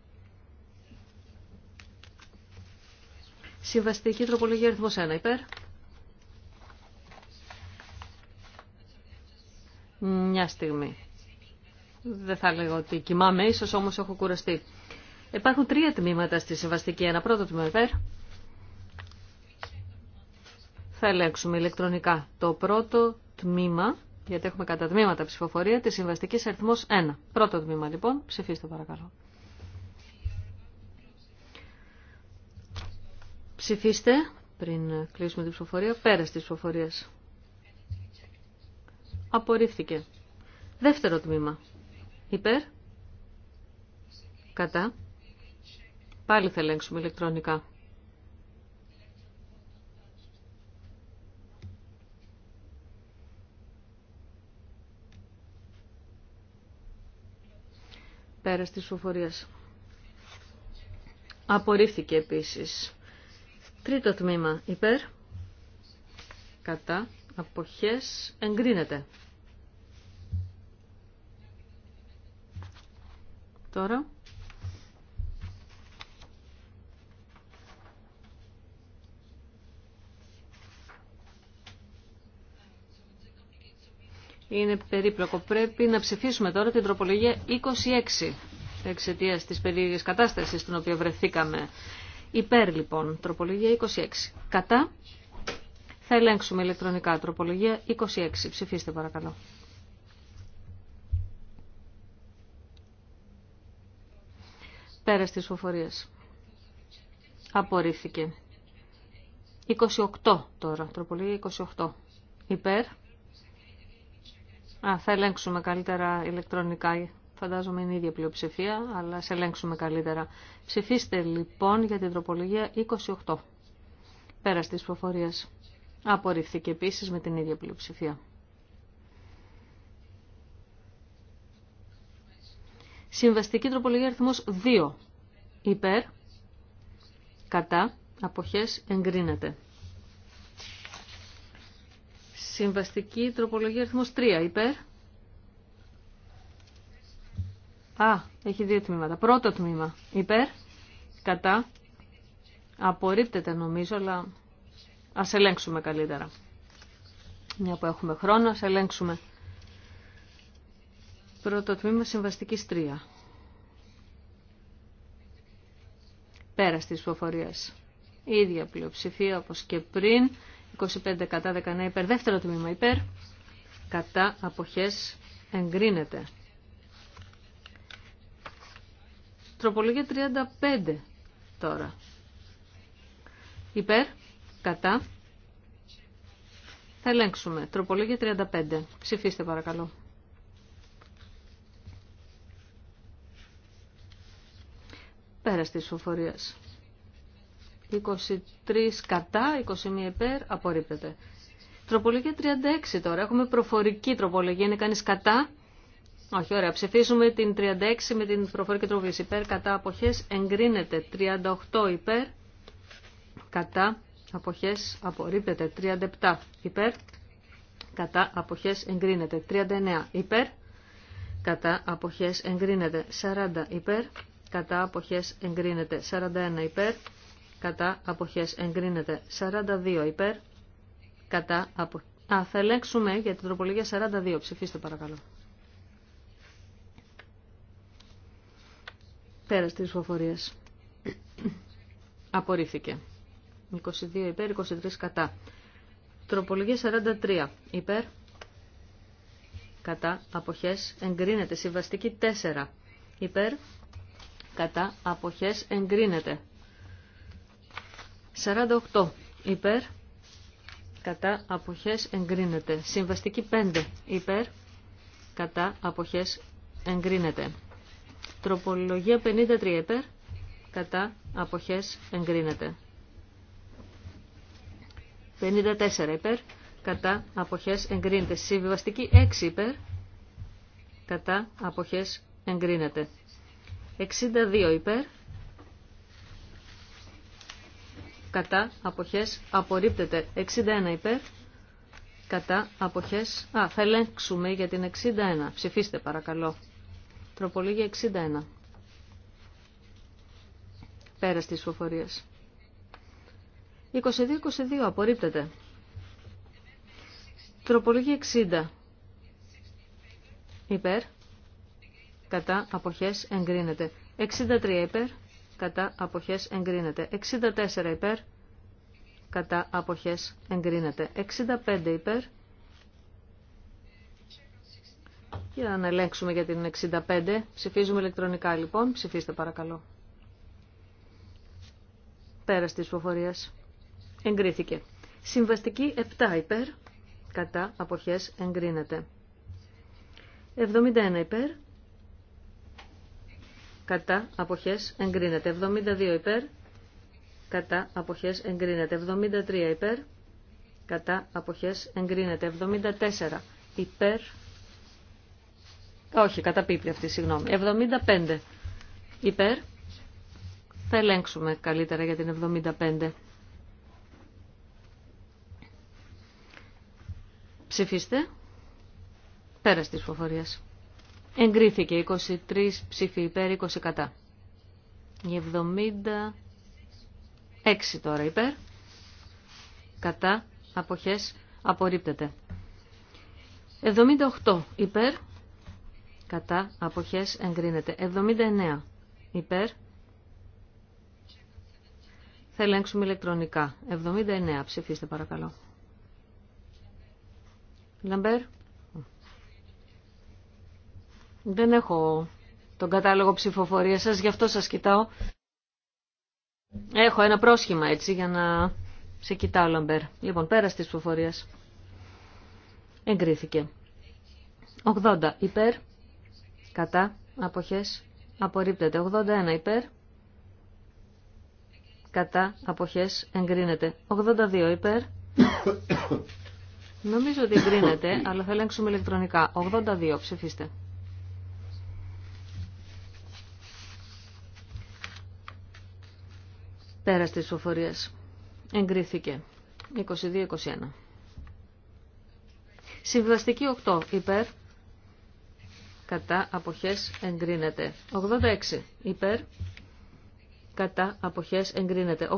Speaker 3: Συμβαστική τροπολογία αριθμός 1 υπέρ. Μια στιγμή. Δεν θα λέγω ότι κοιμάμαι, ίσως όμως έχω κουραστεί. Υπάρχουν τρία τμήματα στη συμβαστική. Ένα πρώτο τμήμα υπέρ. Θα ελέγξουμε ηλεκτρονικά το πρώτο τμήμα, γιατί έχουμε κατά τμήματα ψηφοφορία, τη συμβαστική αριθμό 1. Πρώτο τμήμα λοιπόν, ψηφίστε παρακαλώ. Ψηφίστε πριν κλείσουμε την ψηφοφορία, πέρα τη ψηφοφορία. Απορρίφθηκε. Δεύτερο τμήμα. Υπέρ. Κατά. Πάλι θα ελέγξουμε ηλεκτρονικά. Πέρας της ψηφοφορίας. Απορρίφθηκε επίσης. Τρίτο τμήμα υπέρ. Κατά. Αποχές εγκρίνεται. Τώρα. είναι περίπλοκο. Πρέπει να ψηφίσουμε τώρα την τροπολογία 26 εξαιτία της περίεργη κατάσταση στην οποία βρεθήκαμε. Υπέρ λοιπόν, τροπολογία 26. Κατά, θα ελέγξουμε ηλεκτρονικά τροπολογία 26. Ψηφίστε παρακαλώ. Πέρα τη φοφορίες. Απορρίφθηκε. 28 τώρα, τροπολογία 28. Υπέρ. Α, θα ελέγξουμε καλύτερα ηλεκτρονικά. Φαντάζομαι είναι η ίδια πλειοψηφία, αλλά σε ελέγξουμε καλύτερα. Ψηφίστε λοιπόν για την τροπολογία 28. Πέρα τη προφορία. Απορρίφθηκε επίσης με την ίδια πλειοψηφία. Συμβαστική τροπολογία αριθμός 2. Υπέρ, κατά, αποχές εγκρίνεται. Συμβαστική τροπολογία αριθμός 3. Υπέρ. Α, έχει δύο τμήματα. Πρώτο τμήμα. Υπέρ. Κατά. Απορρίπτεται νομίζω, αλλά ας ελέγξουμε καλύτερα. Μια που έχουμε χρόνο, ας ελέγξουμε. Πρώτο τμήμα συμβαστικής 3. Πέρα στις ψηφοφορίες. Ίδια πλειοψηφία όπως και πριν. 25 κατά 19 υπέρ. Δεύτερο τμήμα υπέρ. Κατά αποχές εγκρίνεται. Τροπολογία 35 τώρα. Υπέρ. Κατά. Θα ελέγξουμε. Τροπολογία 35. Ψηφίστε παρακαλώ. Πέρα της 23 κατά, 21 υπέρ, απορρίπτεται. Τροπολογία 36 τώρα. Έχουμε προφορική τροπολογία. Είναι κανείς κατά. Όχι, ωραία. Ψηφίζουμε την 36 με την προφορική τροπολογία. Υπέρ, κατά, αποχές. Εγκρίνεται. 38 υπέρ, κατά, αποχές. Απορρίπτεται. 37 υπέρ, κατά, αποχές. Εγκρίνεται. 39 υπέρ, κατά, αποχές. Εγκρίνεται. 40 υπέρ, κατά, αποχές. Εγκρίνεται. 41 υπέρ, κατά αποχές εγκρίνεται 42 υπέρ, κατά αποχές. Α, θα ελέγξουμε για την τροπολογία 42. Ψηφίστε παρακαλώ. Πέρας της ψηφοφορίας. [coughs] Απορρίφθηκε. 22 υπέρ, 23 κατά. Τροπολογία 43 υπέρ, κατά αποχές εγκρίνεται. Συμβαστική 4 υπέρ, κατά αποχές εγκρίνεται. 48 υπέρ, κατά αποχές εγκρίνεται. Συμβαστική 5 υπέρ, κατά αποχές εγκρίνεται. Τροπολογία 53 υπέρ, κατά αποχές εγκρίνεται. 54 υπέρ, κατά αποχές εγκρίνεται. Συμβιβαστική 6 υπέρ, κατά αποχές εγκρίνεται. 62 υπέρ, κατά αποχές απορρίπτεται 61 υπέρ κατά αποχές α θα ελέγξουμε για την 61 ψηφίστε παρακαλώ τροπολογία 61 πέρα στις ψηφοφορίες 22-22 απορρίπτεται τροπολογία 60 υπέρ κατά αποχές εγκρίνεται 63 υπέρ κατά αποχές εγκρίνεται. 64 υπέρ, κατά αποχές εγκρίνεται. 65 υπέρ, για να ελέγξουμε για την 65. Ψηφίζουμε ηλεκτρονικά λοιπόν. Ψηφίστε παρακαλώ. Πέρα της ψηφοφορίας. Εγκρίθηκε. Συμβαστική 7 υπέρ, κατά αποχές εγκρίνεται. 71 υπέρ, κατά αποχές εγκρίνεται. 72 υπέρ, κατά αποχές εγκρίνεται. 73 υπέρ, κατά αποχές εγκρίνεται. 74 υπέρ, όχι κατά πίπλη αυτή, συγγνώμη. 75 υπέρ, θα ελέγξουμε καλύτερα για την 75. Ψηφίστε. Πέρα της φοφορίας. Εγκρίθηκε 23 ψήφοι υπέρ, 20 κατά. Η 76 τώρα υπέρ. Κατά. Αποχές. Απορρίπτεται. 78 υπέρ. Κατά. Αποχές. Εγκρίνεται. 79 υπέρ. Θα ελέγξουμε ηλεκτρονικά. 79. Ψηφίστε παρακαλώ. Λαμπέρ. Δεν έχω τον κατάλογο ψηφοφορία σας, γι' αυτό σας κοιτάω. Έχω ένα πρόσχημα έτσι για να σε κοιτάω, Λαμπέρ. Λοιπόν, πέρα τη ψηφοφορία Εγκρίθηκε. 80 υπέρ, κατά, αποχές, απορρίπτεται. 81 υπέρ, κατά, αποχές, εγκρίνεται. 82 υπέρ, νομίζω ότι εγκρίνεται, αλλά θα ελέγξουμε ηλεκτρονικά. 82, ψηφίστε. Πέρα τη εγκριθηκε Εγκρίθηκε. 22-21. Συμβαστική 8. Υπέρ. Κατά αποχές εγκρίνεται. 86. Υπέρ. Κατά αποχές εγκρίνεται.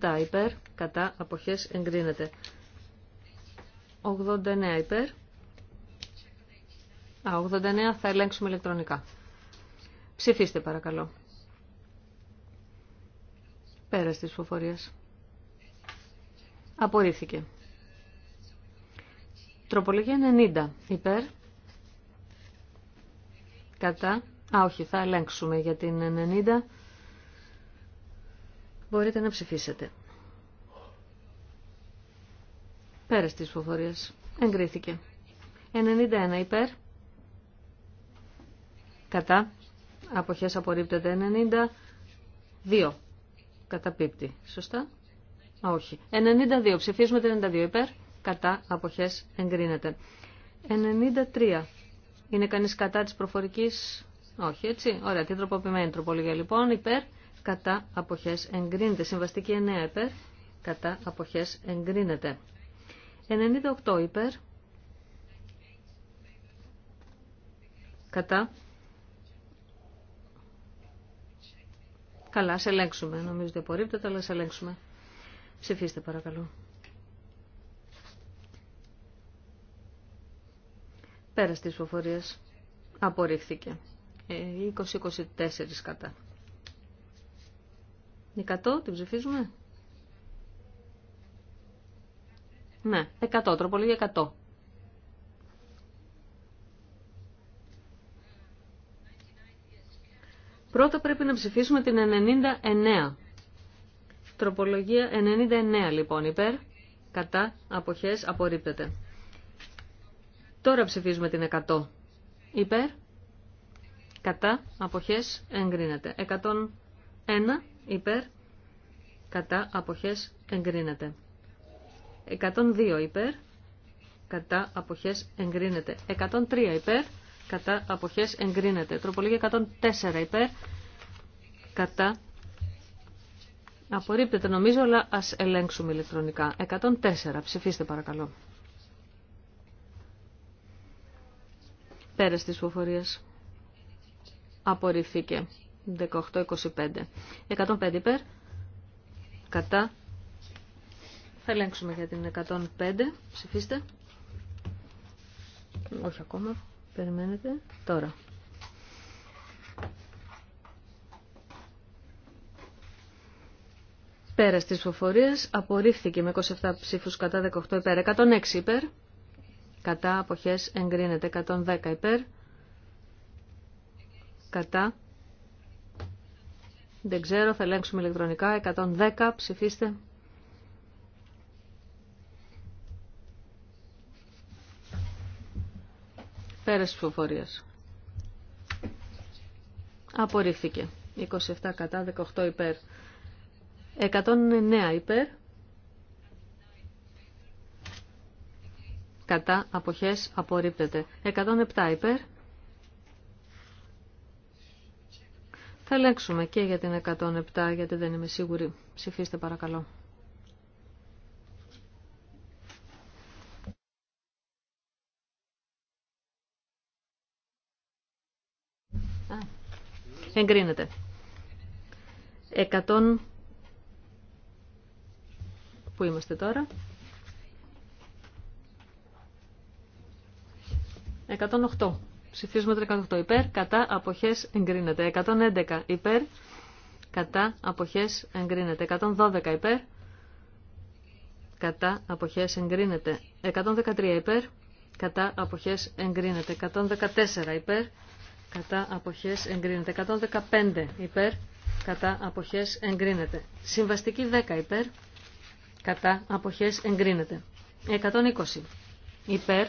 Speaker 3: 87. Υπέρ. Κατά αποχές εγκρίνεται. 89. Υπέρ. Α, 89 θα ελέγξουμε ηλεκτρονικά. Ψηφίστε παρακαλώ. Πέρας της ψηφοφορίας. Απορρίφθηκε. Τροπολογία 90. Υπέρ. Κατά. Α, όχι, θα ελέγξουμε για την 90. Μπορείτε να ψηφίσετε. Πέρα στις φοφορίες. Εγκρίθηκε. 91 υπέρ. Κατά. Αποχές απορρίπτεται 90. 2 καταπίπτει. Σωστά. όχι. 92. Ψηφίζουμε το 92 υπέρ. Κατά αποχές εγκρίνεται. 93. Είναι κανείς κατά της προφορικής. Όχι, έτσι. Ωραία. Τι τροποποιημένη τροπολογία λοιπόν. Υπέρ. Κατά αποχές εγκρίνεται. Συμβαστική 9 υπέρ. Κατά αποχές εγκρίνεται. 98 υπέρ. Κατά Καλά, σε ελέγξουμε. Νομίζω ότι απορρίπτεται, αλλά σε ελέγξουμε. Ψηφίστε παρακαλώ. Πέρα τη ψηφοφορίες απορρίφθηκε. 20-24 ε, κατά. 100 την ψηφίζουμε. Ναι, 100, τροπολογία 100. Πρώτα πρέπει να ψηφίσουμε την 99. Τροπολογία 99 λοιπόν υπέρ, κατά, αποχές, απορρίπτεται. Τώρα ψηφίζουμε την 100. Υπέρ, κατά, αποχές, εγκρίνεται. 101 υπέρ, κατά, αποχές, εγκρίνεται. 102 υπέρ, κατά, αποχές, εγκρίνεται. 103 υπέρ, κατά αποχές εγκρίνεται. Τροπολογία 104 υπέρ κατά απορρίπτεται νομίζω αλλά ας ελέγξουμε ηλεκτρονικά. 104 ψηφίστε παρακαλώ. Πέρας τη ψηφοφορίας απορριφθήκε 18-25. 105 υπέρ κατά θα ελέγξουμε για την 105 ψηφίστε. Όχι ακόμα. Περιμένετε. Τώρα. Πέρα στις ψηφοφορίες απορρίφθηκε με 27 ψήφους κατά 18 υπέρ, 106 υπέρ, κατά αποχές εγκρίνεται 110 υπέρ, κατά, δεν ξέρω, θα ελέγξουμε ηλεκτρονικά, 110 ψηφίστε. Πέρας ψηφοφορίες. Απορρίφθηκε. 27 κατά, 18 υπέρ. 109 υπέρ. Κατά αποχές απορρίπτεται. 107 υπέρ. Θα ελέγξουμε και για την 107 γιατί δεν είμαι σίγουρη. Ψηφίστε παρακαλώ. Εγκρίνεται. 100... Πού είμαστε τώρα? 108. Ψηφίζουμε το 108 υπέρ, κατά αποχές εγκρίνεται. 111 υπέρ, κατά αποχές εγκρίνεται. 112 υπέρ, κατά αποχές εγκρίνεται. 113 υπέρ, κατά αποχές εγκρίνεται. 114 υπέρ, κατά αποχές εγκρίνεται. 115 υπέρ, κατά αποχές εγκρίνεται. Συμβαστική 10 υπέρ, κατά αποχές εγκρίνεται. 120 υπέρ,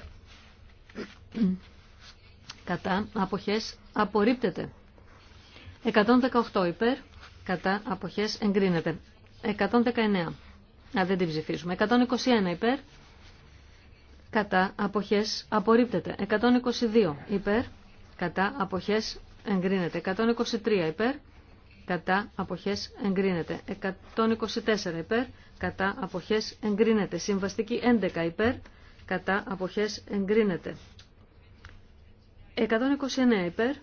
Speaker 3: κατά αποχές απορρίπτεται. 118 υπέρ, κατά αποχές εγκρίνεται. 119, α δεν την ψηφίσουμε. 121 υπέρ, κατά αποχές απορρίπτεται. 122 υπέρ, κατά αποχές εγκρίνεται. 123 υπέρ, κατά αποχές εγκρίνεται. 124 υπέρ, κατά αποχές εγκρίνεται. Συμβαστική 11 υπέρ, κατά αποχές εγκρίνεται. 129 υπέρ.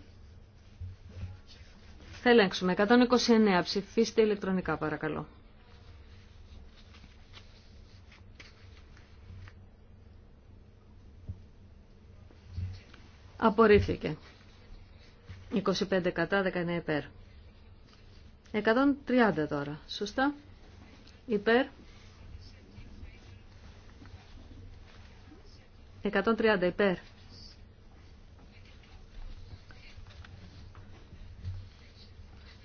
Speaker 3: Θα ελέγξουμε. 129 ψηφίστε ηλεκτρονικά παρακαλώ. Απορρίφθηκε. 25 κατά, 19 υπέρ. 130 τώρα, σωστά. Υπέρ. 130 υπέρ.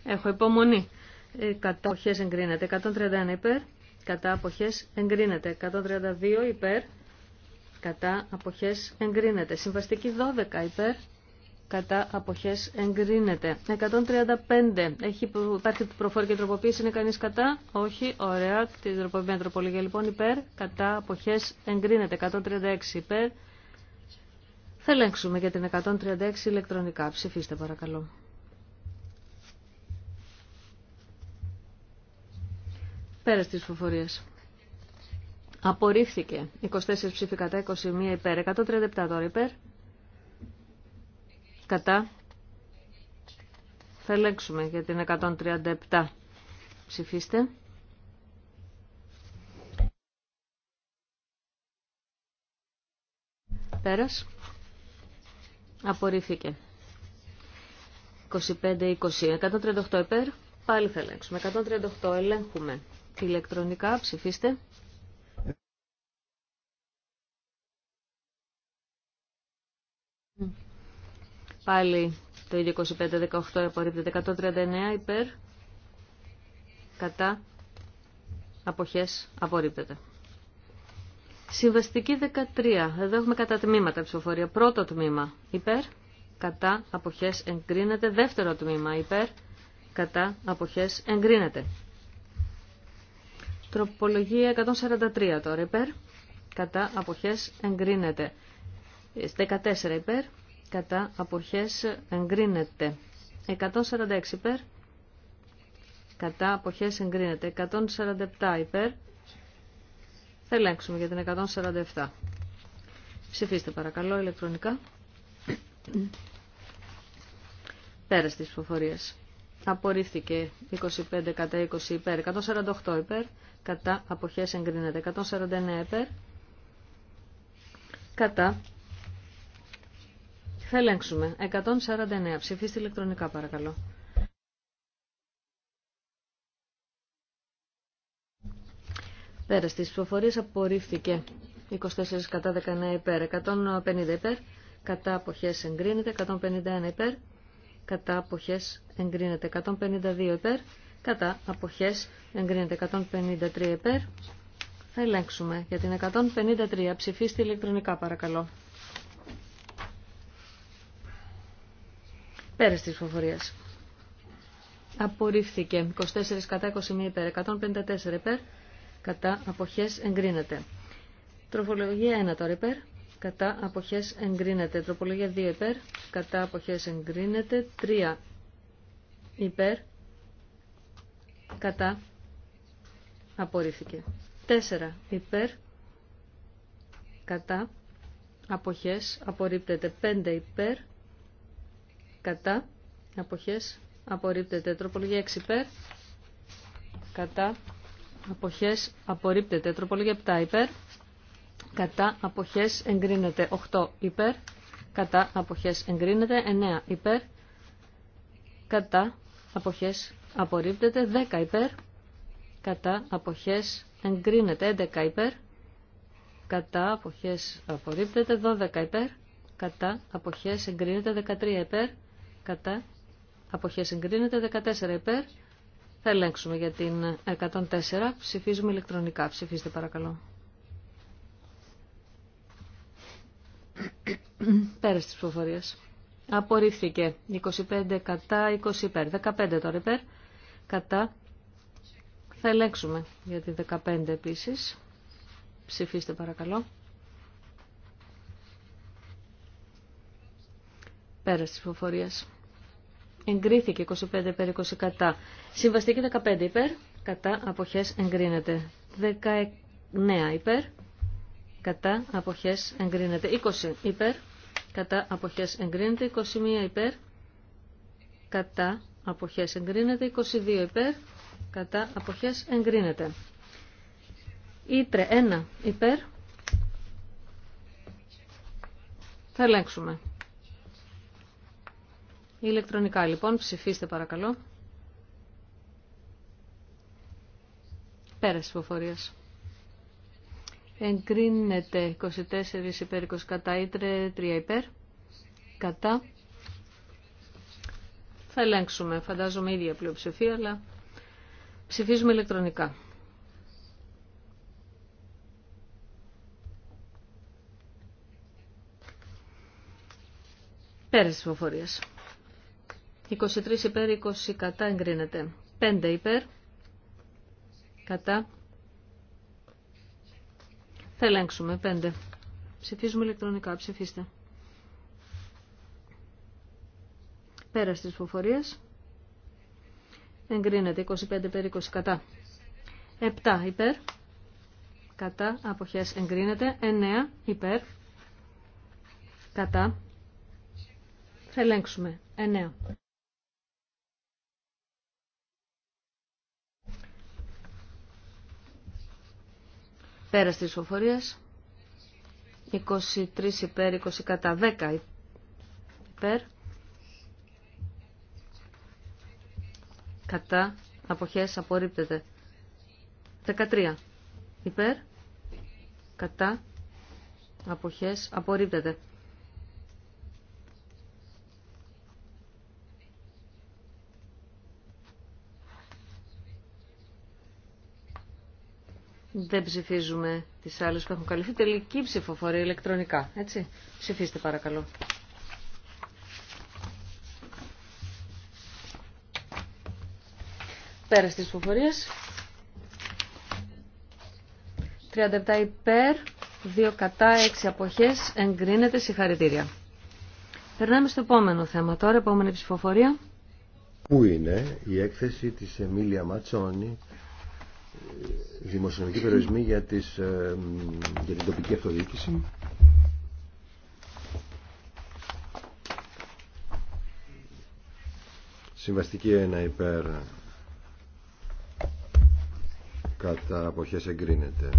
Speaker 3: Έχω υπομονή. Ε, κατά αποχές εγκρίνεται. 131 υπέρ. Κατά αποχές εγκρίνεται. 132 υπέρ. Κατά αποχές εγκρίνεται. Συμβαστική 12 υπέρ κατά αποχές εγκρίνεται. 135. Έχει, υπάρχει και τροποποίηση, είναι κανείς κατά. Όχι, ωραία. Την τροποποίηση τροπολογία λοιπόν υπέρ, κατά αποχές εγκρίνεται. 136 υπέρ. Θα ελέγξουμε για την 136 ηλεκτρονικά. Ψηφίστε παρακαλώ. πέρα της φοφορίας. Απορρίφθηκε. 24 ψηφικά κατά, 21 υπέρ. 137 τώρα υπέρ. Κατά. Θα ελέγξουμε για την 137. Ψηφίστε. Πέρας. Απορρίφθηκε. 25-20. 138 υπέρ. Πάλι θα ελέγξουμε. 138 ελέγχουμε. Ηλεκτρονικά ψηφίστε. Πάλι το ίδιο 25-18 απορρίπτεται. 139 υπέρ. Κατά. Αποχές απορρίπτεται. Συμβαστική 13. Εδώ έχουμε κατά τμήματα ψηφοφορία. Πρώτο τμήμα υπέρ. Κατά. Αποχές εγκρίνεται. Δεύτερο τμήμα υπέρ. Κατά. Αποχές εγκρίνεται. Τροπολογία 143 τώρα υπέρ. Κατά. Αποχές εγκρίνεται. 14 υπέρ κατά αποχές εγκρίνεται. 146 υπέρ, κατά αποχές εγκρίνεται. 147 υπέρ, θα ελέγξουμε για την 147. Ψηφίστε παρακαλώ ηλεκτρονικά. [clears throat] Πέρα στις ψηφοφορίες. Απορρίφθηκε 25 κατά 20 υπέρ, 148 υπέρ, κατά αποχές εγκρίνεται. 149 υπέρ, κατά θα ελέγξουμε. 149. Ψηφίστε ηλεκτρονικά παρακαλώ. Πέρα στις ψηφοφορίες απορρίφθηκε 24 κατά 19 υπέρ, 150 υπέρ, κατά αποχές εγκρίνεται, 151 υπέρ, κατά αποχές εγκρίνεται, 152 υπέρ, κατά αποχές εγκρίνεται, 153 υπέρ. Θα ελέγξουμε για την 153. Ψηφίστε ηλεκτρονικά παρακαλώ. πέρα τη ψηφοφορίας. Απορρίφθηκε. 24 κατά 21 υπέρ. 154 υπέρ. Κατά αποχές εγκρίνεται. Τροφολογία 1 τώρα υπέρ. Κατά αποχές εγκρίνεται. Τροπολογία 2 υπέρ. Κατά αποχές εγκρίνεται. 3 υπέρ. Κατά απορρίφθηκε. 4 υπέρ. Κατά αποχές απορρίπτεται. 5 υπέρ κατά, αποχές, απορρίπτεται. Τροπολογία 6 υπέρ, κατά, αποχές, απορρίπτεται. Τροπολογία 7 υπέρ, κατά, αποχές, εγκρίνεται. 8 υπέρ, κατά, αποχές, εγκρίνεται. 9 υπέρ, κατά, αποχές, απορρίπτεται. 10 υπέρ, κατά, αποχές, εγκρίνεται. 11 υπέρ, κατά, αποχές, απορρίπτεται. 12 υπέρ, κατά, αποχές, εγκρίνεται. 13 υπέρ, κατά, αποχές συγκρίνεται 14 υπέρ, θα ελέγξουμε για την 104, ψηφίζουμε ηλεκτρονικά, ψηφίστε παρακαλώ. [clears throat] Πέρας τη ψηφοφορία. Απορρίφθηκε 25 κατά, 20 υπέρ, 15 τώρα υπέρ, κατά, θα ελέγξουμε για την 15 επίση. Ψηφίστε παρακαλώ. Πέρας τη ψηφοφορία εγκρίθηκε 25 υπέρ 20 κατά. Συμβαστική 15 υπέρ, κατά αποχές εγκρίνεται. 19 υπέρ, κατά αποχές εγκρίνεται. 20 υπέρ, κατά αποχές εγκρίνεται. 21 υπέρ, κατά αποχές εγκρίνεται. 22 υπέρ, κατά αποχές εγκρίνεται. Ήτρε 1 υπέρ. Θα ελέγξουμε. Ηλεκτρονικά λοιπόν, ψηφίστε παρακαλώ. Πέρας ψηφοφορίας. Εγκρίνεται 24 υπέρ 20 κατά ήτρε 3 υπέρ. Κατά. Θα ελέγξουμε. Φαντάζομαι ίδια πλειοψηφία, αλλά ψηφίζουμε ηλεκτρονικά. Πέρας ψηφοφορίας. 23 υπέρ, 20 κατά εγκρίνεται. 5 υπέρ, κατά. Θα ελέγξουμε 5. Ψηφίζουμε ηλεκτρονικά. Ψηφίστε. Πέρα στις ψηφοφορία. Εγκρίνεται 25 υπέρ, 20 κατά. 7 υπέρ. Κατά. Αποχές εγκρίνεται. 9 υπέρ. Κατά. Θα ελέγξουμε. 9. Πέρας της ψηφοφορίας. 23 υπέρ, 20 κατά 10 υπέρ. Κατά αποχές απορρίπτεται. 13 υπέρ. Κατά αποχές απορρίπτεται. Δεν ψηφίζουμε τι άλλε που έχουν καλυφθεί. Τελική ψηφοφορία ηλεκτρονικά, έτσι. Ψηφίστε παρακαλώ. Πέρα στις ψηφοφορίες. 37 υπέρ, 2 κατά, 6 αποχές, εγκρίνεται συγχαρητήρια. Περνάμε στο επόμενο θέμα τώρα, επόμενη ψηφοφορία.
Speaker 1: Πού είναι η έκθεση της Εμίλια Ματσόνη δημοσιονομικοί περιορισμοί για, τις, ε, για την τοπική αυτοδιοίκηση. Συμβαστική 1 υπέρ κατά αποχές εγκρίνεται.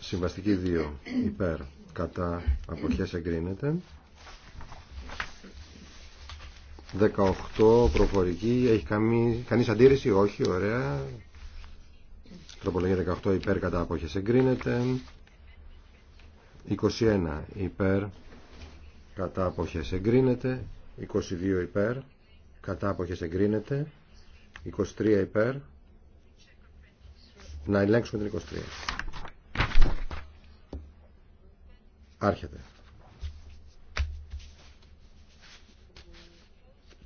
Speaker 1: Συμβαστική 2 υπέρ κατά αποχές εγκρίνεται. 18 προφορική. Έχει καμί... κανείς αντίρρηση. Όχι. Ωραία. Τροπολογία 18 υπέρ κατά απόχες εγκρίνεται. 21 υπέρ κατά απόχες εγκρίνεται. 22 υπέρ κατά απόχες εγκρίνεται. 23 υπέρ. Να ελέγξουμε την 23. Άρχεται.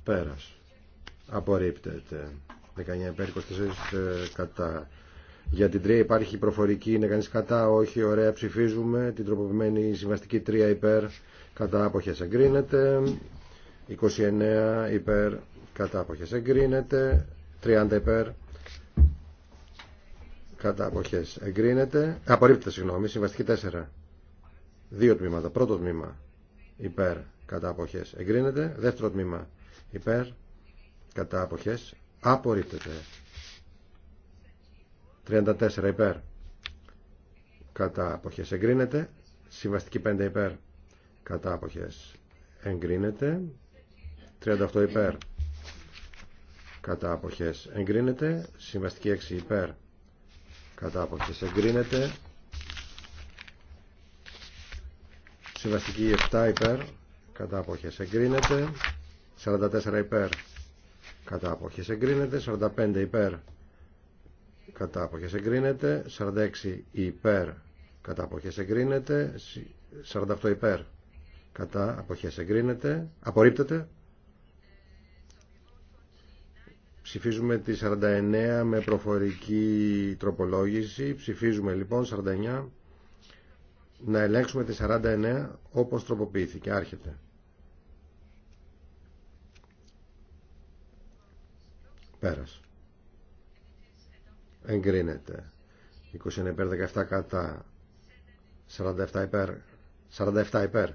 Speaker 1: Πέρας. Απορρίπτεται. 19 υπέρ 24 ε, κατά. Για την 3 υπάρχει προφορική, είναι κανείς κατά, όχι, ωραία, ψηφίζουμε. Την τροποποιημένη συμβαστική 3 υπέρ κατά άποχες εγκρίνεται. 29 υπέρ κατά άποχες εγκρίνεται. 30 υπέρ κατά αποχές εγκρίνεται. Απορρίπτεται, συγγνώμη, συμβαστική 4. Δύο τμήματα. Πρώτο τμήμα υπέρ κατά αποχές εγκρίνεται. Δεύτερο τμήμα υπέρ κατά αποχές απορρίπτεται 34 υπέρ κατά αποχές εγκρίνεται συμβαστική 5 υπέρ κατά αποχές εγκρίνεται 38 υπέρ κατά αποχές εγκρίνεται συμβαστική 6 υπέρ κατά αποχές εγκρίνεται συμβαστική 7 υπέρ κατά αποχές εγκρίνεται 44 υπέρ κατά αποχές εγκρίνεται 45 υπέρ κατά αποχές εγκρίνεται 46 υπέρ κατά αποχές εγκρίνεται 48 υπέρ κατά αποχές εγκρίνεται απορρίπτεται ψηφίζουμε τη 49 με προφορική τροπολόγηση ψηφίζουμε λοιπόν 49 να ελέγξουμε τη 49 όπως τροποποιήθηκε άρχεται Πέρας. Εγκρίνεται. 21 υπέρ 17 κατά. 47 υπέρ. 47 υπέρ.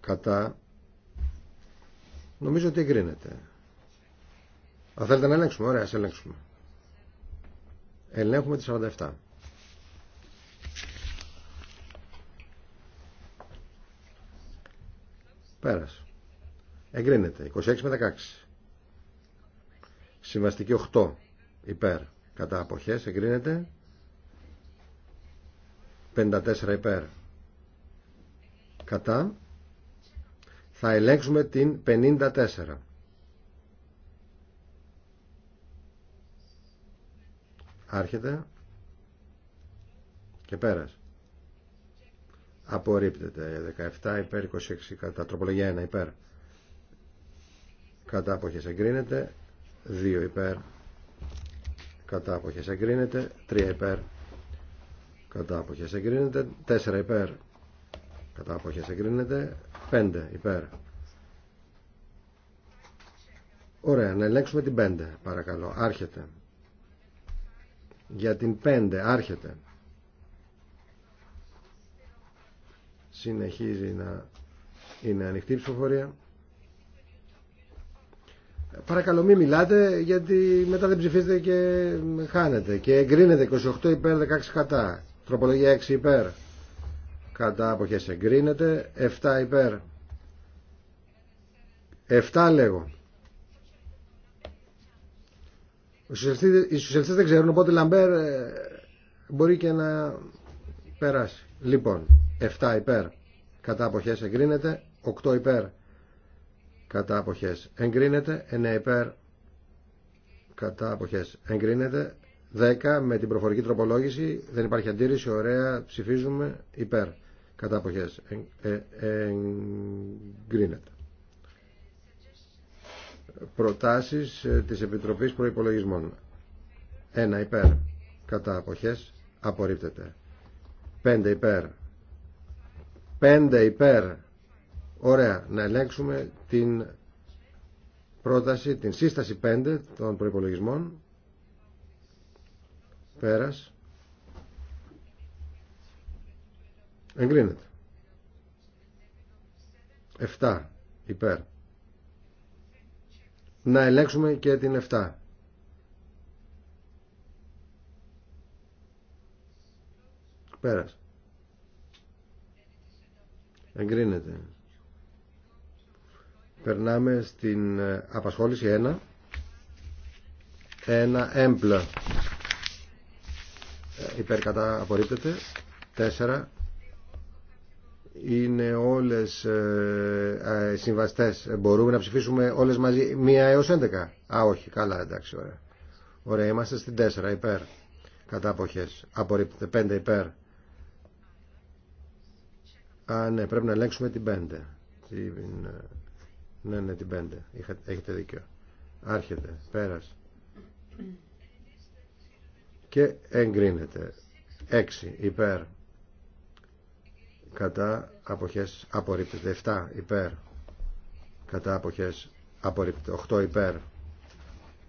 Speaker 1: Κατά. Νομίζω ότι εγκρίνεται. Αν θέλετε να ελέγξουμε, ωραία, ας ελέγξουμε. Ελέγχουμε τη 47. Πέρασε Εγκρίνεται. 26 με 16. Συμβαστική 8. Υπέρ. Κατά αποχές. Εγκρίνεται. 54 υπέρ. Κατά. Θα ελέγξουμε την 54. Άρχεται και πέρας. Απορρίπτεται 17 υπέρ 26 κατά τροπολογία 1 υπέρ κατά αποχές εγκρίνεται 2 υπέρ κατά αποχές εγκρίνεται 3 υπέρ κατά αποχές εγκρίνεται 4 υπέρ κατά αποχές εγκρίνεται 5 υπέρ Ωραία, να ελέγξουμε την 5 παρακαλώ, άρχεται για την 5 άρχεται συνεχίζει να είναι ανοιχτή η ψηφοφορία Παρακαλώ μην μιλάτε γιατί μετά δεν ψηφίζετε και χάνετε. Και εγκρίνεται 28 υπέρ 16 κατά. Τροπολογία 6 υπέρ. Κατά αποχές εγκρίνεται. 7 υπέρ. 7 λέγω. Οι σοσιαλιστές δεν ξέρουν οπότε Λαμπέρ ε, μπορεί και να περάσει. Λοιπόν, 7 υπέρ. Κατά αποχές εγκρίνεται. 8 υπέρ κατά αποχές εγκρίνεται 9 υπέρ κατά αποχές εγκρίνεται 10 με την προφορική τροπολόγηση δεν υπάρχει αντίρρηση ωραία ψηφίζουμε υπέρ κατά αποχές ε, εγκρίνεται προτάσεις ε, της Επιτροπής Προϋπολογισμών 1 υπέρ κατά αποχές απορρίπτεται 5 υπέρ 5 υπέρ Ωραία, να ελέγξουμε την πρόταση, την σύσταση 5 των προϋπολογισμών. Πέρας. Εγκρίνεται. 7 υπέρ. Να ελέγξουμε και την 7. Πέρας. Εγκρίνεται. Περνάμε στην ε, απασχόληση 1. Ένα έμπλα. Ε, υπέρ απορρίπτεται. 4. Είναι όλε ε, ε, συμβαστές. Μπορούμε να ψηφίσουμε όλε μαζί. Μία έω 11. Α, όχι. Καλά, εντάξει, ωραία. Ωραία, είμαστε στην 4. Υπέρ. Κατά αποχές. Απορρίπτεται. 5. Υπέρ. Α, ναι, πρέπει να ελέγξουμε την 5. Ναι, ναι, την 5. Έχετε δίκιο. Άρχεται. Πέρας. Και εγκρίνεται. 6. Υπέρ. Κατά αποχές απορρίπτεται. 7. Υπέρ. Κατά αποχές απορρίπτεται. 8. Υπέρ.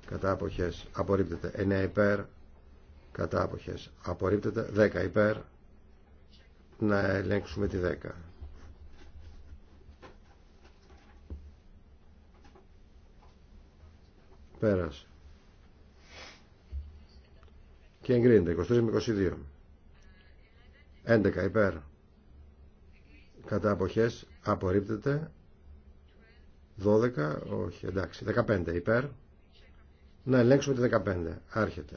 Speaker 1: Κατά αποχές απορρίπτεται. 9. Υπέρ. Κατά αποχές απορρίπτεται. 10. Υπέρ. Να ελέγξουμε τη 10. Πέρας. Και εγκρίνεται. 23 με 22. 11 υπέρ. Κατά αποχές απορρίπτεται. 12, όχι εντάξει, 15 υπέρ. Να ελέγξουμε τη 15. Άρχεται.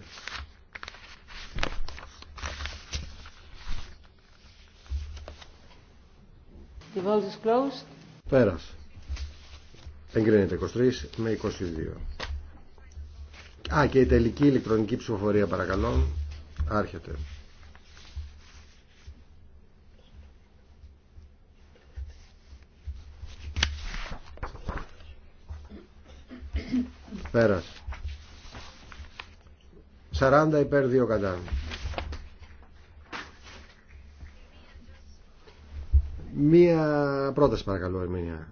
Speaker 3: The closed.
Speaker 1: Πέρας. Εγκρίνεται 23 με 22. Α, και η τελική ηλεκτρονική ψηφοφορία παρακαλώ. Άρχεται. Πέρας. 40 υπέρ 2 κατά. Μία
Speaker 2: πρόταση παρακαλώ, Ερμηνεία.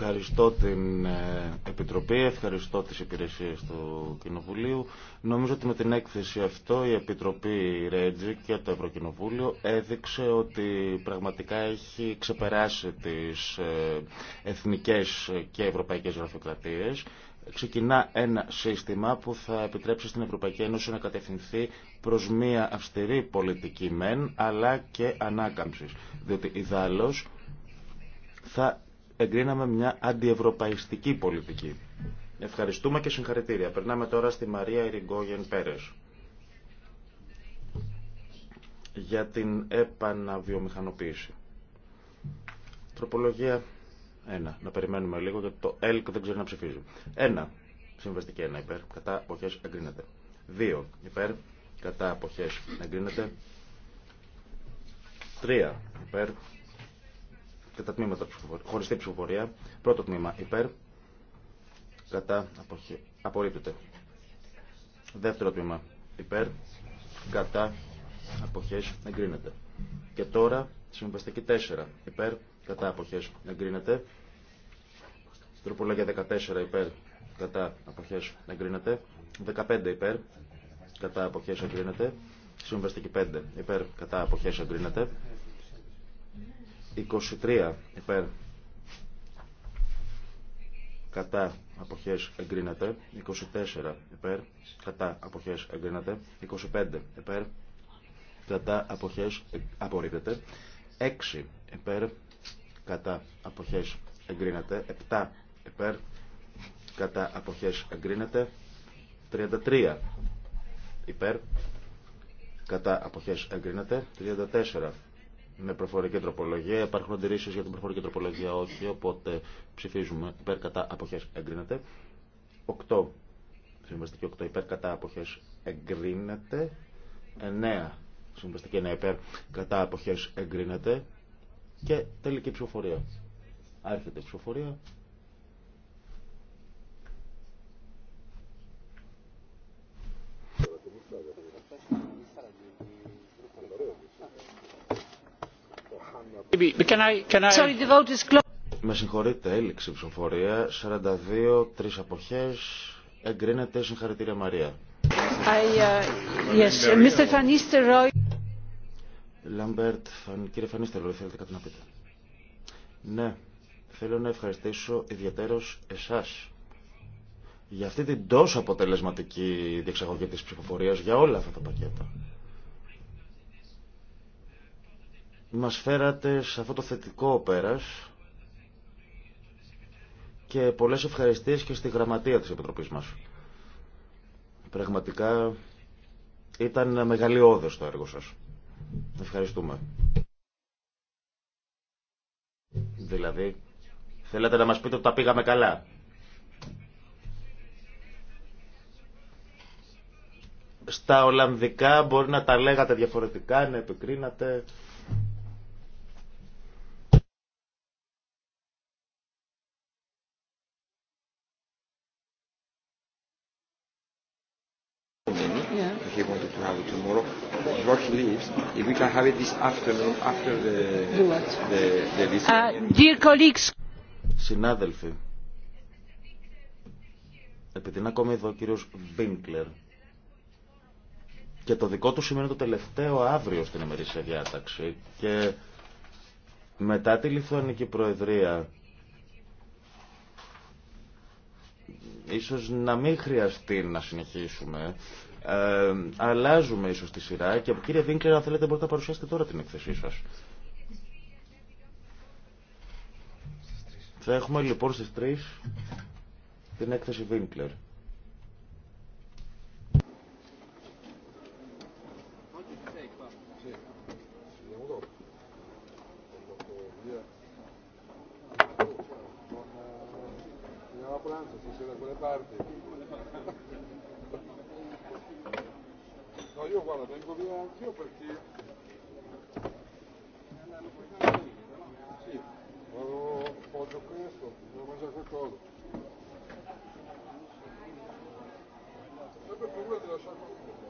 Speaker 2: Ευχαριστώ την ε, Επιτροπή, ευχαριστώ τις υπηρεσίες του Κοινοβουλίου. Νομίζω ότι με την έκθεση αυτό η Επιτροπή Ρέτζη και το Ευρωκοινοβούλιο έδειξε ότι πραγματικά έχει ξεπεράσει τις ε, εθνικές και ευρωπαϊκές γραφειοκρατίες ξεκινά ένα σύστημα που θα επιτρέψει στην Ευρωπαϊκή Ένωση να κατευθυνθεί προς μια αυστηρή πολιτική μεν, αλλά και ανάκαμψης. Διότι ιδάλλως θα εγκρίναμε μια αντιευρωπαϊστική πολιτική. Ευχαριστούμε και συγχαρητήρια. Περνάμε τώρα στη Μαρία Ιριγκόγεν Πέρες για την επαναβιομηχανοποίηση. Τροπολογία 1. Να περιμένουμε λίγο γιατί το ΕΛΚ δεν ξέρει να ψηφίζει. 1. Συμβαστική 1 υπέρ. Κατά αποχές εγκρίνεται. 2. Υπέρ. Κατά αποχές εγκρίνεται. 3. Υπέρ. Κατά τμήματα χωριστή ψηφοφορία. Πρώτο τμήμα υπέρ. Κατά αποχή. Απορρίπτεται. Δεύτερο τμήμα υπέρ. Κατά αποχές εγκρίνεται. Και τώρα συμβαστική 4 υπέρ. Κατά αποχές εγκρίνεται. Τροπολόγια 14 υπέρ. Κατά αποχές εγκρίνεται. 15 υπέρ. Κατά αποχές εγκρίνεται. Συμβαστική 5 υπέρ. Κατά αποχές εγκρίνεται. 23 υπέρ κατά αποχές εγκρίνεται 24 υπέρ κατά αποχές εγκρίνεται 25 υπέρ κατά αποχές ε, απορρίπτεται 6 υπέρ κατά αποχές εγκρίνεται 7 υπέρ κατά αποχές εγκρίνεται 33 υπέρ κατά αποχές εγκρίνεται 34 με προφορική τροπολογία. Υπάρχουν αντιρρήσει για την προφορική τροπολογία, όχι. Οπότε ψηφίζουμε υπέρ κατά αποχέ εγκρίνεται. 8. Συμβαστική 8 υπέρ κατά αποχέ εγκρίνεται. 9. Συμβαστική 9 υπέρ κατά αποχέ εγκρίνεται. Και τελική ψηφοφορία. Άρχεται η ψηφοφορία. Με συγχωρείτε, έληξη ψηφοφορία. 42, τρεις αποχέ. Εγκρίνεται, συγχαρητήρια Μαρία. Uh, yes,
Speaker 3: Mr.
Speaker 2: Λαμπέρτ, κύριε Φανίστερο, θέλετε κάτι να πείτε. Ναι, θέλω να ευχαριστήσω ιδιαίτερω εσάς για αυτή την τόσο αποτελεσματική διεξαγωγή της ψηφοφορία για όλα αυτά τα πακέτα. μας φέρατε σε αυτό το θετικό πέρας και πολλές ευχαριστίες και στη γραμματεία της Επιτροπής μας. Πραγματικά ήταν μεγαλειώδες το έργο σας. Ευχαριστούμε. Δηλαδή, θέλατε να μας πείτε ότι τα πήγαμε καλά. Στα Ολλανδικά μπορεί να τα λέγατε διαφορετικά, να επικρίνατε.
Speaker 5: If we can
Speaker 1: have
Speaker 2: this afternoon after the, the, the uh,
Speaker 3: dear colleagues.
Speaker 2: Συνάδελφοι, επειδή είναι ακόμη εδώ ο κύριος Βίνκλερ και το δικό του σημαίνει το τελευταίο αύριο στην ημερήσια διάταξη και μετά τη Λιθουανική Προεδρία ίσως να μην χρειαστεί να συνεχίσουμε ε, αλλάζουμε ίσως τη σειρά και κύριε Βίνκλερ αν θέλετε μπορείτε να παρουσιάσετε τώρα την εκθεσή σας. Θα έχουμε λοιπόν στις 3 την έκθεση Βίνκλερ.
Speaker 5: guarda, vengo via anch'io perché... Sì, poggio questo, devo mangiare qualcosa. Sempre paura di lasciare qualcosa.